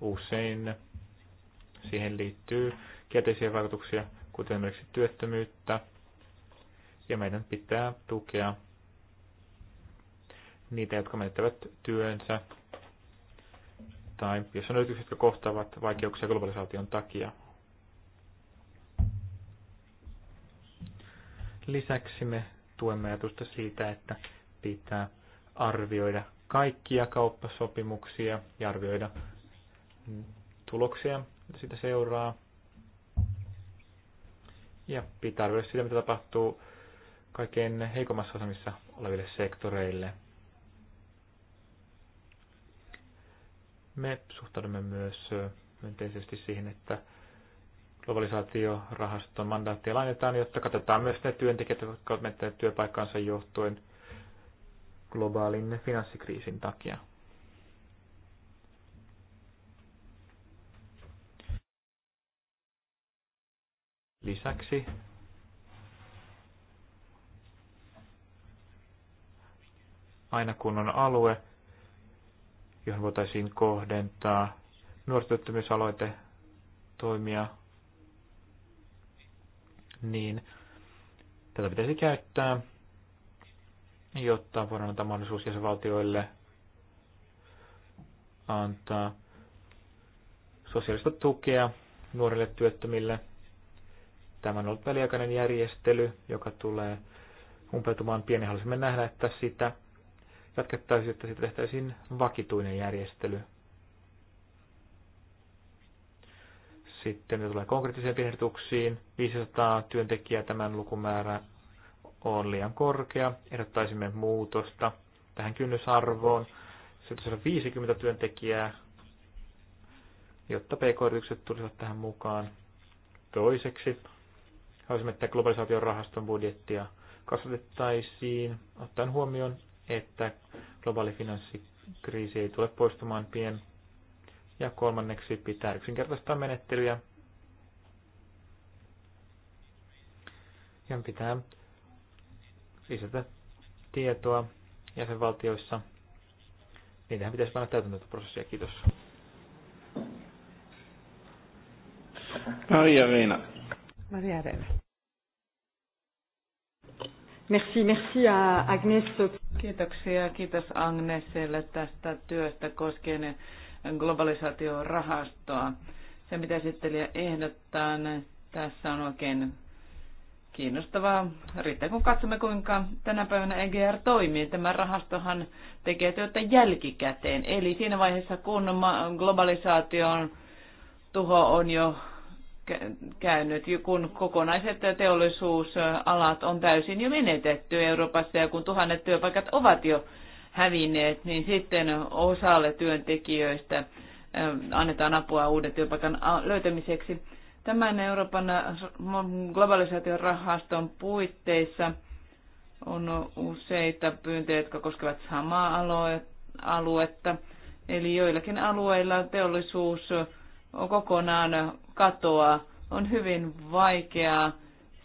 Usein siihen liittyy kielteisiä vaikutuksia, kuten esimerkiksi työttömyyttä, ja meidän pitää tukea niitä, jotka menettävät työnsä, tai jos on yritykset, jotka kohtaavat vaikeuksia globalisaation takia. Lisäksi me tuemme ajatusta siitä, että pitää arvioida kaikkia kauppasopimuksia ja arvioida tuloksia, mitä sitä seuraa. Ja pitää arvioida sitä, mitä tapahtuu kaikkein heikommassa asemissa oleville sektoreille. Me suhtaudumme myös myönteisesti siihen, että globalisaatiorahaston mandaattia lainataan, jotta katsotaan myös ne työntekijät, jotka ovat menettäneet työpaikkaansa johtuen globaalin finanssikriisin takia. Lisäksi aina kun on alue, johon voitaisiin kohdentaa nuorisotyöttömyysaloite toimia niin tätä pitäisi käyttää, jotta voidaan antaa mahdollisuus jäsenvaltioille antaa sosiaalista tukea nuorille työttömille. Tämä on ollut väliaikainen järjestely, joka tulee umpeutumaan pieni. Haluaisimme nähdä, että sitä jatkettaisiin, että siitä tehtäisiin vakituinen järjestely. Sitten mitä tulee konkreettisempiin ehdotuksiin, 500 työntekijää tämän lukumäärä on liian korkea. Ehdottaisimme muutosta tähän kynnysarvoon. se on 50 työntekijää, jotta pk-yritykset tulisivat tähän mukaan. Toiseksi haluaisimme, että globalisaation rahaston budjettia kasvatettaisiin, ottaen huomioon, että globaali finanssikriisi ei tule poistumaan pien ja kolmanneksi pitää yksinkertaistaa menettelyjä. Ja pitää lisätä tietoa jäsenvaltioissa. Niitähän pitäisi panna prosessia. Kiitos. Maria Reina. Maria Reina. Merci, merci à Agnes. Kiitoksia, kiitos Agneselle tästä työstä koskien globalisaatiorahastoa. Se, mitä esittelijä ehdottaa, niin tässä on oikein kiinnostavaa. Riittää, kun katsomme, kuinka tänä päivänä EGR toimii. Tämä rahastohan tekee työtä jälkikäteen. Eli siinä vaiheessa, kun globalisaation tuho on jo käynyt, kun kokonaiset teollisuusalat on täysin jo menetetty Euroopassa ja kun tuhannet työpaikat ovat jo hävinneet, niin sitten osalle työntekijöistä äh, annetaan apua uuden työpaikan löytämiseksi. Tämän Euroopan globalisaation rahaston puitteissa on useita pyyntöjä, jotka koskevat samaa aluetta. Eli joillakin alueilla teollisuus on kokonaan katoaa. On hyvin vaikeaa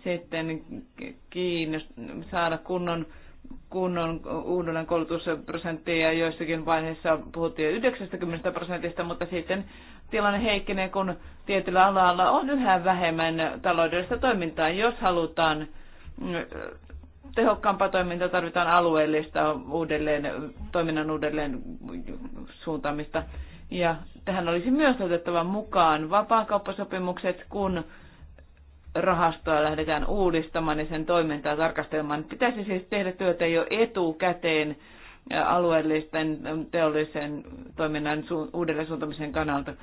sitten saada kunnon kunnon uudelleen koulutusprosenttia ja joissakin vaiheissa puhuttiin 90 prosentista, mutta sitten tilanne heikkenee, kun tietyllä alalla on yhä vähemmän taloudellista toimintaa. Jos halutaan mm, tehokkaampaa toimintaa, tarvitaan alueellista uudelleen, toiminnan uudelleen suuntaamista. Ja tähän olisi myös otettava mukaan vapaakauppasopimukset, kun rahastoa lähdetään uudistamaan ja sen toimintaa tarkastelemaan. Pitäisi siis tehdä työtä jo etukäteen alueellisten teollisen toiminnan uudelleen suuntamisen kannalta.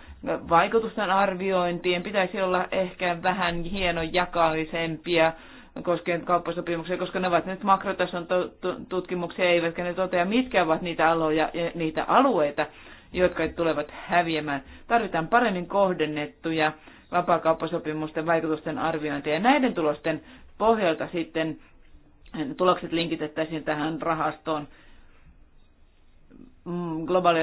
Vaikutusten arviointien pitäisi olla ehkä vähän hienojakaisempia koskien kauppasopimuksia, koska ne ovat nyt makrotason tutkimuksia, eivätkä ne totea, mitkä ovat niitä aloja ja niitä alueita, jotka tulevat häviämään. Tarvitaan paremmin kohdennettuja vapaakauppasopimusten vaikutusten arviointia. Ja näiden tulosten pohjalta sitten tulokset linkitettäisiin tähän rahastoon. Mm, globaali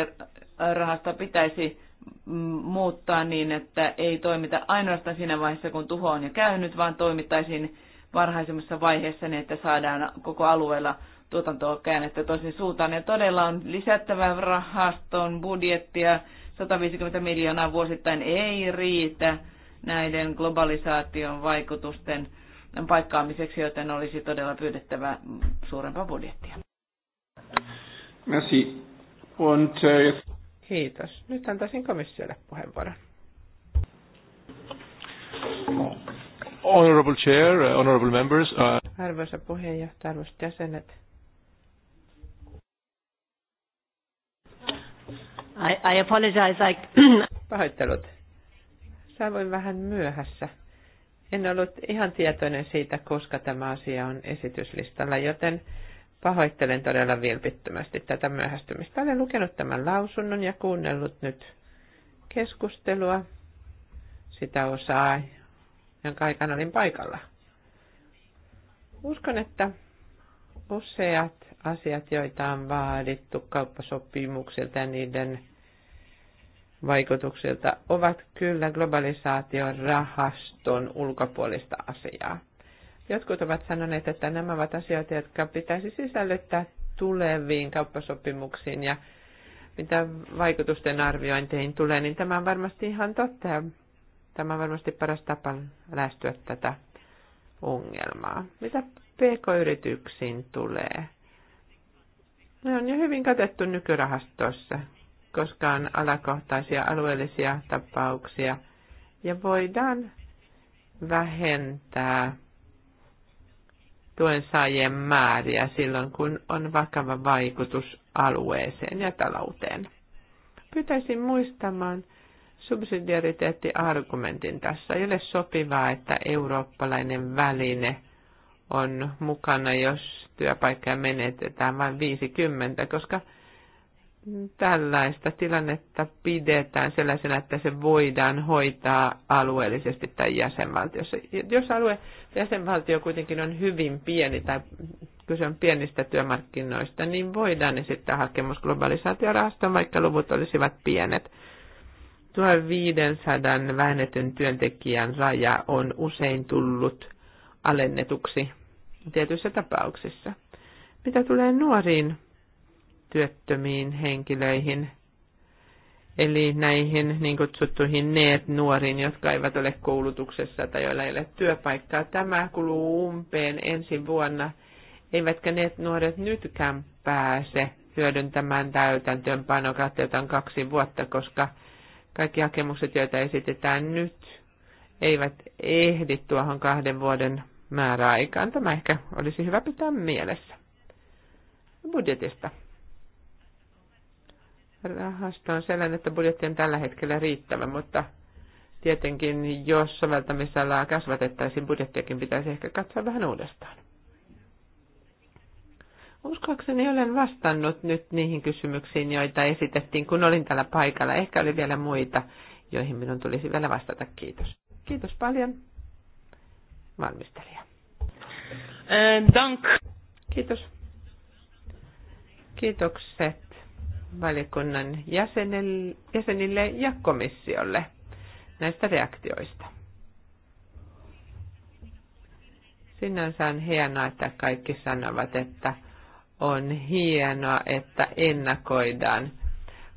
rahasta pitäisi mm, muuttaa niin, että ei toimita ainoastaan siinä vaiheessa, kun tuho on jo käynyt, vaan toimittaisiin varhaisemmassa vaiheessa niin, että saadaan koko alueella tuotantoa käännettä toisen suuntaan. Ja todella on lisättävä rahaston budjettia. 150 miljoonaa vuosittain ei riitä näiden globalisaation vaikutusten paikkaamiseksi, joten olisi todella pyydettävä suurempaa budjettia. Merci. Äh, Kiitos. Nyt antaisin komissiolle puheenvuoron. Honorable Chair, uh, honorable members. Uh... Arvoisa puheenjohtaja, arvoisat jäsenet. I, I apologize. I... Pahoittelut Saavuin vähän myöhässä. En ollut ihan tietoinen siitä, koska tämä asia on esityslistalla, joten pahoittelen todella vilpittömästi tätä myöhästymistä. Olen lukenut tämän lausunnon ja kuunnellut nyt keskustelua, sitä osaa, jonka aikana olin paikalla. Uskon, että useat asiat, joita on vaadittu kauppasopimuksilta ja niiden vaikutuksilta ovat kyllä globalisaation rahaston ulkopuolista asiaa. Jotkut ovat sanoneet, että nämä ovat asioita, jotka pitäisi sisällyttää tuleviin kauppasopimuksiin ja mitä vaikutusten arviointeihin tulee, niin tämä on varmasti ihan totta ja tämä on varmasti paras tapa lähestyä tätä ongelmaa. Mitä pk-yrityksiin tulee? Ne on jo hyvin katettu nykyrahastossa koskaan alakohtaisia alueellisia tapauksia. Ja voidaan vähentää tuen saajien määriä silloin, kun on vakava vaikutus alueeseen ja talouteen. Pyytäisin muistamaan subsidiariteettiargumentin tässä. Ei ole sopivaa, että eurooppalainen väline on mukana, jos työpaikkaa menetetään vain 50, koska tällaista tilannetta pidetään sellaisena, että se voidaan hoitaa alueellisesti tai jäsenvaltiossa. Jos alue jäsenvaltio kuitenkin on hyvin pieni tai kyse on pienistä työmarkkinoista, niin voidaan esittää hakemus globalisaatiorahastoon, vaikka luvut olisivat pienet. 1500 vähennetyn työntekijän raja on usein tullut alennetuksi tietyissä tapauksissa. Mitä tulee nuoriin työttömiin henkilöihin, eli näihin niin kutsuttuihin NEET-nuoriin, jotka eivät ole koulutuksessa tai joilla ei ole työpaikkaa. Tämä kuluu umpeen ensi vuonna, eivätkä NEET-nuoret nytkään pääse hyödyntämään täytäntöönpanokautta, jota on kaksi vuotta, koska kaikki hakemukset, joita esitetään nyt, eivät ehdi tuohon kahden vuoden määräaikaan. Tämä ehkä olisi hyvä pitää mielessä. Budjetista rahasto on sellainen, että budjetti on tällä hetkellä riittävä, mutta tietenkin jos soveltamisalaa kasvatettaisiin, budjettiakin pitäisi ehkä katsoa vähän uudestaan. Uskoakseni olen vastannut nyt niihin kysymyksiin, joita esitettiin, kun olin täällä paikalla. Ehkä oli vielä muita, joihin minun tulisi vielä vastata. Kiitos. Kiitos paljon, valmistelija. Eh, dank. Kiitos. Kiitokset valiokunnan jäsenille ja komissiolle näistä reaktioista. Sinänsä on hienoa, että kaikki sanovat, että on hienoa, että ennakoidaan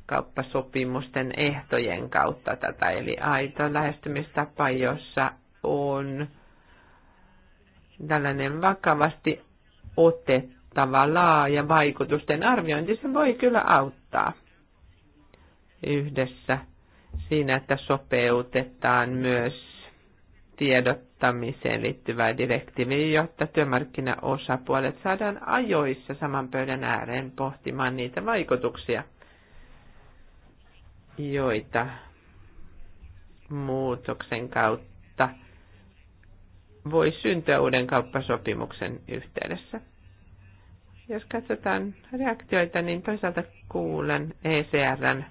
kauppasopimusten ehtojen kautta tätä, eli aito lähestymistapa, jossa on tällainen vakavasti otettu kattava, laaja vaikutusten arviointi, se voi kyllä auttaa yhdessä siinä, että sopeutetaan myös tiedottamiseen liittyvää direktiiviä, jotta työmarkkinaosapuolet saadaan ajoissa saman pöydän ääreen pohtimaan niitä vaikutuksia, joita muutoksen kautta voi syntyä uuden kauppasopimuksen yhteydessä. Jos katsotaan reaktioita, niin toisaalta kuulen ECRn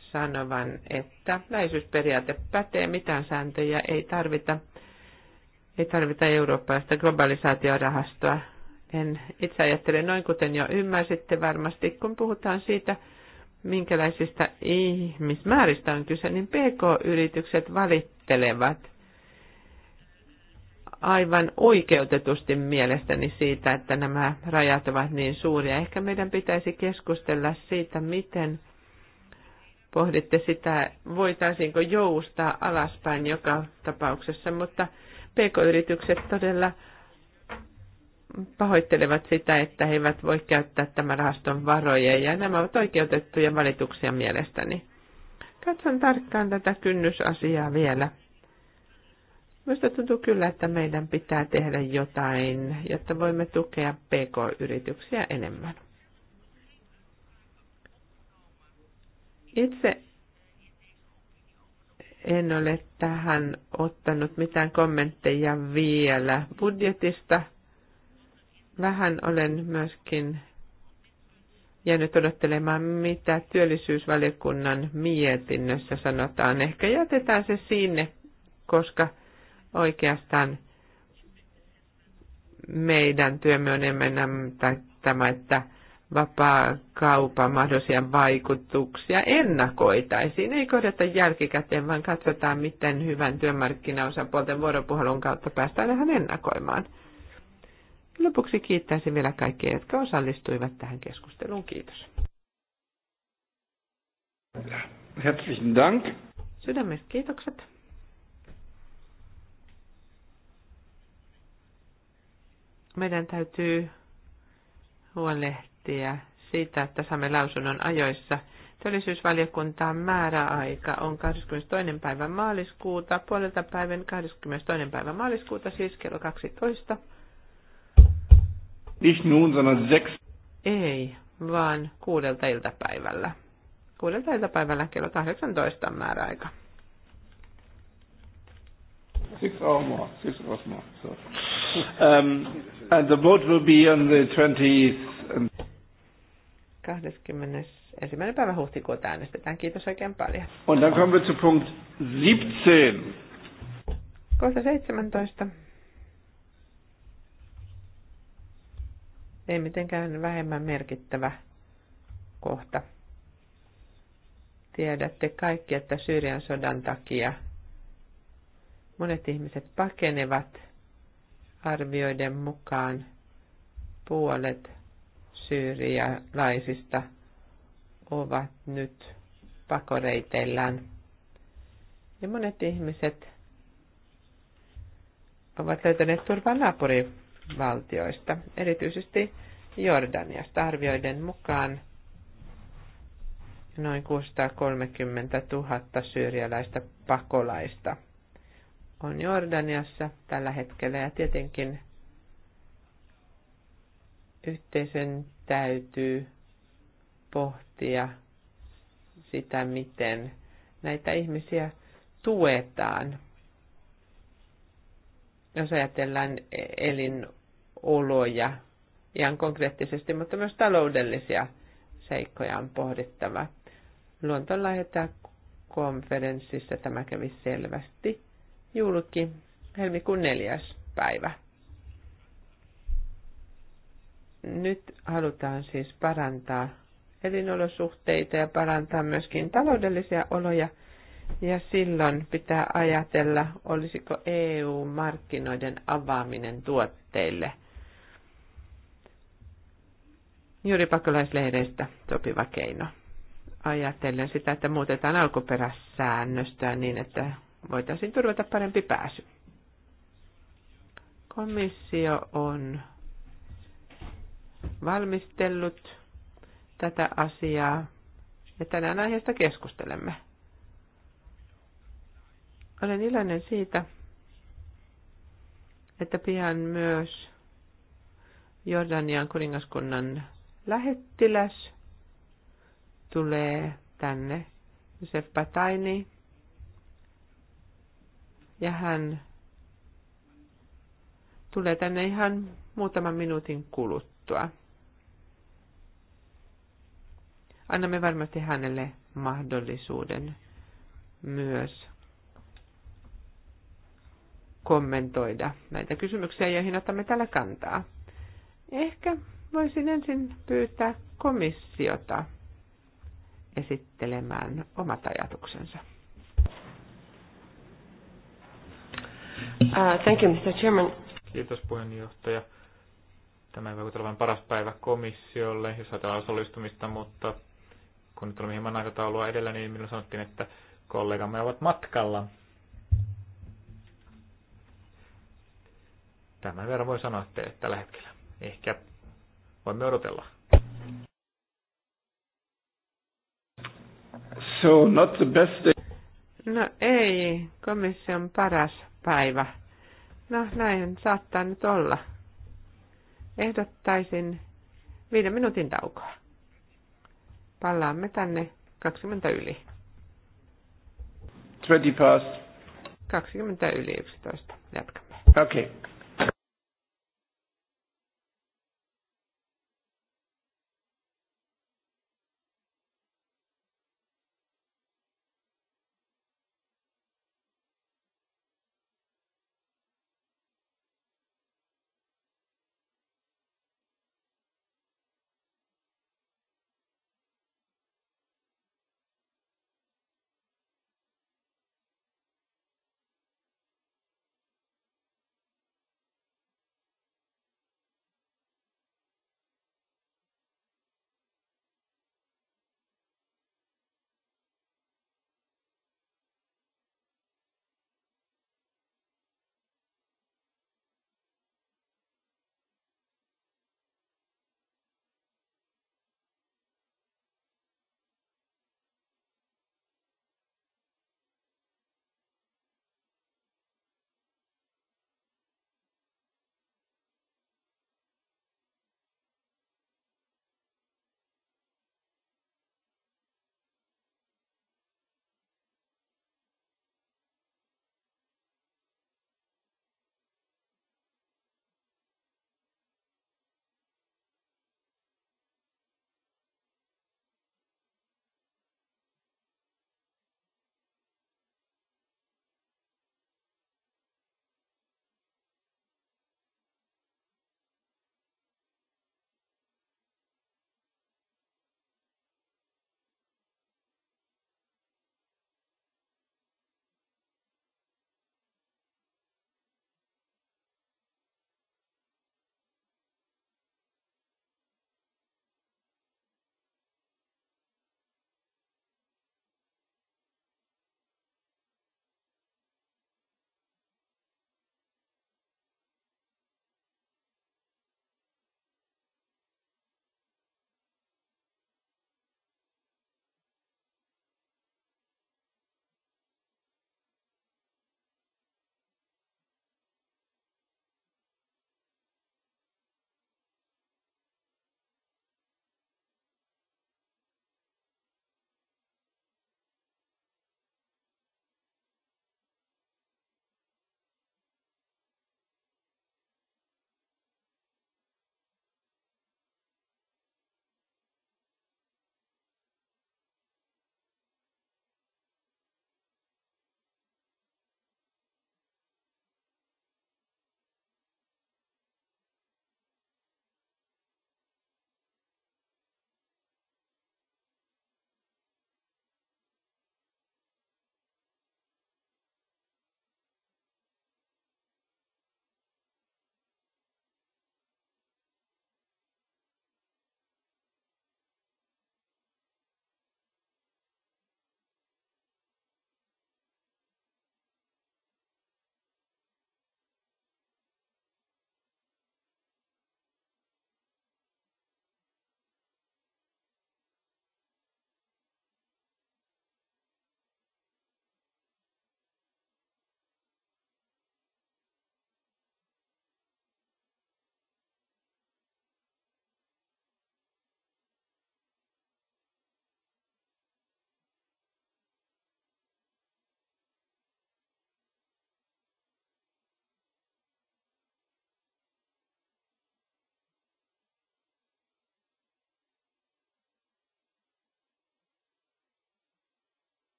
sanovan, että läheisyysperiaate pätee, mitään sääntöjä ei tarvita. Ei tarvita eurooppalaista globalisaatiorahastoa. En itse ajattele noin, kuten jo ymmärsitte varmasti, kun puhutaan siitä, minkälaisista ihmismääristä on kyse, niin PK-yritykset valittelevat aivan oikeutetusti mielestäni siitä, että nämä rajat ovat niin suuria. Ehkä meidän pitäisi keskustella siitä, miten pohditte sitä, voitaisiinko joustaa alaspäin joka tapauksessa, mutta pk-yritykset todella pahoittelevat sitä, että he eivät voi käyttää tämän rahaston varoja, ja nämä ovat oikeutettuja valituksia mielestäni. Katson tarkkaan tätä kynnysasiaa vielä. Minusta tuntuu kyllä, että meidän pitää tehdä jotain, jotta voimme tukea pk-yrityksiä enemmän. Itse en ole tähän ottanut mitään kommentteja vielä budjetista. Vähän olen myöskin jäänyt odottelemaan, mitä työllisyysvaliokunnan mietinnössä sanotaan. Ehkä jätetään se sinne, koska – Oikeastaan meidän työmme on enemmän tämä, että vapaa kaupan mahdollisia vaikutuksia ennakoitaisiin. Ei kohdata jälkikäteen, vaan katsotaan, miten hyvän työmarkkinaosapuolten vuoropuhelun kautta päästään tähän ennakoimaan. Lopuksi kiittäisin vielä kaikkia, jotka osallistuivat tähän keskusteluun. Kiitos. Herzlichen Dank. Sydämestä kiitokset. meidän täytyy huolehtia siitä, että saamme lausunnon ajoissa. Työllisyysvaliokuntaan määräaika on 22. päivä maaliskuuta, puolelta päivän 22. päivä maaliskuuta, siis kello 12. Nicht nun, sondern sechs. Ei, vaan kuudelta iltapäivällä. Kuudelta iltapäivällä kello 18 on määräaika. Six hours more, six hours more. So. Um, And the vote will be on the 21. päivä huhtikuuta äänestetään. Kiitos oikein paljon. Und dann kommen wir zu Punkt 17. Kohta 17. Ei mitenkään vähemmän merkittävä kohta. Tiedätte kaikki, että Syyrian sodan takia monet ihmiset pakenevat arvioiden mukaan puolet syyrialaisista ovat nyt pakoreiteillään. Ja monet ihmiset ovat löytäneet turvaa naapurivaltioista, erityisesti Jordaniasta. Arvioiden mukaan noin 630 000 syyrialaista pakolaista – on Jordaniassa tällä hetkellä ja tietenkin yhteisön täytyy pohtia sitä, miten näitä ihmisiä tuetaan. Jos ajatellaan elinoloja ihan konkreettisesti, mutta myös taloudellisia seikkoja on pohdittava. Luontoon konferenssissa tämä kävi selvästi julki helmikuun neljäs päivä. Nyt halutaan siis parantaa elinolosuhteita ja parantaa myöskin taloudellisia oloja. Ja silloin pitää ajatella, olisiko EU-markkinoiden avaaminen tuotteille juuri pakolaisleireistä sopiva keino. Ajatellen sitä, että muutetaan alkuperäsäännöstöä niin, että voitaisiin turvata parempi pääsy. Komissio on valmistellut tätä asiaa ja tänään aiheesta keskustelemme. Olen iloinen siitä, että pian myös Jordanian kuningaskunnan lähettiläs tulee tänne, Josef Bataini, ja hän tulee tänne ihan muutaman minuutin kuluttua. Annamme varmasti hänelle mahdollisuuden myös kommentoida näitä kysymyksiä, joihin otamme tällä kantaa. Ehkä voisin ensin pyytää komissiota esittelemään omat ajatuksensa. Uh, thank you, Mr. Chairman. Kiitos puheenjohtaja. Tämä ei vaikuta olevan paras päivä komissiolle, jos ajatellaan osallistumista, mutta kun nyt olemme hieman aikataulua edellä, niin minulle sanottiin, että kollegamme ovat matkalla. Tämän verran voi sanoa teille tällä hetkellä. Ehkä voimme odotella. So not the best day. No ei, komission paras päivä. No näin saattaa nyt olla. Ehdottaisin viiden minuutin taukoa. Palaamme tänne 20 yli. 20 past. 20 yli 11. Jatkamme. Okei. Okay.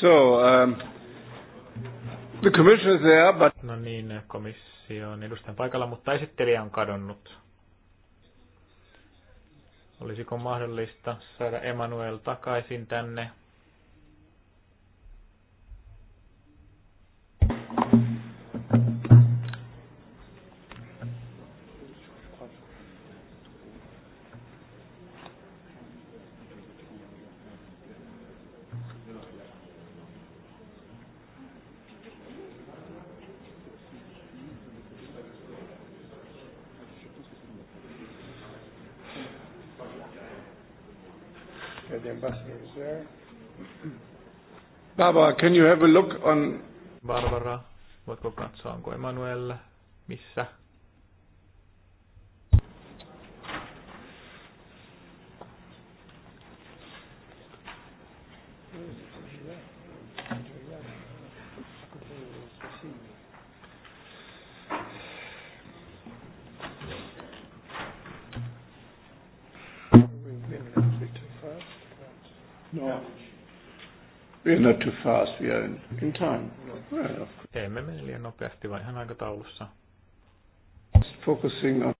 So, um, the commission is there, but... No niin, komissio on edustajan paikalla, mutta esittelijä on kadonnut. Olisiko mahdollista saada Emanuel takaisin tänne? Barbara, can you have a look on... Barbara, voitko katsoa, onko Emanuel missä? We are not too fast, we are in, time. Teemme Emme liian nopeasti, vai ihan aikataulussa. Focusing on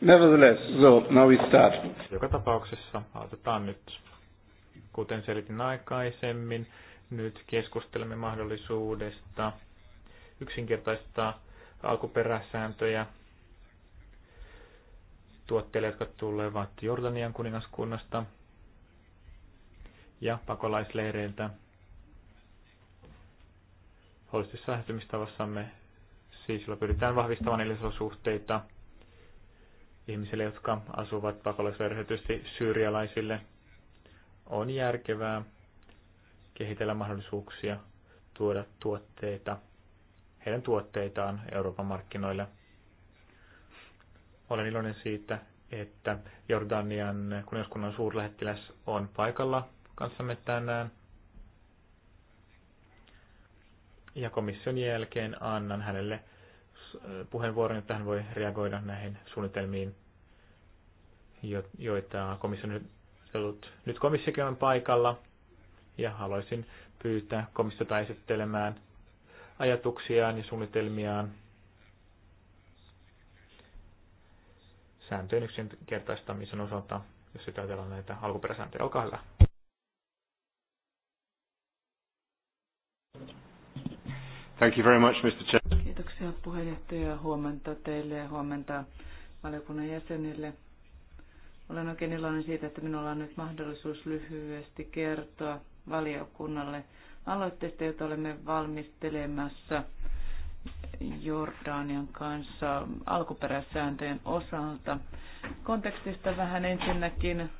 Nevertheless, so now we start. Joka tapauksessa aloitetaan nyt. Kuten selitin aikaisemmin, nyt keskustelemme mahdollisuudesta yksinkertaistaa alkuperäsääntöjä tuotteille, jotka tulevat Jordanian kuningaskunnasta ja pakolaisleireiltä. Holistissa lähestymistavassamme siis, pyritään vahvistamaan elisosuhteita – ihmisille, jotka asuvat pakolaisverhetysti syyrialaisille, on järkevää kehitellä mahdollisuuksia tuoda tuotteita, heidän tuotteitaan Euroopan markkinoille. Olen iloinen siitä, että Jordanian kuningaskunnan suurlähettiläs on paikalla kanssamme tänään. Ja komission jälkeen annan hänelle Äh, puheenvuoron, että hän voi reagoida näihin suunnitelmiin, joita komissio nyt ollut. Nyt komissiokin on paikalla ja haluaisin pyytää komissiota esittelemään ajatuksiaan ja suunnitelmiaan sääntöjen yksinkertaistamisen osalta, jos sitä ajatellaan näitä alkuperäsääntöjä. Olkaa hyvä. Thank you very much, Mr. Chairman. Kiitoksia puheenjohtaja. Huomenta teille ja huomenta valiokunnan jäsenille. Olen oikein iloinen siitä, että minulla on nyt mahdollisuus lyhyesti kertoa valiokunnalle aloitteesta, jota olemme valmistelemassa Jordanian kanssa alkuperäsääntöjen osalta. Kontekstista vähän ensinnäkin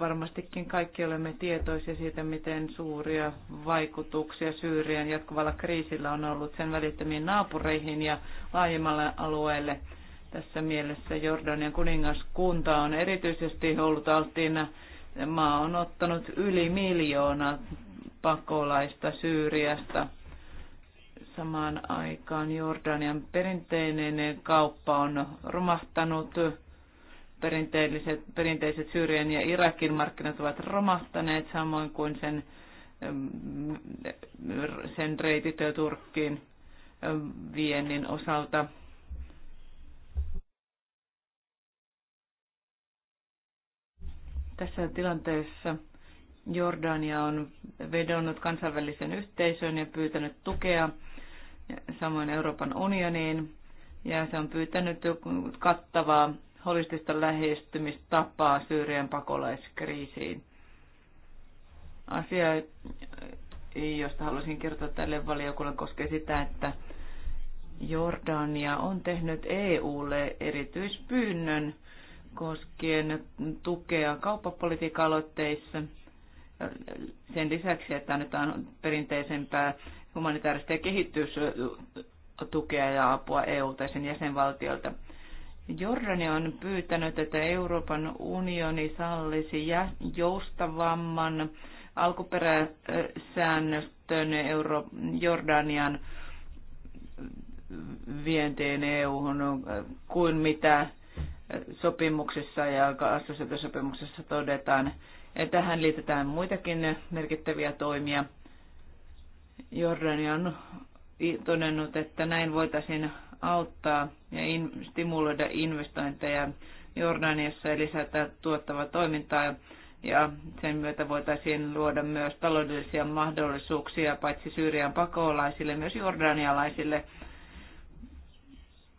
varmastikin kaikki olemme tietoisia siitä, miten suuria vaikutuksia Syyrian jatkuvalla kriisillä on ollut sen välittömiin naapureihin ja laajemmalle alueelle. Tässä mielessä Jordanian kuningaskunta on erityisesti ollut alttiina. Maa on ottanut yli miljoona pakolaista Syyriasta. Samaan aikaan Jordanian perinteinen kauppa on romahtanut Perinteiset, perinteiset Syyrian ja Irakin markkinat ovat romahtaneet, samoin kuin sen, mm, sen reitit Turkkiin mm, viennin osalta. Tässä tilanteessa Jordania on vedonnut kansainvälisen yhteisön ja pyytänyt tukea, samoin Euroopan unioniin, ja se on pyytänyt kattavaa holistista lähestymistapaa Syyrian pakolaiskriisiin. Asia, josta haluaisin kertoa tälle valiokunnalle, koskee sitä, että Jordania on tehnyt EUlle erityispyynnön koskien tukea kauppapolitiikan aloitteissa. Sen lisäksi, että annetaan perinteisempää humanitaarista ja kehitystukea ja apua EU- ja sen jäsenvaltiolta. Jordania on pyytänyt, että Euroopan unioni sallisi joustavamman alkuperäsäännöstön Euro- Jordanian vientiin EU-hun kuin mitä sopimuksessa ja assosiaatiosopimuksessa todetaan. Tähän liitetään muitakin merkittäviä toimia. Jordania on todennut, että näin voitaisiin auttaa ja in, stimuloida investointeja Jordaniassa ja lisätä tuottavaa toimintaa ja sen myötä voitaisiin luoda myös taloudellisia mahdollisuuksia paitsi Syyrian pakolaisille, myös jordanialaisille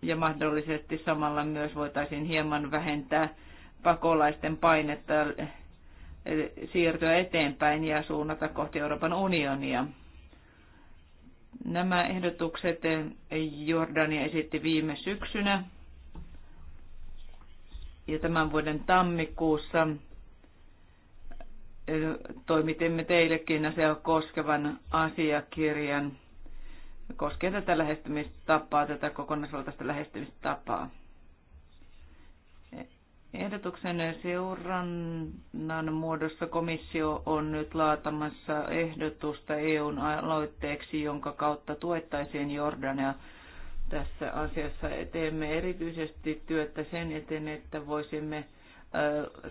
ja mahdollisesti samalla myös voitaisiin hieman vähentää pakolaisten painetta siirtyä eteenpäin ja suunnata kohti Euroopan unionia. Nämä ehdotukset Jordania esitti viime syksynä ja tämän vuoden tammikuussa toimitimme teillekin on koskevan asiakirjan koskien tätä lähestymistapaa, tätä kokonaisvaltaista lähestymistapaa. Ehdotuksen seurannan muodossa komissio on nyt laatamassa ehdotusta EUn aloitteeksi, jonka kautta tuettaisiin Jordania tässä asiassa. Teemme erityisesti työtä sen eteen, että voisimme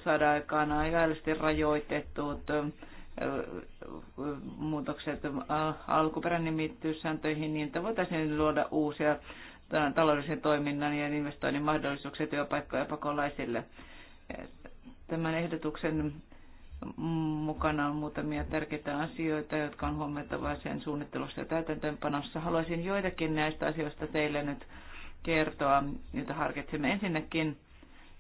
saada aikaan ajallisesti rajoitetut muutokset alkuperän niin että voitaisiin luoda uusia taloudellisen toiminnan ja investoinnin mahdollisuuksia työpaikkoja pakolaisille. Tämän ehdotuksen mukana on muutamia tärkeitä asioita, jotka on huomioitava sen suunnittelussa ja täytäntöönpanossa. Haluaisin joitakin näistä asioista teille nyt kertoa, joita harkitsemme. Ensinnäkin,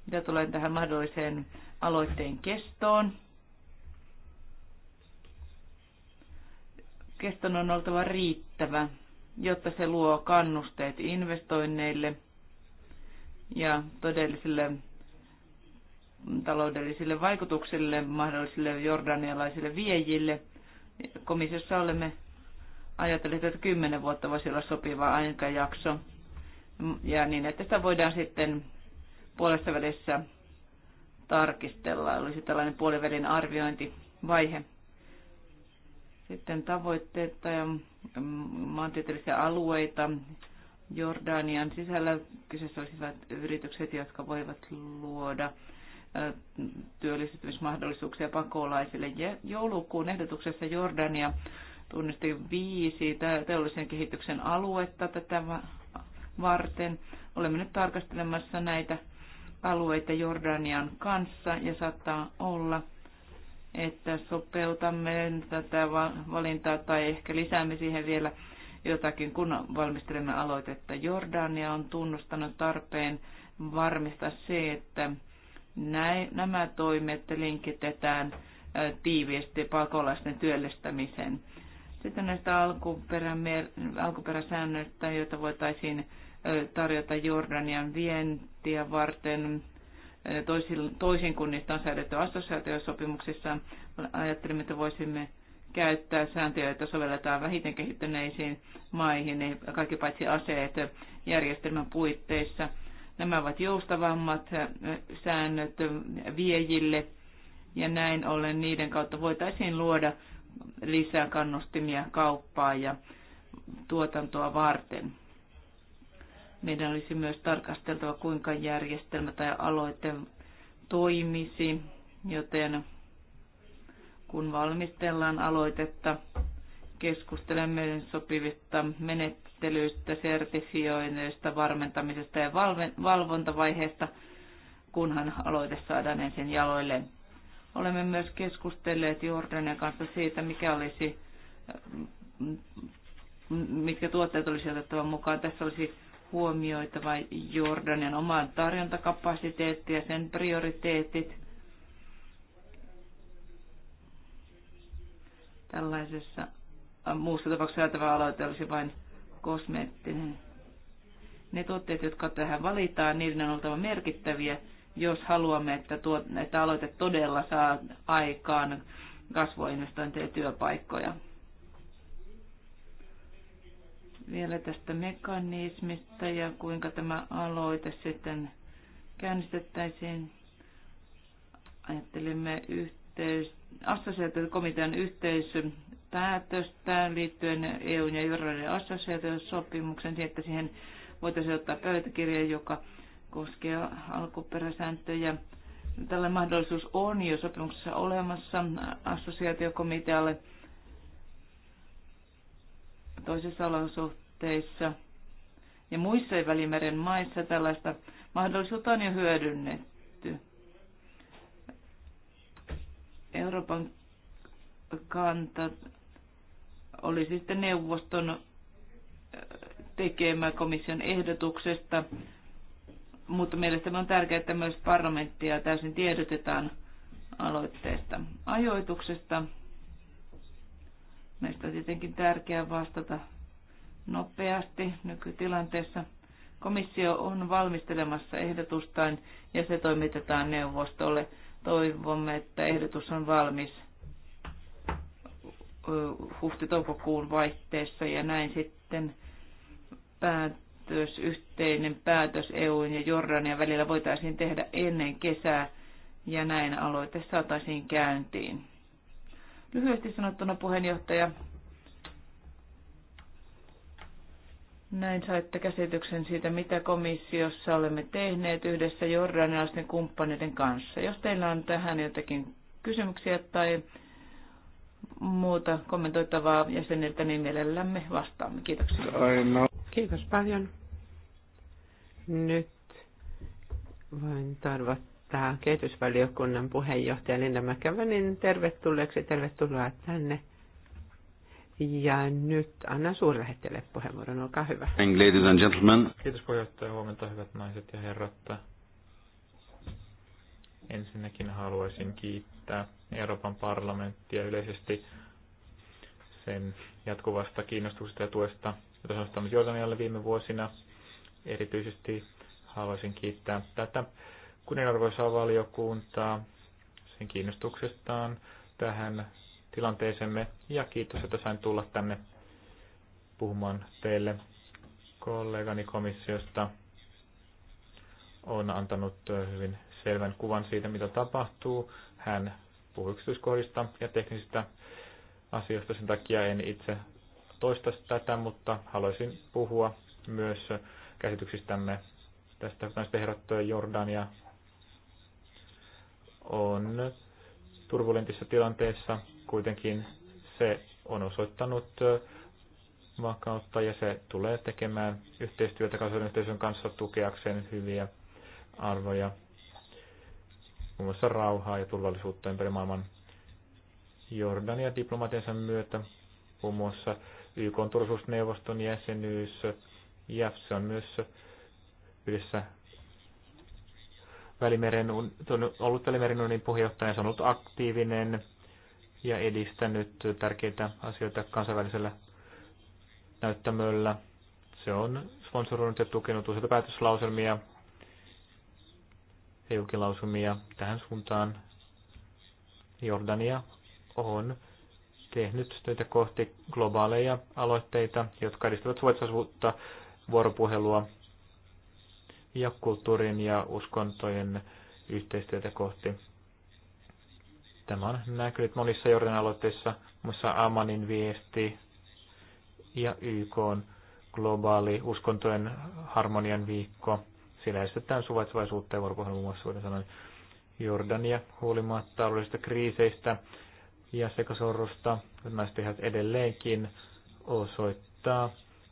mitä tulee tähän mahdolliseen aloitteen kestoon. Keston on oltava riittävä jotta se luo kannusteet investoinneille ja todellisille taloudellisille vaikutuksille, mahdollisille jordanialaisille viejille. Komissiossa olemme ajatelleet, että kymmenen vuotta voisi olla sopiva aikajakso, ja niin, että sitä voidaan sitten puolessa välissä tarkistella. Olisi tällainen puolivälin arviointivaihe. Sitten tavoitteet ja maantieteellisiä alueita Jordanian sisällä. Kyseessä olisivat yritykset, jotka voivat luoda työllistymismahdollisuuksia pakolaisille. Joulukuun ehdotuksessa Jordania tunnisti viisi teollisen kehityksen aluetta tätä varten. Olemme nyt tarkastelemassa näitä alueita Jordanian kanssa ja saattaa olla, että sopeutamme tätä valintaa tai ehkä lisäämme siihen vielä jotakin, kun valmistelemme aloitetta. Jordania on tunnustanut tarpeen varmistaa se, että näin, nämä toimet linkitetään tiiviisti pakolaisten työllistämiseen. Sitten näistä alkuperäsäännöistä, joita voitaisiin tarjota Jordanian vientiä varten toisin, kuin niistä on säädetty assosiaatiosopimuksissa. Ajattelimme, että voisimme käyttää sääntöjä, että sovelletaan vähiten kehittyneisiin maihin, niin kaikki paitsi aseet järjestelmän puitteissa. Nämä ovat joustavammat säännöt viejille ja näin ollen niiden kautta voitaisiin luoda lisää kannustimia kauppaa ja tuotantoa varten. Meidän olisi myös tarkasteltava, kuinka järjestelmä tai aloite toimisi, joten kun valmistellaan aloitetta, keskustelemme sopivista menettelyistä, sertifioinnista, varmentamisesta ja valvontavaiheesta, kunhan aloite saadaan ensin jaloille. Olemme myös keskustelleet Jordanian kanssa siitä, mikä olisi, mitkä tuotteet olisi otettava mukaan. Tässä olisi huomioitava Jordanian oman tarjontakapasiteetti ja sen prioriteetit. Tällaisessa äh, muussa tapauksessa ajatava aloite olisi vain kosmeettinen. Ne tuotteet, jotka tähän valitaan, niiden on oltava merkittäviä, jos haluamme, että, tuo, että aloite todella saa aikaan kasvuinvestointeja ja työpaikkoja vielä tästä mekanismista ja kuinka tämä aloite sitten käynnistettäisiin. Ajattelimme yhteys, assosiaatiokomitean yhteispäätöstä liittyen EUn ja Euroopan assosiaatiosopimuksen, niin että siihen voitaisiin ottaa pöytäkirja, joka koskee alkuperäsääntöjä. Tällainen mahdollisuus on jo sopimuksessa olemassa assosiaatiokomitealle – toisissa olosuhteissa. Ja muissa Välimeren maissa tällaista mahdollisuutta on jo hyödynnetty. Euroopan kanta oli sitten neuvoston tekemä komission ehdotuksesta, mutta mielestäni on tärkeää, että myös parlamenttia täysin tiedotetaan aloitteesta. Ajoituksesta Meistä on tietenkin tärkeää vastata nopeasti nykytilanteessa. Komissio on valmistelemassa ehdotustaan ja se toimitetaan neuvostolle. Toivomme, että ehdotus on valmis huhti-toukokuun vaihteessa ja näin sitten päätös, yhteinen päätös EUn ja Jordanian välillä voitaisiin tehdä ennen kesää ja näin aloite saataisiin käyntiin. Lyhyesti sanottuna puheenjohtaja, näin saitte käsityksen siitä, mitä komissiossa olemme tehneet yhdessä jordanilaisten kumppaneiden kanssa. Jos teillä on tähän jotakin kysymyksiä tai muuta kommentoitavaa jäseniltä, niin mielellämme vastaamme. Kiitoksia. Aina. Kiitos paljon. Nyt vain tarvat toivottaa kehitysvaliokunnan puheenjohtaja Linda Mäkävänin tervetulleeksi. Tervetuloa tänne. Ja nyt annan suurlähettele puheenvuoron, olkaa hyvä. Ladies and gentlemen. Kiitos puheenjohtaja, huomenta hyvät naiset ja herrat. Ensinnäkin haluaisin kiittää Euroopan parlamenttia yleisesti sen jatkuvasta kiinnostuksesta ja tuesta, jota on Jordanialle viime vuosina. Erityisesti haluaisin kiittää tätä kunnianarvoisaa valiokuntaa sen kiinnostuksestaan tähän tilanteeseemme ja kiitos, että sain tulla tänne puhumaan teille kollegani komissiosta on antanut hyvin selvän kuvan siitä, mitä tapahtuu. Hän puhuu yksityiskohdista ja teknisistä asioista, sen takia en itse toista tätä, mutta haluaisin puhua myös käsityksistämme tästä naiset ehdot Jordania on turbulentissa tilanteessa. Kuitenkin se on osoittanut vakautta ja se tulee tekemään yhteistyötä kansallisen yhteisön kanssa tukeakseen hyviä arvoja, muun muassa rauhaa ja turvallisuutta ympäri maailman Jordania diplomatiansa myötä, muun muassa YK turvallisuusneuvoston jäsenyys, ja se on myös yhdessä Välimeren, on ollut Välimeren unionin puheenjohtaja, se on ollut aktiivinen ja edistänyt tärkeitä asioita kansainvälisellä näyttämöllä. Se on sponsoroinut ja tukenut useita päätöslauselmia ja e julkilausumia tähän suuntaan. Jordania on tehnyt töitä kohti globaaleja aloitteita, jotka edistävät suvaitsevaisuutta, vuoropuhelua ja kulttuurin ja uskontojen yhteistyötä kohti. Tämä on näkynyt monissa Jordan aloitteissa, muissa Amanin viesti ja YK on globaali uskontojen harmonian viikko. Sillä estetään suvaitsevaisuutta ja vuoropuhelua muun muassa sanoa Jordania huolimatta taloudellisista kriiseistä ja sekasorrosta. Naiset tehdään edelleenkin osoittaa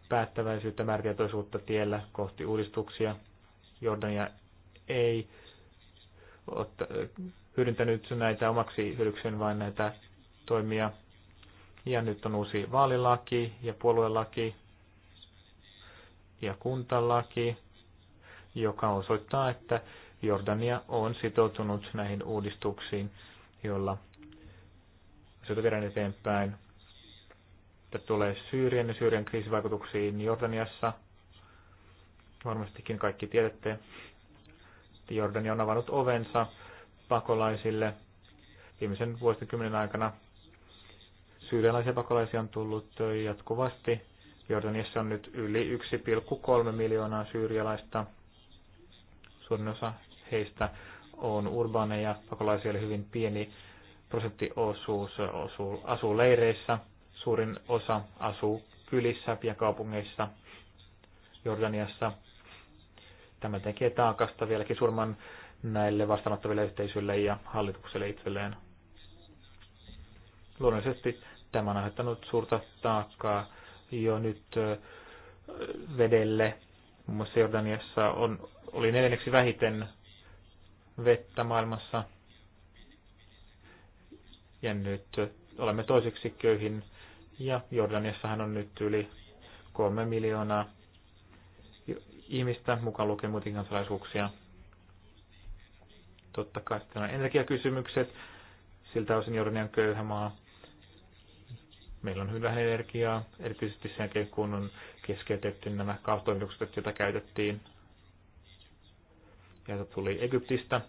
päättäväisyyttä, määrätietoisuutta tiellä kohti uudistuksia Jordania ei otta, hyödyntänyt näitä omaksi hyödykseen, vaan näitä toimia. Ja nyt on uusi vaalilaki ja puoluelaki ja kuntalaki, joka osoittaa, että Jordania on sitoutunut näihin uudistuksiin, joilla asioita viedään eteenpäin. Tämä tulee Syyrian ja Syyrian kriisivaikutuksiin Jordaniassa – varmastikin kaikki tiedätte, Jordani on avannut ovensa pakolaisille viimeisen vuosikymmenen aikana. Syyrialaisia pakolaisia on tullut jatkuvasti. Jordaniassa on nyt yli 1,3 miljoonaa syyrialaista. Suurin osa heistä on urbaaneja pakolaisia, eli hyvin pieni prosenttiosuus osuu, asuu leireissä. Suurin osa asuu kylissä ja kaupungeissa Jordaniassa Tämä tekee taakasta vieläkin surman näille vastaanottaville yhteisöille ja hallitukselle itselleen. Luonnollisesti tämä on aiheuttanut suurta taakkaa jo nyt vedelle. Muun muassa Jordaniassa on, oli neljänneksi vähiten vettä maailmassa. Ja nyt olemme toiseksi köyhin. Ja Jordaniassahan on nyt yli kolme miljoonaa ihmistä, mukaan lukien muitakin kansalaisuuksia. Totta kai sitten on energiakysymykset. Siltä osin Jordania on köyhä maa. Meillä on hyvä energiaa, erityisesti sen jälkeen kun on keskeytetty nämä kaustoimitukset, joita käytettiin. Ja tuli Egyptistä.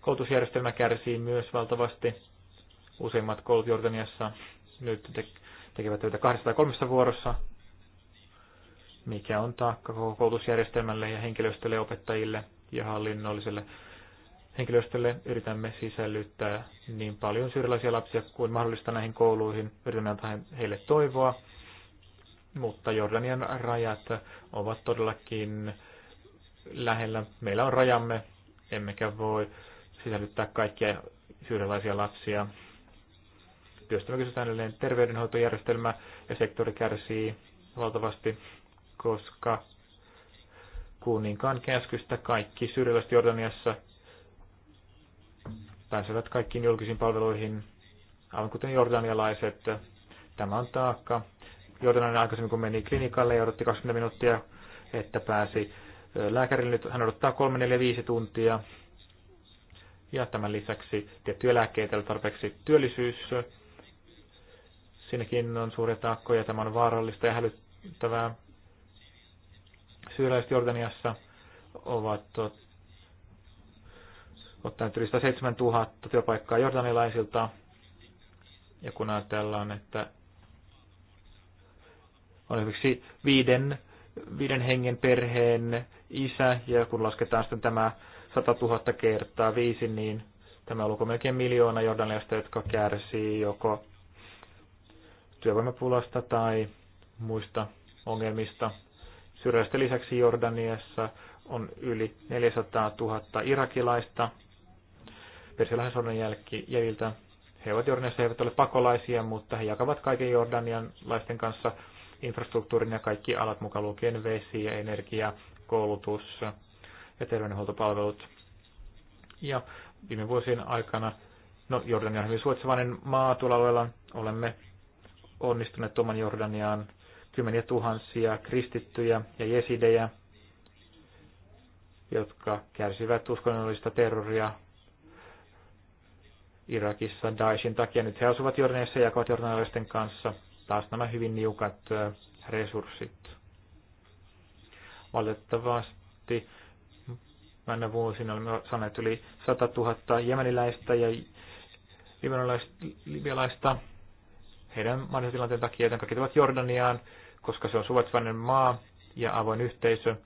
Koulutusjärjestelmä kärsii myös valtavasti. Useimmat koulut Jordaniassa nyt tekevät töitä 203 vuorossa, mikä on taakka koko koulutusjärjestelmälle ja henkilöstölle, opettajille ja hallinnolliselle henkilöstölle. Yritämme sisällyttää niin paljon syyrialaisia lapsia kuin mahdollista näihin kouluihin. Yritämme antaa heille toivoa, mutta Jordanian rajat ovat todellakin lähellä. Meillä on rajamme, emmekä voi sisällyttää kaikkia syyrialaisia lapsia. Työstämme kysytään edelleen terveydenhoitojärjestelmä ja sektori kärsii valtavasti koska kuninkaan käskystä kaikki syrjäläiset Jordaniassa pääsevät kaikkiin julkisiin palveluihin, aivan kuten jordanialaiset. Tämä on taakka. Jordanian aikaisemmin, kun meni klinikalle ja odotti 20 minuuttia, että pääsi lääkärille, nyt hän odottaa 3-4-5 tuntia. Ja tämän lisäksi tiettyjä lääkkeitä tarpeeksi työllisyys. Siinäkin on suuria taakkoja, tämä on vaarallista ja hälyttävää syyläiset Jordaniassa ovat ottaneet yli 107 000 työpaikkaa jordanilaisilta. Ja kun ajatellaan, että on esimerkiksi viiden, viiden hengen perheen isä, ja kun lasketaan sitten tämä 100 000 kertaa viisi, niin tämä luku on melkein miljoona jordanilaista, jotka kärsii joko työvoimapulasta tai muista ongelmista. Syyrialaisten lisäksi Jordaniassa on yli 400 000 irakilaista Persialaisen sodan jäljiltä. He ovat Jordaniassa, he eivät ole pakolaisia, mutta he jakavat kaiken jordanianlaisten kanssa infrastruktuurin ja kaikki alat mukaan lukien vesi ja energia, koulutus ja terveydenhuoltopalvelut. Ja viime vuosien aikana, no Jordania on hyvin suotsevainen maa tuolla alueella, olemme onnistuneet tuomaan Jordaniaan kymmeniä tuhansia kristittyjä ja jesidejä, jotka kärsivät uskonnollista terroria Irakissa Daeshin takia. Nyt he asuvat Jordanissa ja jakavat jordanilaisten kanssa taas nämä hyvin niukat resurssit. Valitettavasti mennä vuosina olemme saaneet yli 100 000 jemeniläistä ja libialaista heidän tilanteen takia, joten kaikki ovat Jordaniaan koska se on suvaitsevainen maa ja avoin yhteisö.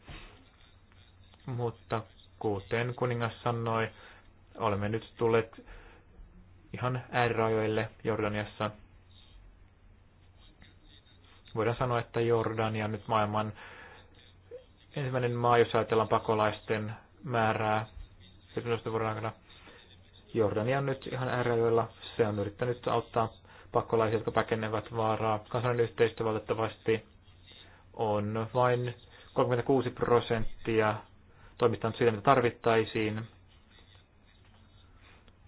Mutta kuten kuningas sanoi, olemme nyt tulleet ihan äärirajoille Jordaniassa. Voidaan sanoa, että Jordania on nyt maailman ensimmäinen maa, jos ajatellaan pakolaisten määrää 17 vuoden aikana. Jordania on nyt ihan äärirajoilla. Se on yrittänyt auttaa pakolaisia, jotka pakenevat vaaraa. Kansainvälinen yhteistyö valitettavasti on vain 36 prosenttia toimittanut siitä, mitä tarvittaisiin.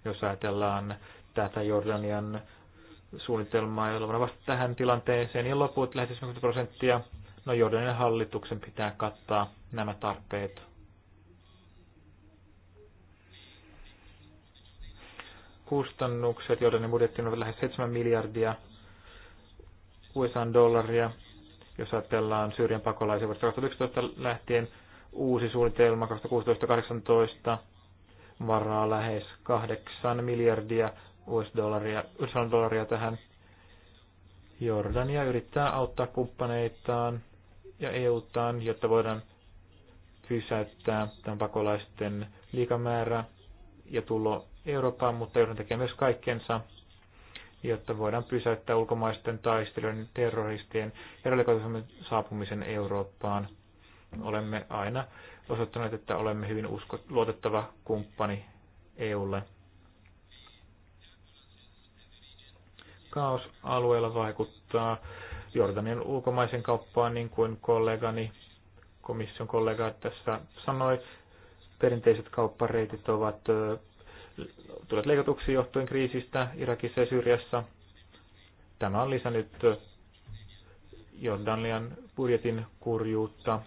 Jos ajatellaan tätä Jordanian suunnitelmaa, jolla vasta tähän tilanteeseen, niin loput lähes 70 prosenttia, no Jordanian hallituksen pitää kattaa nämä tarpeet kustannukset, joiden budjetti on lähes 7 miljardia USA-dollaria, jos ajatellaan Syyrian pakolaisia vuodesta 2011 lähtien. Uusi suunnitelma 2016-2018 varaa lähes 8 miljardia US-dollaria, USA-dollaria tähän. Jordania yrittää auttaa kumppaneitaan ja EUtaan, jotta voidaan pysäyttää tämän pakolaisten liikamäärä ja tulo Eurooppaan, mutta joudun tekemään myös kaikkensa, jotta voidaan pysäyttää ulkomaisten taistelijoiden, terroristien ja delegaatioiden saapumisen Eurooppaan. Olemme aina osoittaneet, että olemme hyvin usko, luotettava kumppani EUlle. Kaos alueella vaikuttaa Jordanian ulkomaisen kauppaan, niin kuin kollegani, komission kollega tässä sanoi. Perinteiset kauppareitit ovat Tulet leikatuksi johtuen kriisistä Irakissa ja Syyriassa. Tämä on lisännyt Jordanian budjetin kurjuutta.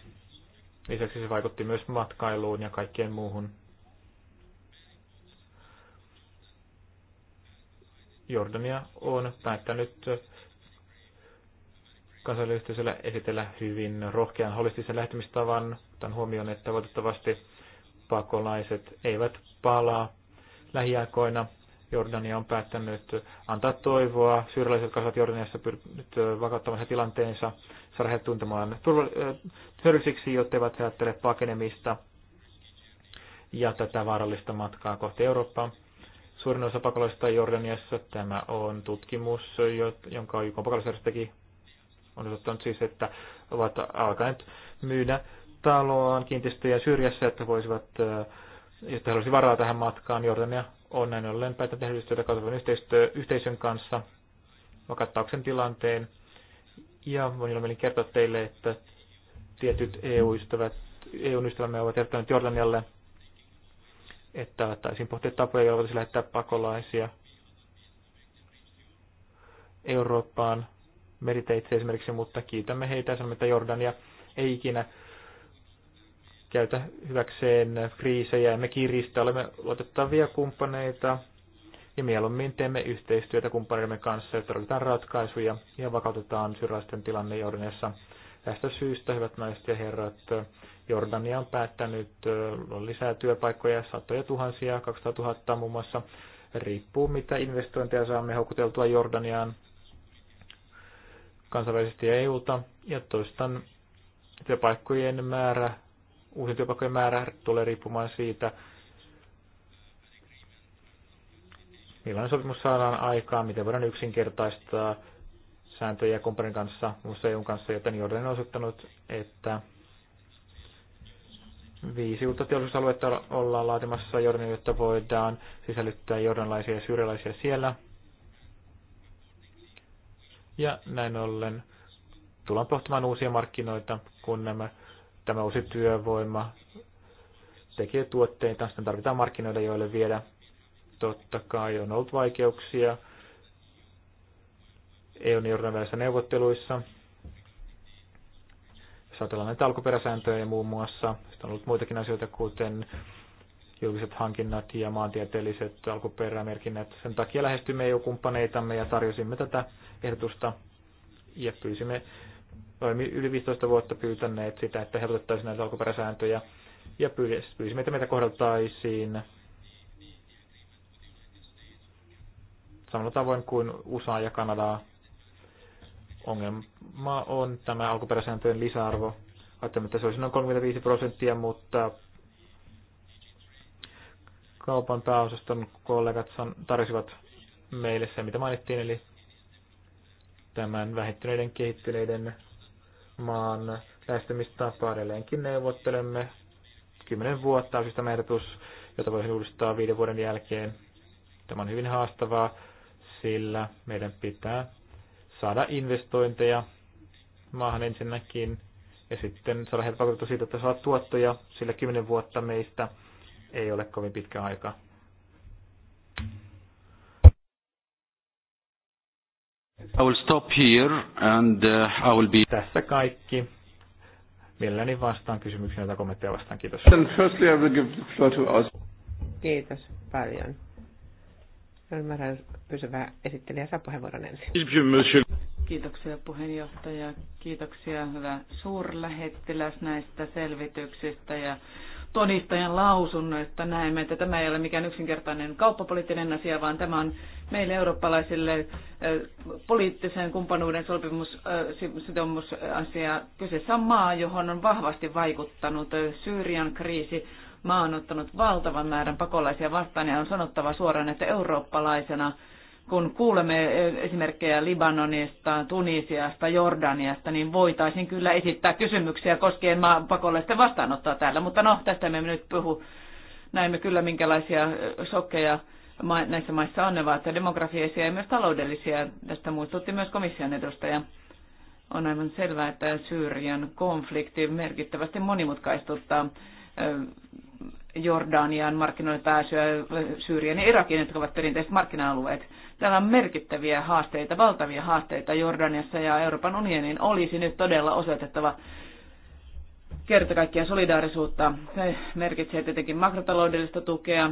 Lisäksi se vaikutti myös matkailuun ja kaikkeen muuhun. Jordania on päättänyt kansallisyhteisöllä esitellä hyvin rohkean holistisen lähtemistavan, Tämän huomioon, että valitettavasti pakolaiset eivät palaa lähiaikoina Jordania on päättänyt antaa toivoa syyrialaiset, kasvat Jordaniassa pyrkivät vakauttamaan tilanteensa, saada heidät tuntemaan törsiksi, jotta he ajattele pakenemista ja tätä vaarallista matkaa kohti Eurooppaa. Suurin osa pakolaisista Jordaniassa, tämä on tutkimus, jonka YK pakolaisjärjestö teki, on osoittanut siis, että ovat alkaneet myydä taloaan, kiinteistöjä syrjässä, että voisivat jotta heillä olisi varaa tähän matkaan. Jordania on näin ollen päätä tehdä yhteistyötä kasvavan yhteistyö, yhteisön kanssa vakattauksen tilanteen. Ja voin ilmeisesti kertoa teille, että tietyt EU-ystävät, EUn ystävämme ovat jättäneet Jordanialle, että taisin pohtia tapoja, joilla voisi lähettää pakolaisia Eurooppaan meriteitse esimerkiksi, mutta kiitämme heitä ja sanomme, että Jordania ei ikinä käytä hyväkseen kriisejä, me kiristä, olemme luotettavia kumppaneita ja mieluummin teemme yhteistyötä kumppaneidemme kanssa, että tarvitaan ratkaisuja ja vakautetaan syrjäisten tilanne Jordaniassa. Tästä syystä, hyvät naiset ja herrat, Jordania on päättänyt lisää työpaikkoja, satoja tuhansia, 200 000 muun muassa. Riippuu, mitä investointeja saamme houkuteltua Jordaniaan kansainvälisesti ja EUlta. Ja toistan, työpaikkojen määrä uusien työpaikkojen määrä tulee riippumaan siitä, millainen sopimus saadaan aikaan, miten voidaan yksinkertaistaa sääntöjä kumppanin kanssa, muussa EUn kanssa, joten Jordan on osoittanut, että viisi uutta teollisuusaluetta ollaan laatimassa Jordanin, jotta voidaan sisällyttää jordanlaisia ja syyrialaisia siellä. Ja näin ollen tullaan pohtimaan uusia markkinoita, kun nämä tämä uusi työvoima tekee tuotteita, sitä tarvitaan markkinoille, joille viedä. Totta kai on ollut vaikeuksia EUn ja välisissä neuvotteluissa. Jos ajatellaan näitä alkuperäsääntöjä muun muassa, sitten on ollut muitakin asioita, kuten julkiset hankinnat ja maantieteelliset alkuperämerkinnät. Sen takia lähestymme EU-kumppaneitamme ja tarjosimme tätä ehdotusta ja pyysimme olemme yli 15 vuotta pyytäneet sitä, että helpotettaisiin näitä alkuperäsääntöjä ja pyysimme, että meitä kohdeltaisiin samalla tavoin kuin USA ja Kanadaa. Ongelma on tämä alkuperäsääntöjen lisäarvo. Ajattelin, että se olisi noin 35 prosenttia, mutta kaupan pääosaston kollegat tarjosivat meille se, mitä mainittiin, eli tämän vähittyneiden kehittyneiden maan lähestymistapa. Edelleenkin neuvottelemme 10 vuotta asista ehdotus, jota voi uudistaa viiden vuoden jälkeen. Tämä on hyvin haastavaa, sillä meidän pitää saada investointeja maahan ensinnäkin ja sitten saada heidät siitä, että saat tuottoja, sillä 10 vuotta meistä ei ole kovin pitkä aika. I will stop here and uh, I will be... Tässä kaikki. Mielelläni vastaan kysymyksiä tai kommentteja vastaan. Kiitos. And firstly I will give the floor to us. Kiitos paljon. Ymmärrän pysyvää esittelijä saa puheenvuoron ensin. Kiitoksia puheenjohtaja. Kiitoksia hyvä suurlähettiläs näistä selvityksistä ja todistajan lausunnoista näemme, että tämä ei ole mikään yksinkertainen kauppapoliittinen asia, vaan tämä on meille eurooppalaisille poliittisen kumppanuuden sopimusasia. Kyseessä on maa, johon on vahvasti vaikuttanut Syyrian kriisi. Maa on ottanut valtavan määrän pakolaisia vastaan ja on sanottava suoraan, että eurooppalaisena kun kuulemme esimerkkejä Libanonista, Tunisiasta, Jordaniasta, niin voitaisiin kyllä esittää kysymyksiä koskien maan pakolaisten vastaanottoa täällä. Mutta no, tästä me nyt puhu. Näemme kyllä, minkälaisia sokkeja näissä maissa on. Ne ovat demografiaisia ja myös taloudellisia. Tästä muistutti myös komission edustaja. On aivan selvää, että Syyrian konflikti merkittävästi monimutkaistuttaa Jordanian markkinoille pääsyä Syyrian ja Irakin, jotka ovat perinteiset markkina-alueet Täällä on merkittäviä haasteita, valtavia haasteita Jordaniassa ja Euroopan unionin olisi nyt todella osoitettava kerta kaikkiaan solidaarisuutta. Se merkitsee tietenkin makrotaloudellista tukea,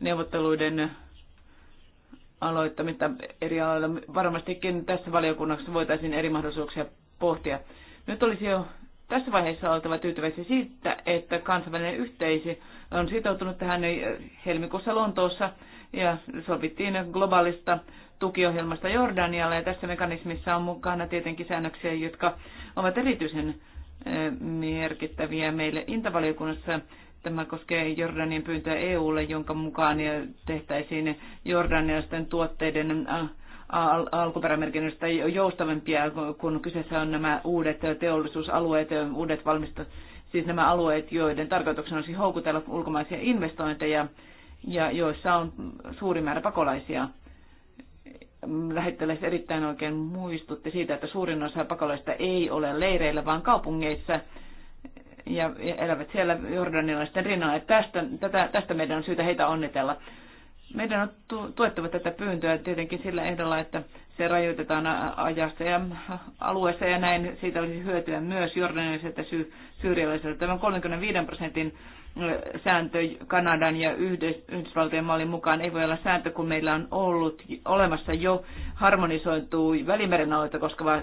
neuvotteluiden aloittamista eri aloilla. Varmastikin tässä valiokunnassa voitaisiin eri mahdollisuuksia pohtia. Nyt olisi jo tässä vaiheessa oltava tyytyväisiä siitä, että kansainvälinen yhteisö on sitoutunut tähän helmikuussa Lontoossa ja sovittiin globaalista tukiohjelmasta Jordanialle ja tässä mekanismissa on mukana tietenkin säännöksiä, jotka ovat erityisen merkittäviä meille Intavaliokunnassa. Tämä koskee Jordanin pyyntöä EUlle, jonka mukaan tehtäisiin jordanialaisten tuotteiden al- alkuperämerkinnöistä joustavampia, kun kyseessä on nämä uudet teollisuusalueet, uudet valmistot, siis nämä alueet, joiden tarkoituksena olisi houkutella ulkomaisia investointeja ja joissa on suuri määrä pakolaisia. Lähettiläs erittäin oikein muistutti siitä, että suurin osa pakolaisista ei ole leireillä, vaan kaupungeissa ja elävät siellä jordanilaisten rinnalla. tästä, tätä, tästä meidän on syytä heitä onnitella. Meidän on tuettava tätä pyyntöä tietenkin sillä ehdolla, että se rajoitetaan ajassa ja alueessa ja näin siitä olisi hyötyä myös jordanilaisille että syyrialaisille. Tämän 35 prosentin sääntö Kanadan ja Yhdysvaltojen mallin mukaan ei voi olla sääntö, kun meillä on ollut olemassa jo harmonisoitu välimeren alueita koskeva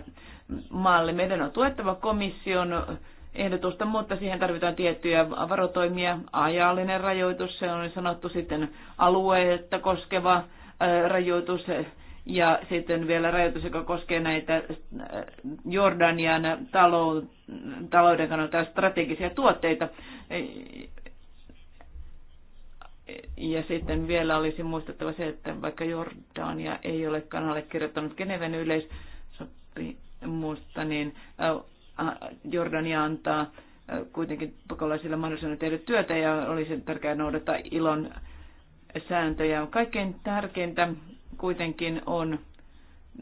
malli. Meidän on tuettava komission ehdotusta, mutta siihen tarvitaan tiettyjä varotoimia. Ajallinen rajoitus, se on sanottu sitten alueetta koskeva rajoitus ja sitten vielä rajoitus, joka koskee näitä Jordanian talouden kannalta strategisia tuotteita. Ja sitten vielä olisi muistettava se, että vaikka Jordania ei ole kanalle kirjoittanut Geneven yleissopimusta, niin Jordania antaa kuitenkin pakolaisille mahdollisuuden tehdä työtä ja olisi tärkeää noudattaa ilon sääntöjä. Kaikkein tärkeintä kuitenkin on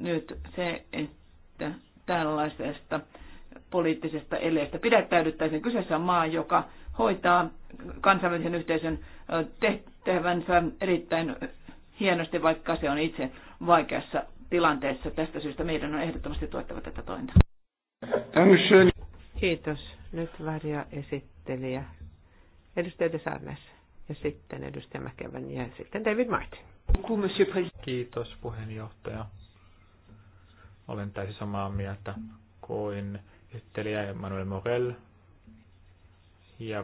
nyt se, että tällaisesta poliittisesta eleestä pidättäydyttäisiin. Kyseessä on maa, joka hoitaa kansainvälisen yhteisön tehtävänsä erittäin hienosti, vaikka se on itse vaikeassa tilanteessa. Tästä syystä meidän on ehdottomasti tuettava tätä tointa. Kiitos. Nyt Varja esittelijä. Edustaja Desarnes ja sitten edustaja Mäkevän ja sitten David Martin. Kiitos puheenjohtaja. Olen täysin samaa mieltä kuin esittelijä Emmanuel Morel. Ja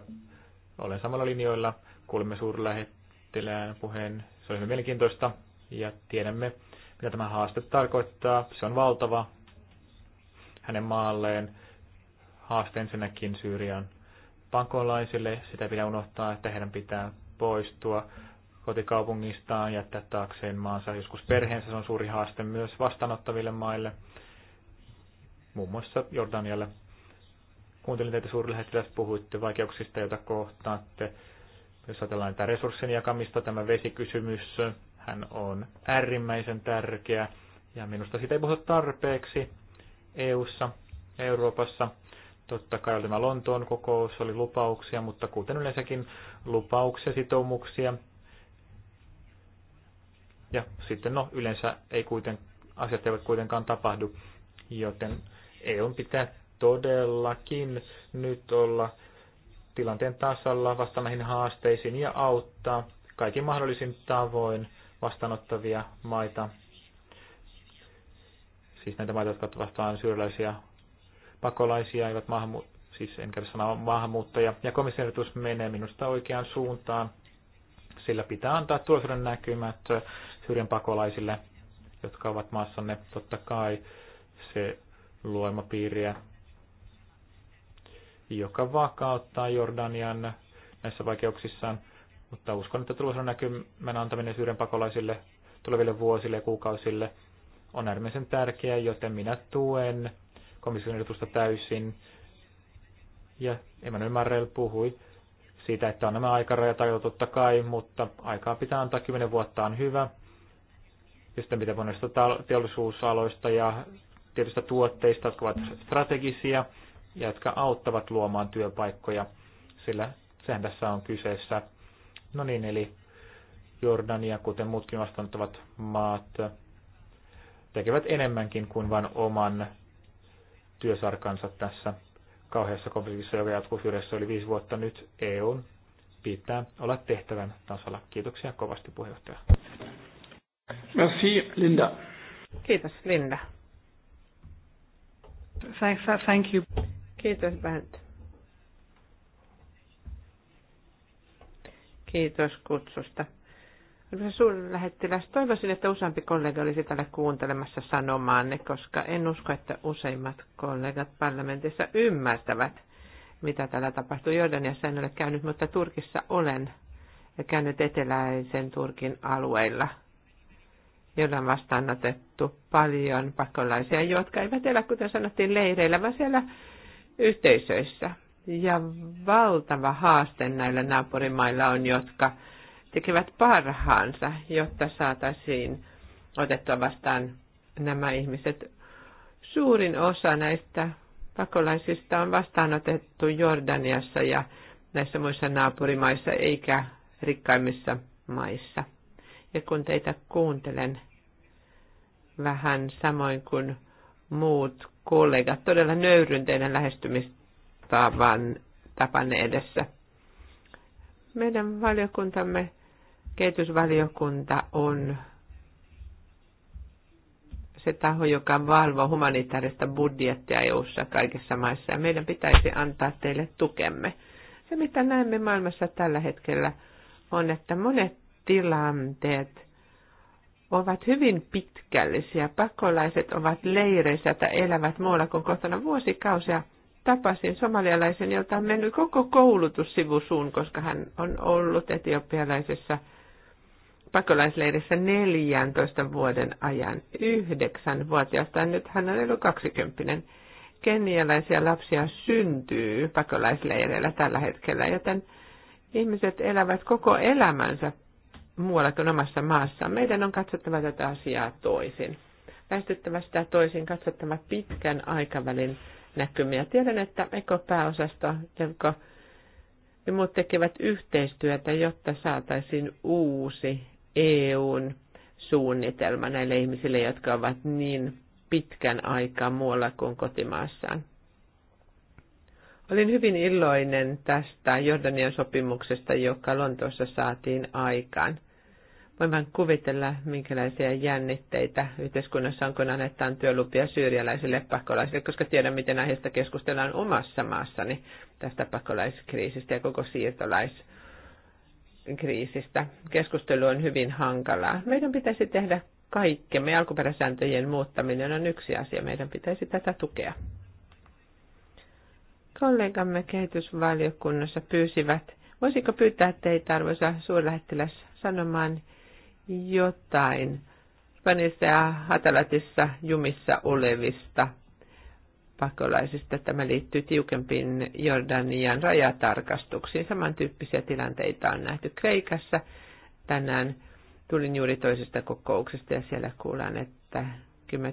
olen samalla linjoilla Kuulimme suurlähettilään puheen, se oli hyvin mielenkiintoista ja tiedämme, mitä tämä haaste tarkoittaa. Se on valtava hänen maalleen. Haaste ensinnäkin Syyrian pakolaisille. Sitä pitää unohtaa, että heidän pitää poistua kotikaupungistaan, jättää taakseen maansa joskus perheensä. Se on suuri haaste myös vastaanottaville maille, muun muassa Jordanialle. Kuuntelin teitä suurlähettiläistä, puhuitte vaikeuksista, joita kohtaatte jos ajatellaan tätä resurssien jakamista, tämä vesikysymys, hän on äärimmäisen tärkeä ja minusta siitä ei puhuta tarpeeksi EU-ssa, Euroopassa. Totta kai oli tämä Lontoon kokous, oli lupauksia, mutta kuten yleensäkin lupauksia, sitoumuksia. Ja sitten no, yleensä ei kuiten, asiat eivät kuitenkaan tapahdu, joten EU pitää todellakin nyt olla tilanteen tasolla vasta näihin haasteisiin ja auttaa kaikin mahdollisin tavoin vastaanottavia maita, siis näitä maita, jotka vastaan syrjäisiä, pakolaisia, eivät maahanmu- siis en käy sanoa maahanmuuttaja, ja komissiotus menee minusta oikeaan suuntaan. Sillä pitää antaa tulosuuden näkymät syrjän pakolaisille, jotka ovat maassanne. Totta kai se luomapiiriä joka vakauttaa Jordanian näissä vaikeuksissaan. Mutta uskon, että tulossa näkymän antaminen syyden pakolaisille tuleville vuosille ja kuukausille on äärimmäisen tärkeää, joten minä tuen komission ehdotusta täysin. Ja Emmanuel Marrell puhui siitä, että on nämä aikarajat totta kai, mutta aikaa pitää antaa kymmenen vuotta on hyvä. Ja sitten mitä monesta teollisuusaloista ja tietystä tuotteista, jotka ovat strategisia, ja jotka auttavat luomaan työpaikkoja, sillä sehän tässä on kyseessä. No niin, eli Jordania, kuten muutkin vastaanottavat maat, tekevät enemmänkin kuin vain oman työsarkansa tässä kauheassa konfliktissa, joka jatkuu Syyriassa oli viisi vuotta nyt EUn pitää olla tehtävän tasolla. Kiitoksia kovasti puheenjohtaja. Merci Linda. Kiitos Linda. thank you. Kiitos Bent. Kiitos kutsusta. lähettiläs, toivoisin, että useampi kollega olisi täällä kuuntelemassa sanomaanne, koska en usko, että useimmat kollegat parlamentissa ymmärtävät, mitä täällä tapahtuu. Jordaniassa en ole käynyt, mutta Turkissa olen ja käynyt eteläisen Turkin alueilla, joilla on vastaanotettu paljon pakolaisia, jotka eivät elä, kuten sanottiin, leireillä, vaan siellä yhteisöissä. Ja valtava haaste näillä naapurimailla on, jotka tekevät parhaansa, jotta saataisiin otettua vastaan nämä ihmiset. Suurin osa näistä pakolaisista on vastaanotettu Jordaniassa ja näissä muissa naapurimaissa eikä rikkaimmissa maissa. Ja kun teitä kuuntelen vähän samoin kuin muut kollegat todella nöyryn teidän lähestymistavan tapanne edessä. Meidän valiokuntamme, kehitysvaliokunta on se taho, joka valvoo humanitaarista budjettia EU-ssa kaikissa maissa, ja meidän pitäisi antaa teille tukemme. Se, mitä näemme maailmassa tällä hetkellä, on, että monet tilanteet ovat hyvin pitkällisiä. Pakolaiset ovat leireissä tai elävät muualla kuin kotona vuosikausia. Tapasin somalialaisen, jolta on mennyt koko koulutus sivusuun, koska hän on ollut etiopialaisessa pakolaisleirissä 14 vuoden ajan, yhdeksän vuotiaasta, nyt hän on ollut 20. Kenialaisia lapsia syntyy pakolaisleireillä tällä hetkellä, joten ihmiset elävät koko elämänsä muualla kuin omassa maassa. Meidän on katsottava tätä asiaa toisin. Lähestyttävä sitä toisin, katsottava pitkän aikavälin näkymiä. Tiedän, että ekopääosasto Devko ja muut tekevät yhteistyötä, jotta saataisiin uusi EUn suunnitelma näille ihmisille, jotka ovat niin pitkän aikaa muualla kuin kotimaassaan. Olin hyvin iloinen tästä Jordanian sopimuksesta, joka Lontoossa saatiin aikaan. Voin vain kuvitella, minkälaisia jännitteitä yhteiskunnassa on, kun annetaan työlupia syyrialaisille pakolaisille, koska tiedän, miten aiheesta keskustellaan omassa maassani tästä pakolaiskriisistä ja koko siirtolaiskriisistä. Keskustelu on hyvin hankalaa. Meidän pitäisi tehdä kaikkemme. Alkuperäsääntöjen muuttaminen on yksi asia. Meidän pitäisi tätä tukea kollegamme kehitysvaliokunnassa pyysivät, voisiko pyytää teitä arvoisa suurlähettiläs sanomaan jotain Spanissa ja Atalatissa jumissa olevista pakolaisista. Tämä liittyy tiukempiin Jordanian rajatarkastuksiin. Samantyyppisiä tilanteita on nähty Kreikassa. Tänään tulin juuri toisesta kokouksesta ja siellä kuulan, että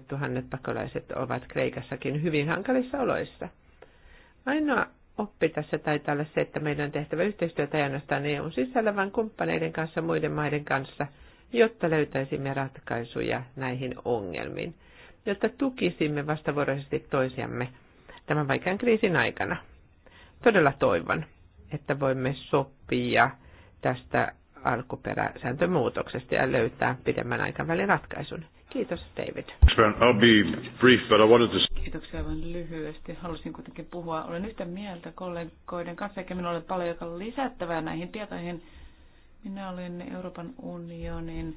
tuhannet pakolaiset ovat Kreikassakin hyvin hankalissa oloissa. Ainoa oppi tässä taitaa olla se, että meidän on tehtävä yhteistyötä ei ainoastaan EUn sisällä, vaan kumppaneiden kanssa, muiden maiden kanssa, jotta löytäisimme ratkaisuja näihin ongelmiin, jotta tukisimme vastavuoroisesti toisiamme tämän vaikean kriisin aikana. Todella toivon, että voimme sopia tästä alkuperäsääntömuutoksesta ja löytää pidemmän aikavälin ratkaisun. Kiitos David. I'll be brief, but I wanted to... Kiitoksia vain lyhyesti. Halusin kuitenkin puhua. Olen yhtä mieltä kollegoiden kanssa, eikä minulla ole paljon joka lisättävää näihin tietoihin. Minä olen Euroopan unionin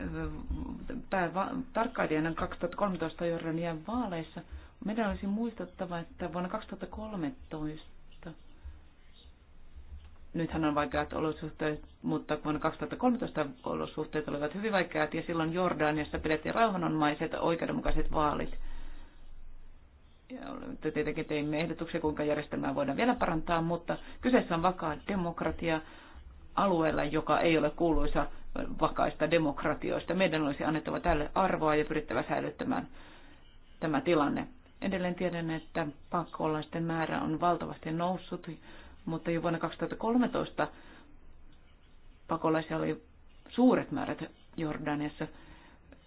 äh, päätarkkailijana 2013 Jordanian vaaleissa. Meidän olisi muistettava, että vuonna 2013 Nythän on vaikeat olosuhteet, mutta vuonna 2013 olosuhteet olivat hyvin vaikeat ja silloin Jordaniassa pidettiin rauhanomaiset oikeudenmukaiset vaalit. Ja tietenkin teimme ehdotuksia, kuinka järjestelmää voidaan vielä parantaa, mutta kyseessä on vakaa demokratia alueella, joka ei ole kuuluisa vakaista demokratioista. Meidän olisi annettava tälle arvoa ja pyrittävä säilyttämään tämä tilanne. Edelleen tiedän, että pakkolaisten määrä on valtavasti noussut mutta jo vuonna 2013 pakolaisia oli suuret määrät Jordaniassa –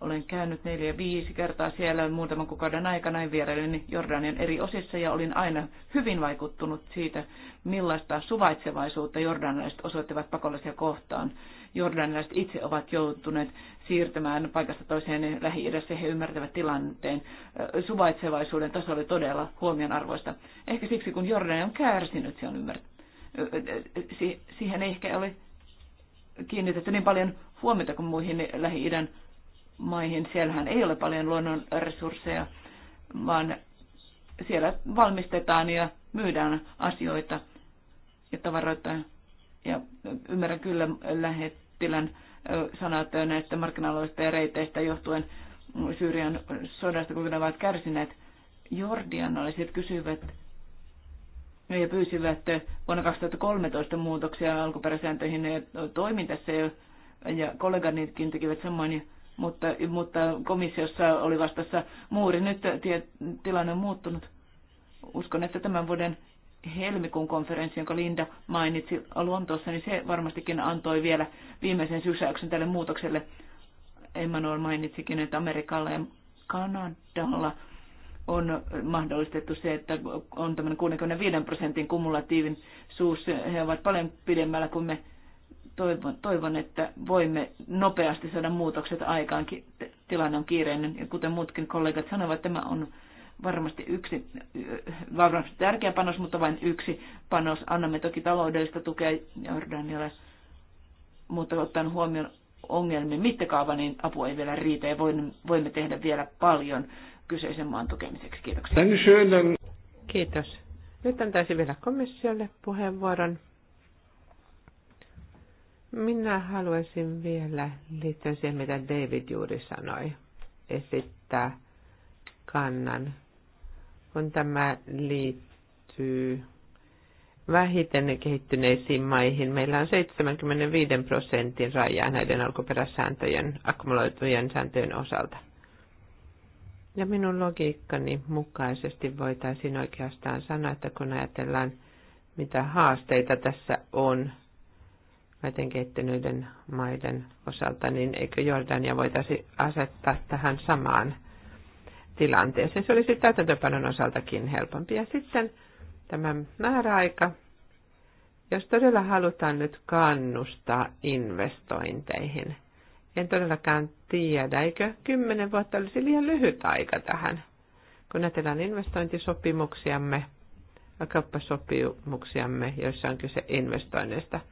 olen käynyt neljä viisi kertaa siellä muutaman kuukauden aikana vierailin Jordanian eri osissa ja olin aina hyvin vaikuttunut siitä, millaista suvaitsevaisuutta jordanilaiset osoittivat pakollisia kohtaan. Jordanilaiset itse ovat joutuneet siirtämään paikasta toiseen lähi ja he ymmärtävät tilanteen. Suvaitsevaisuuden taso oli todella huomionarvoista. Ehkä siksi, kun Jordania on kärsinyt, se on ymmärtänyt. Siihen ei ehkä ole kiinnitetty niin paljon huomiota kuin muihin Lähi-idän maihin. Siellähän ei ole paljon luonnonresursseja, vaan siellä valmistetaan ja myydään asioita ja tavaroita. Ja ymmärrän kyllä lähettilän sanat näistä markkinaloista ja reiteistä johtuen Syyrian sodasta, kun ne ovat kärsineet. Jordianalaiset kysyivät ja pyysivät vuonna 2013 muutoksia alkuperäsääntöihin ja toimintassa ja kolleganitkin tekivät samoin mutta, mutta komissiossa oli vastassa muuri. Nyt tie, tilanne on muuttunut. Uskon, että tämän vuoden helmikuun konferenssi, jonka Linda mainitsi Lontoossa, niin se varmastikin antoi vielä viimeisen sysäyksen tälle muutokselle. Emmanuel mainitsikin, että Amerikalla ja Kanadalla on mahdollistettu se, että on tämmöinen 65 prosentin kumulatiivin suus. He ovat paljon pidemmällä kuin me toivon, toivon, että voimme nopeasti saada muutokset aikaan. Tilanne on kiireinen ja kuten muutkin kollegat sanovat, tämä on varmasti yksi varmasti tärkeä panos, mutta vain yksi panos. Annamme toki taloudellista tukea Jordanialle, mutta ottaen huomioon ongelmien mittakaava, niin apu ei vielä riitä ja voimme tehdä vielä paljon kyseisen maan tukemiseksi. Kiitoksia. Kiitos. Nyt antaisin vielä komissiolle puheenvuoron. Minä haluaisin vielä liittyä siihen, mitä David juuri sanoi, esittää kannan, kun tämä liittyy vähiten kehittyneisiin maihin. Meillä on 75 prosentin raja näiden alkuperäsääntöjen, akkumuloitujen sääntöjen osalta. Ja minun logiikkani mukaisesti voitaisiin oikeastaan sanoa, että kun ajatellaan, mitä haasteita tässä on, näiden kehittyneiden maiden osalta, niin eikö Jordania voitaisi asettaa tähän samaan tilanteeseen? Se olisi täytäntöpanon osaltakin helpompi. Ja sitten tämä määräaika, jos todella halutaan nyt kannustaa investointeihin, en todellakaan tiedä, eikö kymmenen vuotta olisi liian lyhyt aika tähän, kun ajatellaan investointisopimuksiamme ja kauppasopimuksiamme, joissa on kyse investoinneista –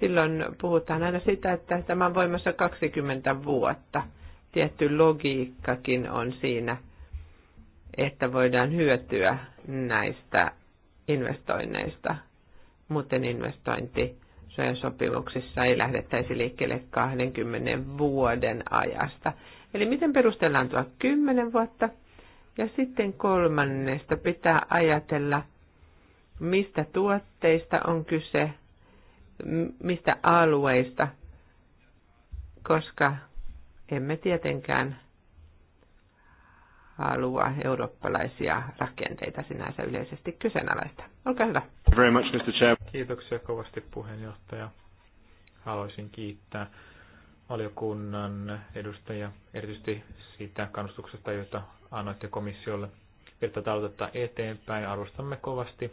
Silloin puhutaan aina sitä, että tämä on voimassa 20 vuotta. Tietty logiikkakin on siinä, että voidaan hyötyä näistä investoinneista. Muuten investointi sopimuksissa ei lähdettäisi liikkeelle 20 vuoden ajasta. Eli miten perustellaan tuo 10 vuotta? Ja sitten kolmannesta pitää ajatella, mistä tuotteista on kyse, mistä alueista, koska emme tietenkään halua eurooppalaisia rakenteita sinänsä yleisesti kyseenalaista. Olkaa hyvä. Very much, Mr. Chair. Kiitoksia kovasti puheenjohtaja. Haluaisin kiittää valiokunnan edustajia erityisesti siitä kannustuksesta, jota annoitte komissiolle virta eteenpäin. Arvostamme kovasti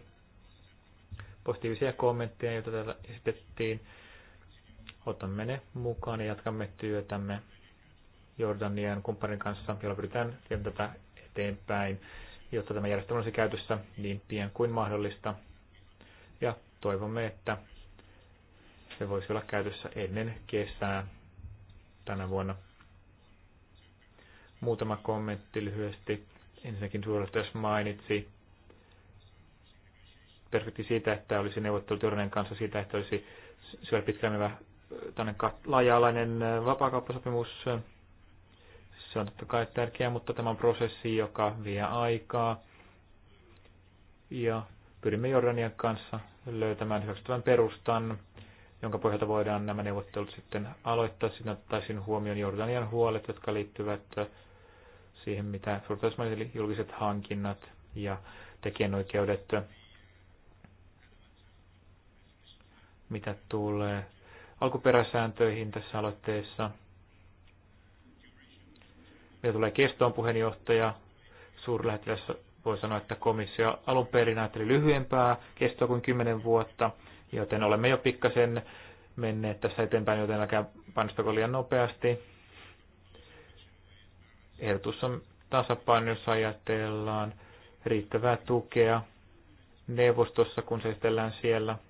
positiivisia kommentteja, joita täällä esitettiin. Otamme ne mukaan ja jatkamme työtämme Jordanian kumppanin kanssa, jolla pyritään viemään tätä eteenpäin, jotta tämä järjestelmä olisi käytössä niin pian kuin mahdollista. Ja toivomme, että se voisi olla käytössä ennen kesää tänä vuonna. Muutama kommentti lyhyesti. Ensinnäkin suorastaan mainitsi perspektiivi siitä, että olisi neuvottelut Jordanin kanssa siitä, että olisi syöllä pitkään menevä laaja-alainen äh, vapaakauppasopimus. Se on totta kai tärkeää, mutta tämä on prosessi, joka vie aikaa. Ja pyrimme Jordanian kanssa löytämään hyväksyttävän perustan, jonka pohjalta voidaan nämä neuvottelut sitten aloittaa. Sitten ottaisin huomioon Jordanian huolet, jotka liittyvät äh, siihen, mitä suurtaismaiset julkiset hankinnat ja tekijänoikeudet äh, mitä tulee alkuperäsääntöihin tässä aloitteessa. Mitä tulee kestoon puheenjohtaja, suurlähettilässä voi sanoa, että komissio alun perin ajatteli lyhyempää kestoa kuin 10 vuotta, joten olemme jo pikkasen menneet tässä eteenpäin, joten älkää painostako liian nopeasti. Ehdotus on tasapaino, jos ajatellaan riittävää tukea neuvostossa, kun se esitellään siellä –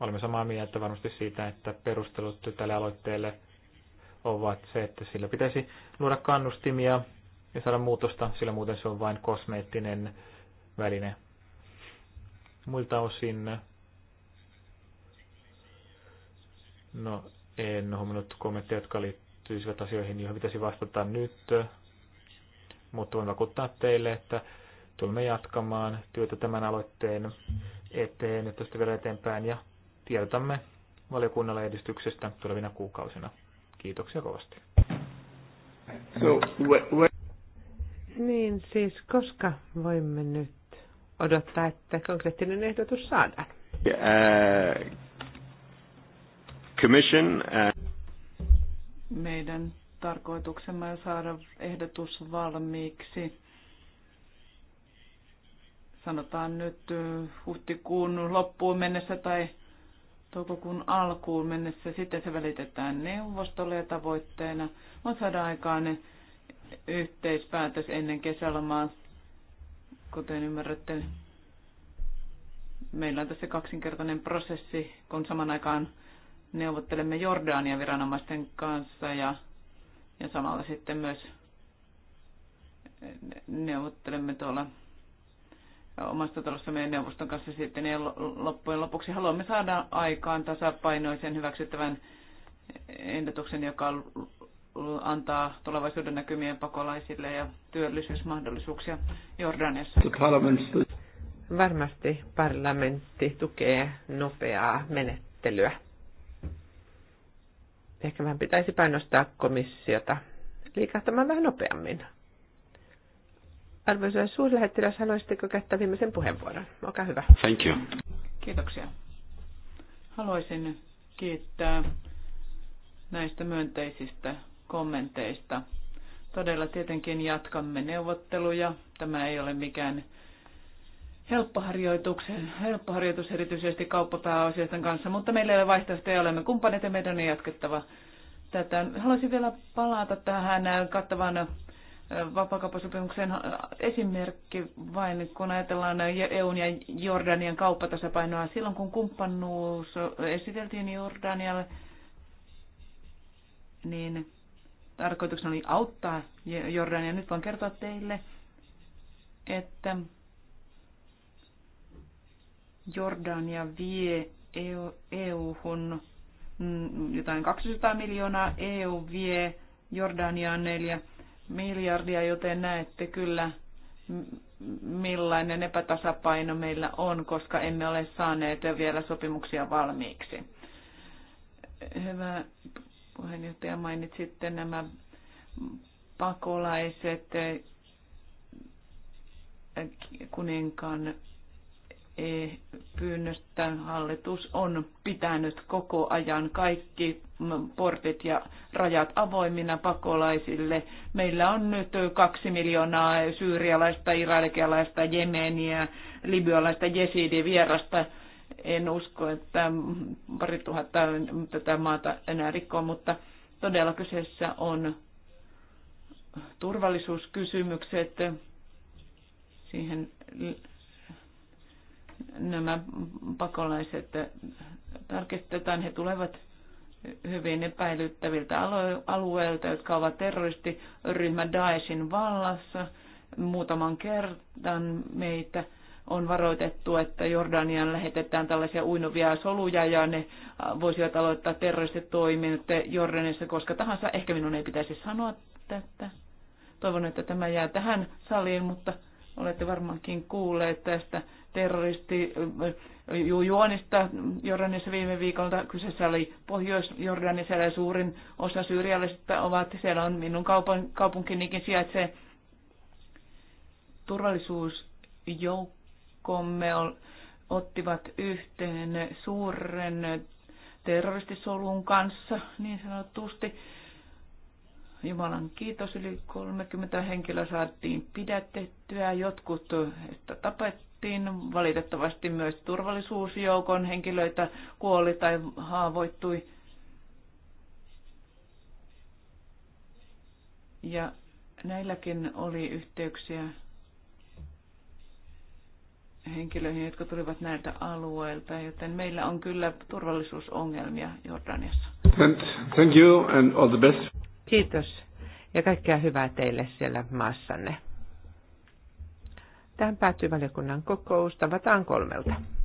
olemme samaa mieltä varmasti siitä, että perustelut tälle aloitteelle ovat se, että sillä pitäisi luoda kannustimia ja saada muutosta, sillä muuten se on vain kosmeettinen väline. Muilta osin, no en huomannut kommentteja, jotka liittyisivät asioihin, joihin pitäisi vastata nyt, mutta voin vakuuttaa teille, että tulemme jatkamaan työtä tämän aloitteen eteen, että sitä vielä eteenpäin ja tiedotamme valiokunnalle edistyksestä tulevina kuukausina. Kiitoksia kovasti. So, niin siis, koska voimme nyt odottaa, että konkreettinen ehdotus saadaan? Uh, commission, uh... Meidän tarkoituksemme on saada ehdotus valmiiksi. Sanotaan nyt uh, huhtikuun loppuun mennessä tai toukokuun alkuun mennessä. Sitten se välitetään neuvostolle ja tavoitteena on saada aikaan yhteispäätös ennen kesälomaa. Kuten ymmärrätte, meillä on tässä kaksinkertainen prosessi, kun saman aikaan neuvottelemme Jordania viranomaisten kanssa ja, ja samalla sitten myös neuvottelemme tuolla omasta meidän neuvoston kanssa sitten. Ja loppujen lopuksi haluamme saada aikaan tasapainoisen hyväksyttävän ehdotuksen, joka antaa tulevaisuuden näkymien pakolaisille ja työllisyysmahdollisuuksia Jordaniassa. Varmasti parlamentti tukee nopeaa menettelyä. Ehkä vähän pitäisi painostaa komissiota liikahtamaan vähän nopeammin. Arvoisa suurlähettiläs, haluaisitteko käyttää viimeisen puheenvuoron? Olkaa hyvä. Thank you. Kiitoksia. Haluaisin kiittää näistä myönteisistä kommenteista. Todella tietenkin jatkamme neuvotteluja. Tämä ei ole mikään helppo, helppo harjoitus erityisesti kauppapääasioiden kanssa, mutta meillä ei ole vaihtoehtoja, olemme kumppaneita, meidän on jatkettava tätä. Haluaisin vielä palata tähän kattavan vapakauppasopimuksen esimerkki vain, kun ajatellaan EUn ja Jordanian kauppatasapainoa. Silloin kun kumppanuus esiteltiin Jordanialle, niin tarkoituksena oli auttaa Jordania. Nyt voin kertoa teille, että Jordania vie EU-hun e mm, jotain 200 miljoonaa, EU vie Jordaniaan 4 miljardia, joten näette kyllä millainen epätasapaino meillä on, koska emme ole saaneet vielä sopimuksia valmiiksi. Hyvä puheenjohtaja, mainitsitte nämä pakolaiset eh, kuninkaan pyynnöstä hallitus on pitänyt koko ajan kaikki portit ja rajat avoimina pakolaisille. Meillä on nyt kaksi miljoonaa syyrialaista, irakialaista, jemeniä, libyalaista, jesidi vierasta. En usko, että pari tuhatta tätä maata enää rikkoa, mutta todella kyseessä on turvallisuuskysymykset. Siihen nämä pakolaiset tarkistetaan. He tulevat hyvin epäilyttäviltä alueilta, jotka ovat terroristiryhmä Daeshin vallassa. Muutaman kertaan meitä on varoitettu, että Jordanian lähetetään tällaisia uinuvia soluja ja ne voisivat aloittaa terroristitoiminnot Jordanissa koska tahansa. Ehkä minun ei pitäisi sanoa tätä. Toivon, että tämä jää tähän saliin, mutta Olette varmaankin kuulleet tästä terroristijuonista äh, Jordanissa viime viikolta. Kyseessä oli pohjois jordanissa siellä suurin osa syyrialaisista ovat. Siellä on minun kaupan, kaupunkinikin sijaitsee turvallisuusjoukkomme ottivat yhteen suuren terroristisolun kanssa niin sanotusti Jumalan kiitos, yli 30 henkilöä saatiin pidätettyä, jotkut tapettiin, valitettavasti myös turvallisuusjoukon henkilöitä kuoli tai haavoittui. Ja näilläkin oli yhteyksiä henkilöihin, jotka tulivat näiltä alueilta, joten meillä on kyllä turvallisuusongelmia Jordaniassa. Thank you and all the best. Kiitos ja kaikkea hyvää teille siellä maassanne. Tähän päättyy valiokunnan kokous. Tavataan kolmelta.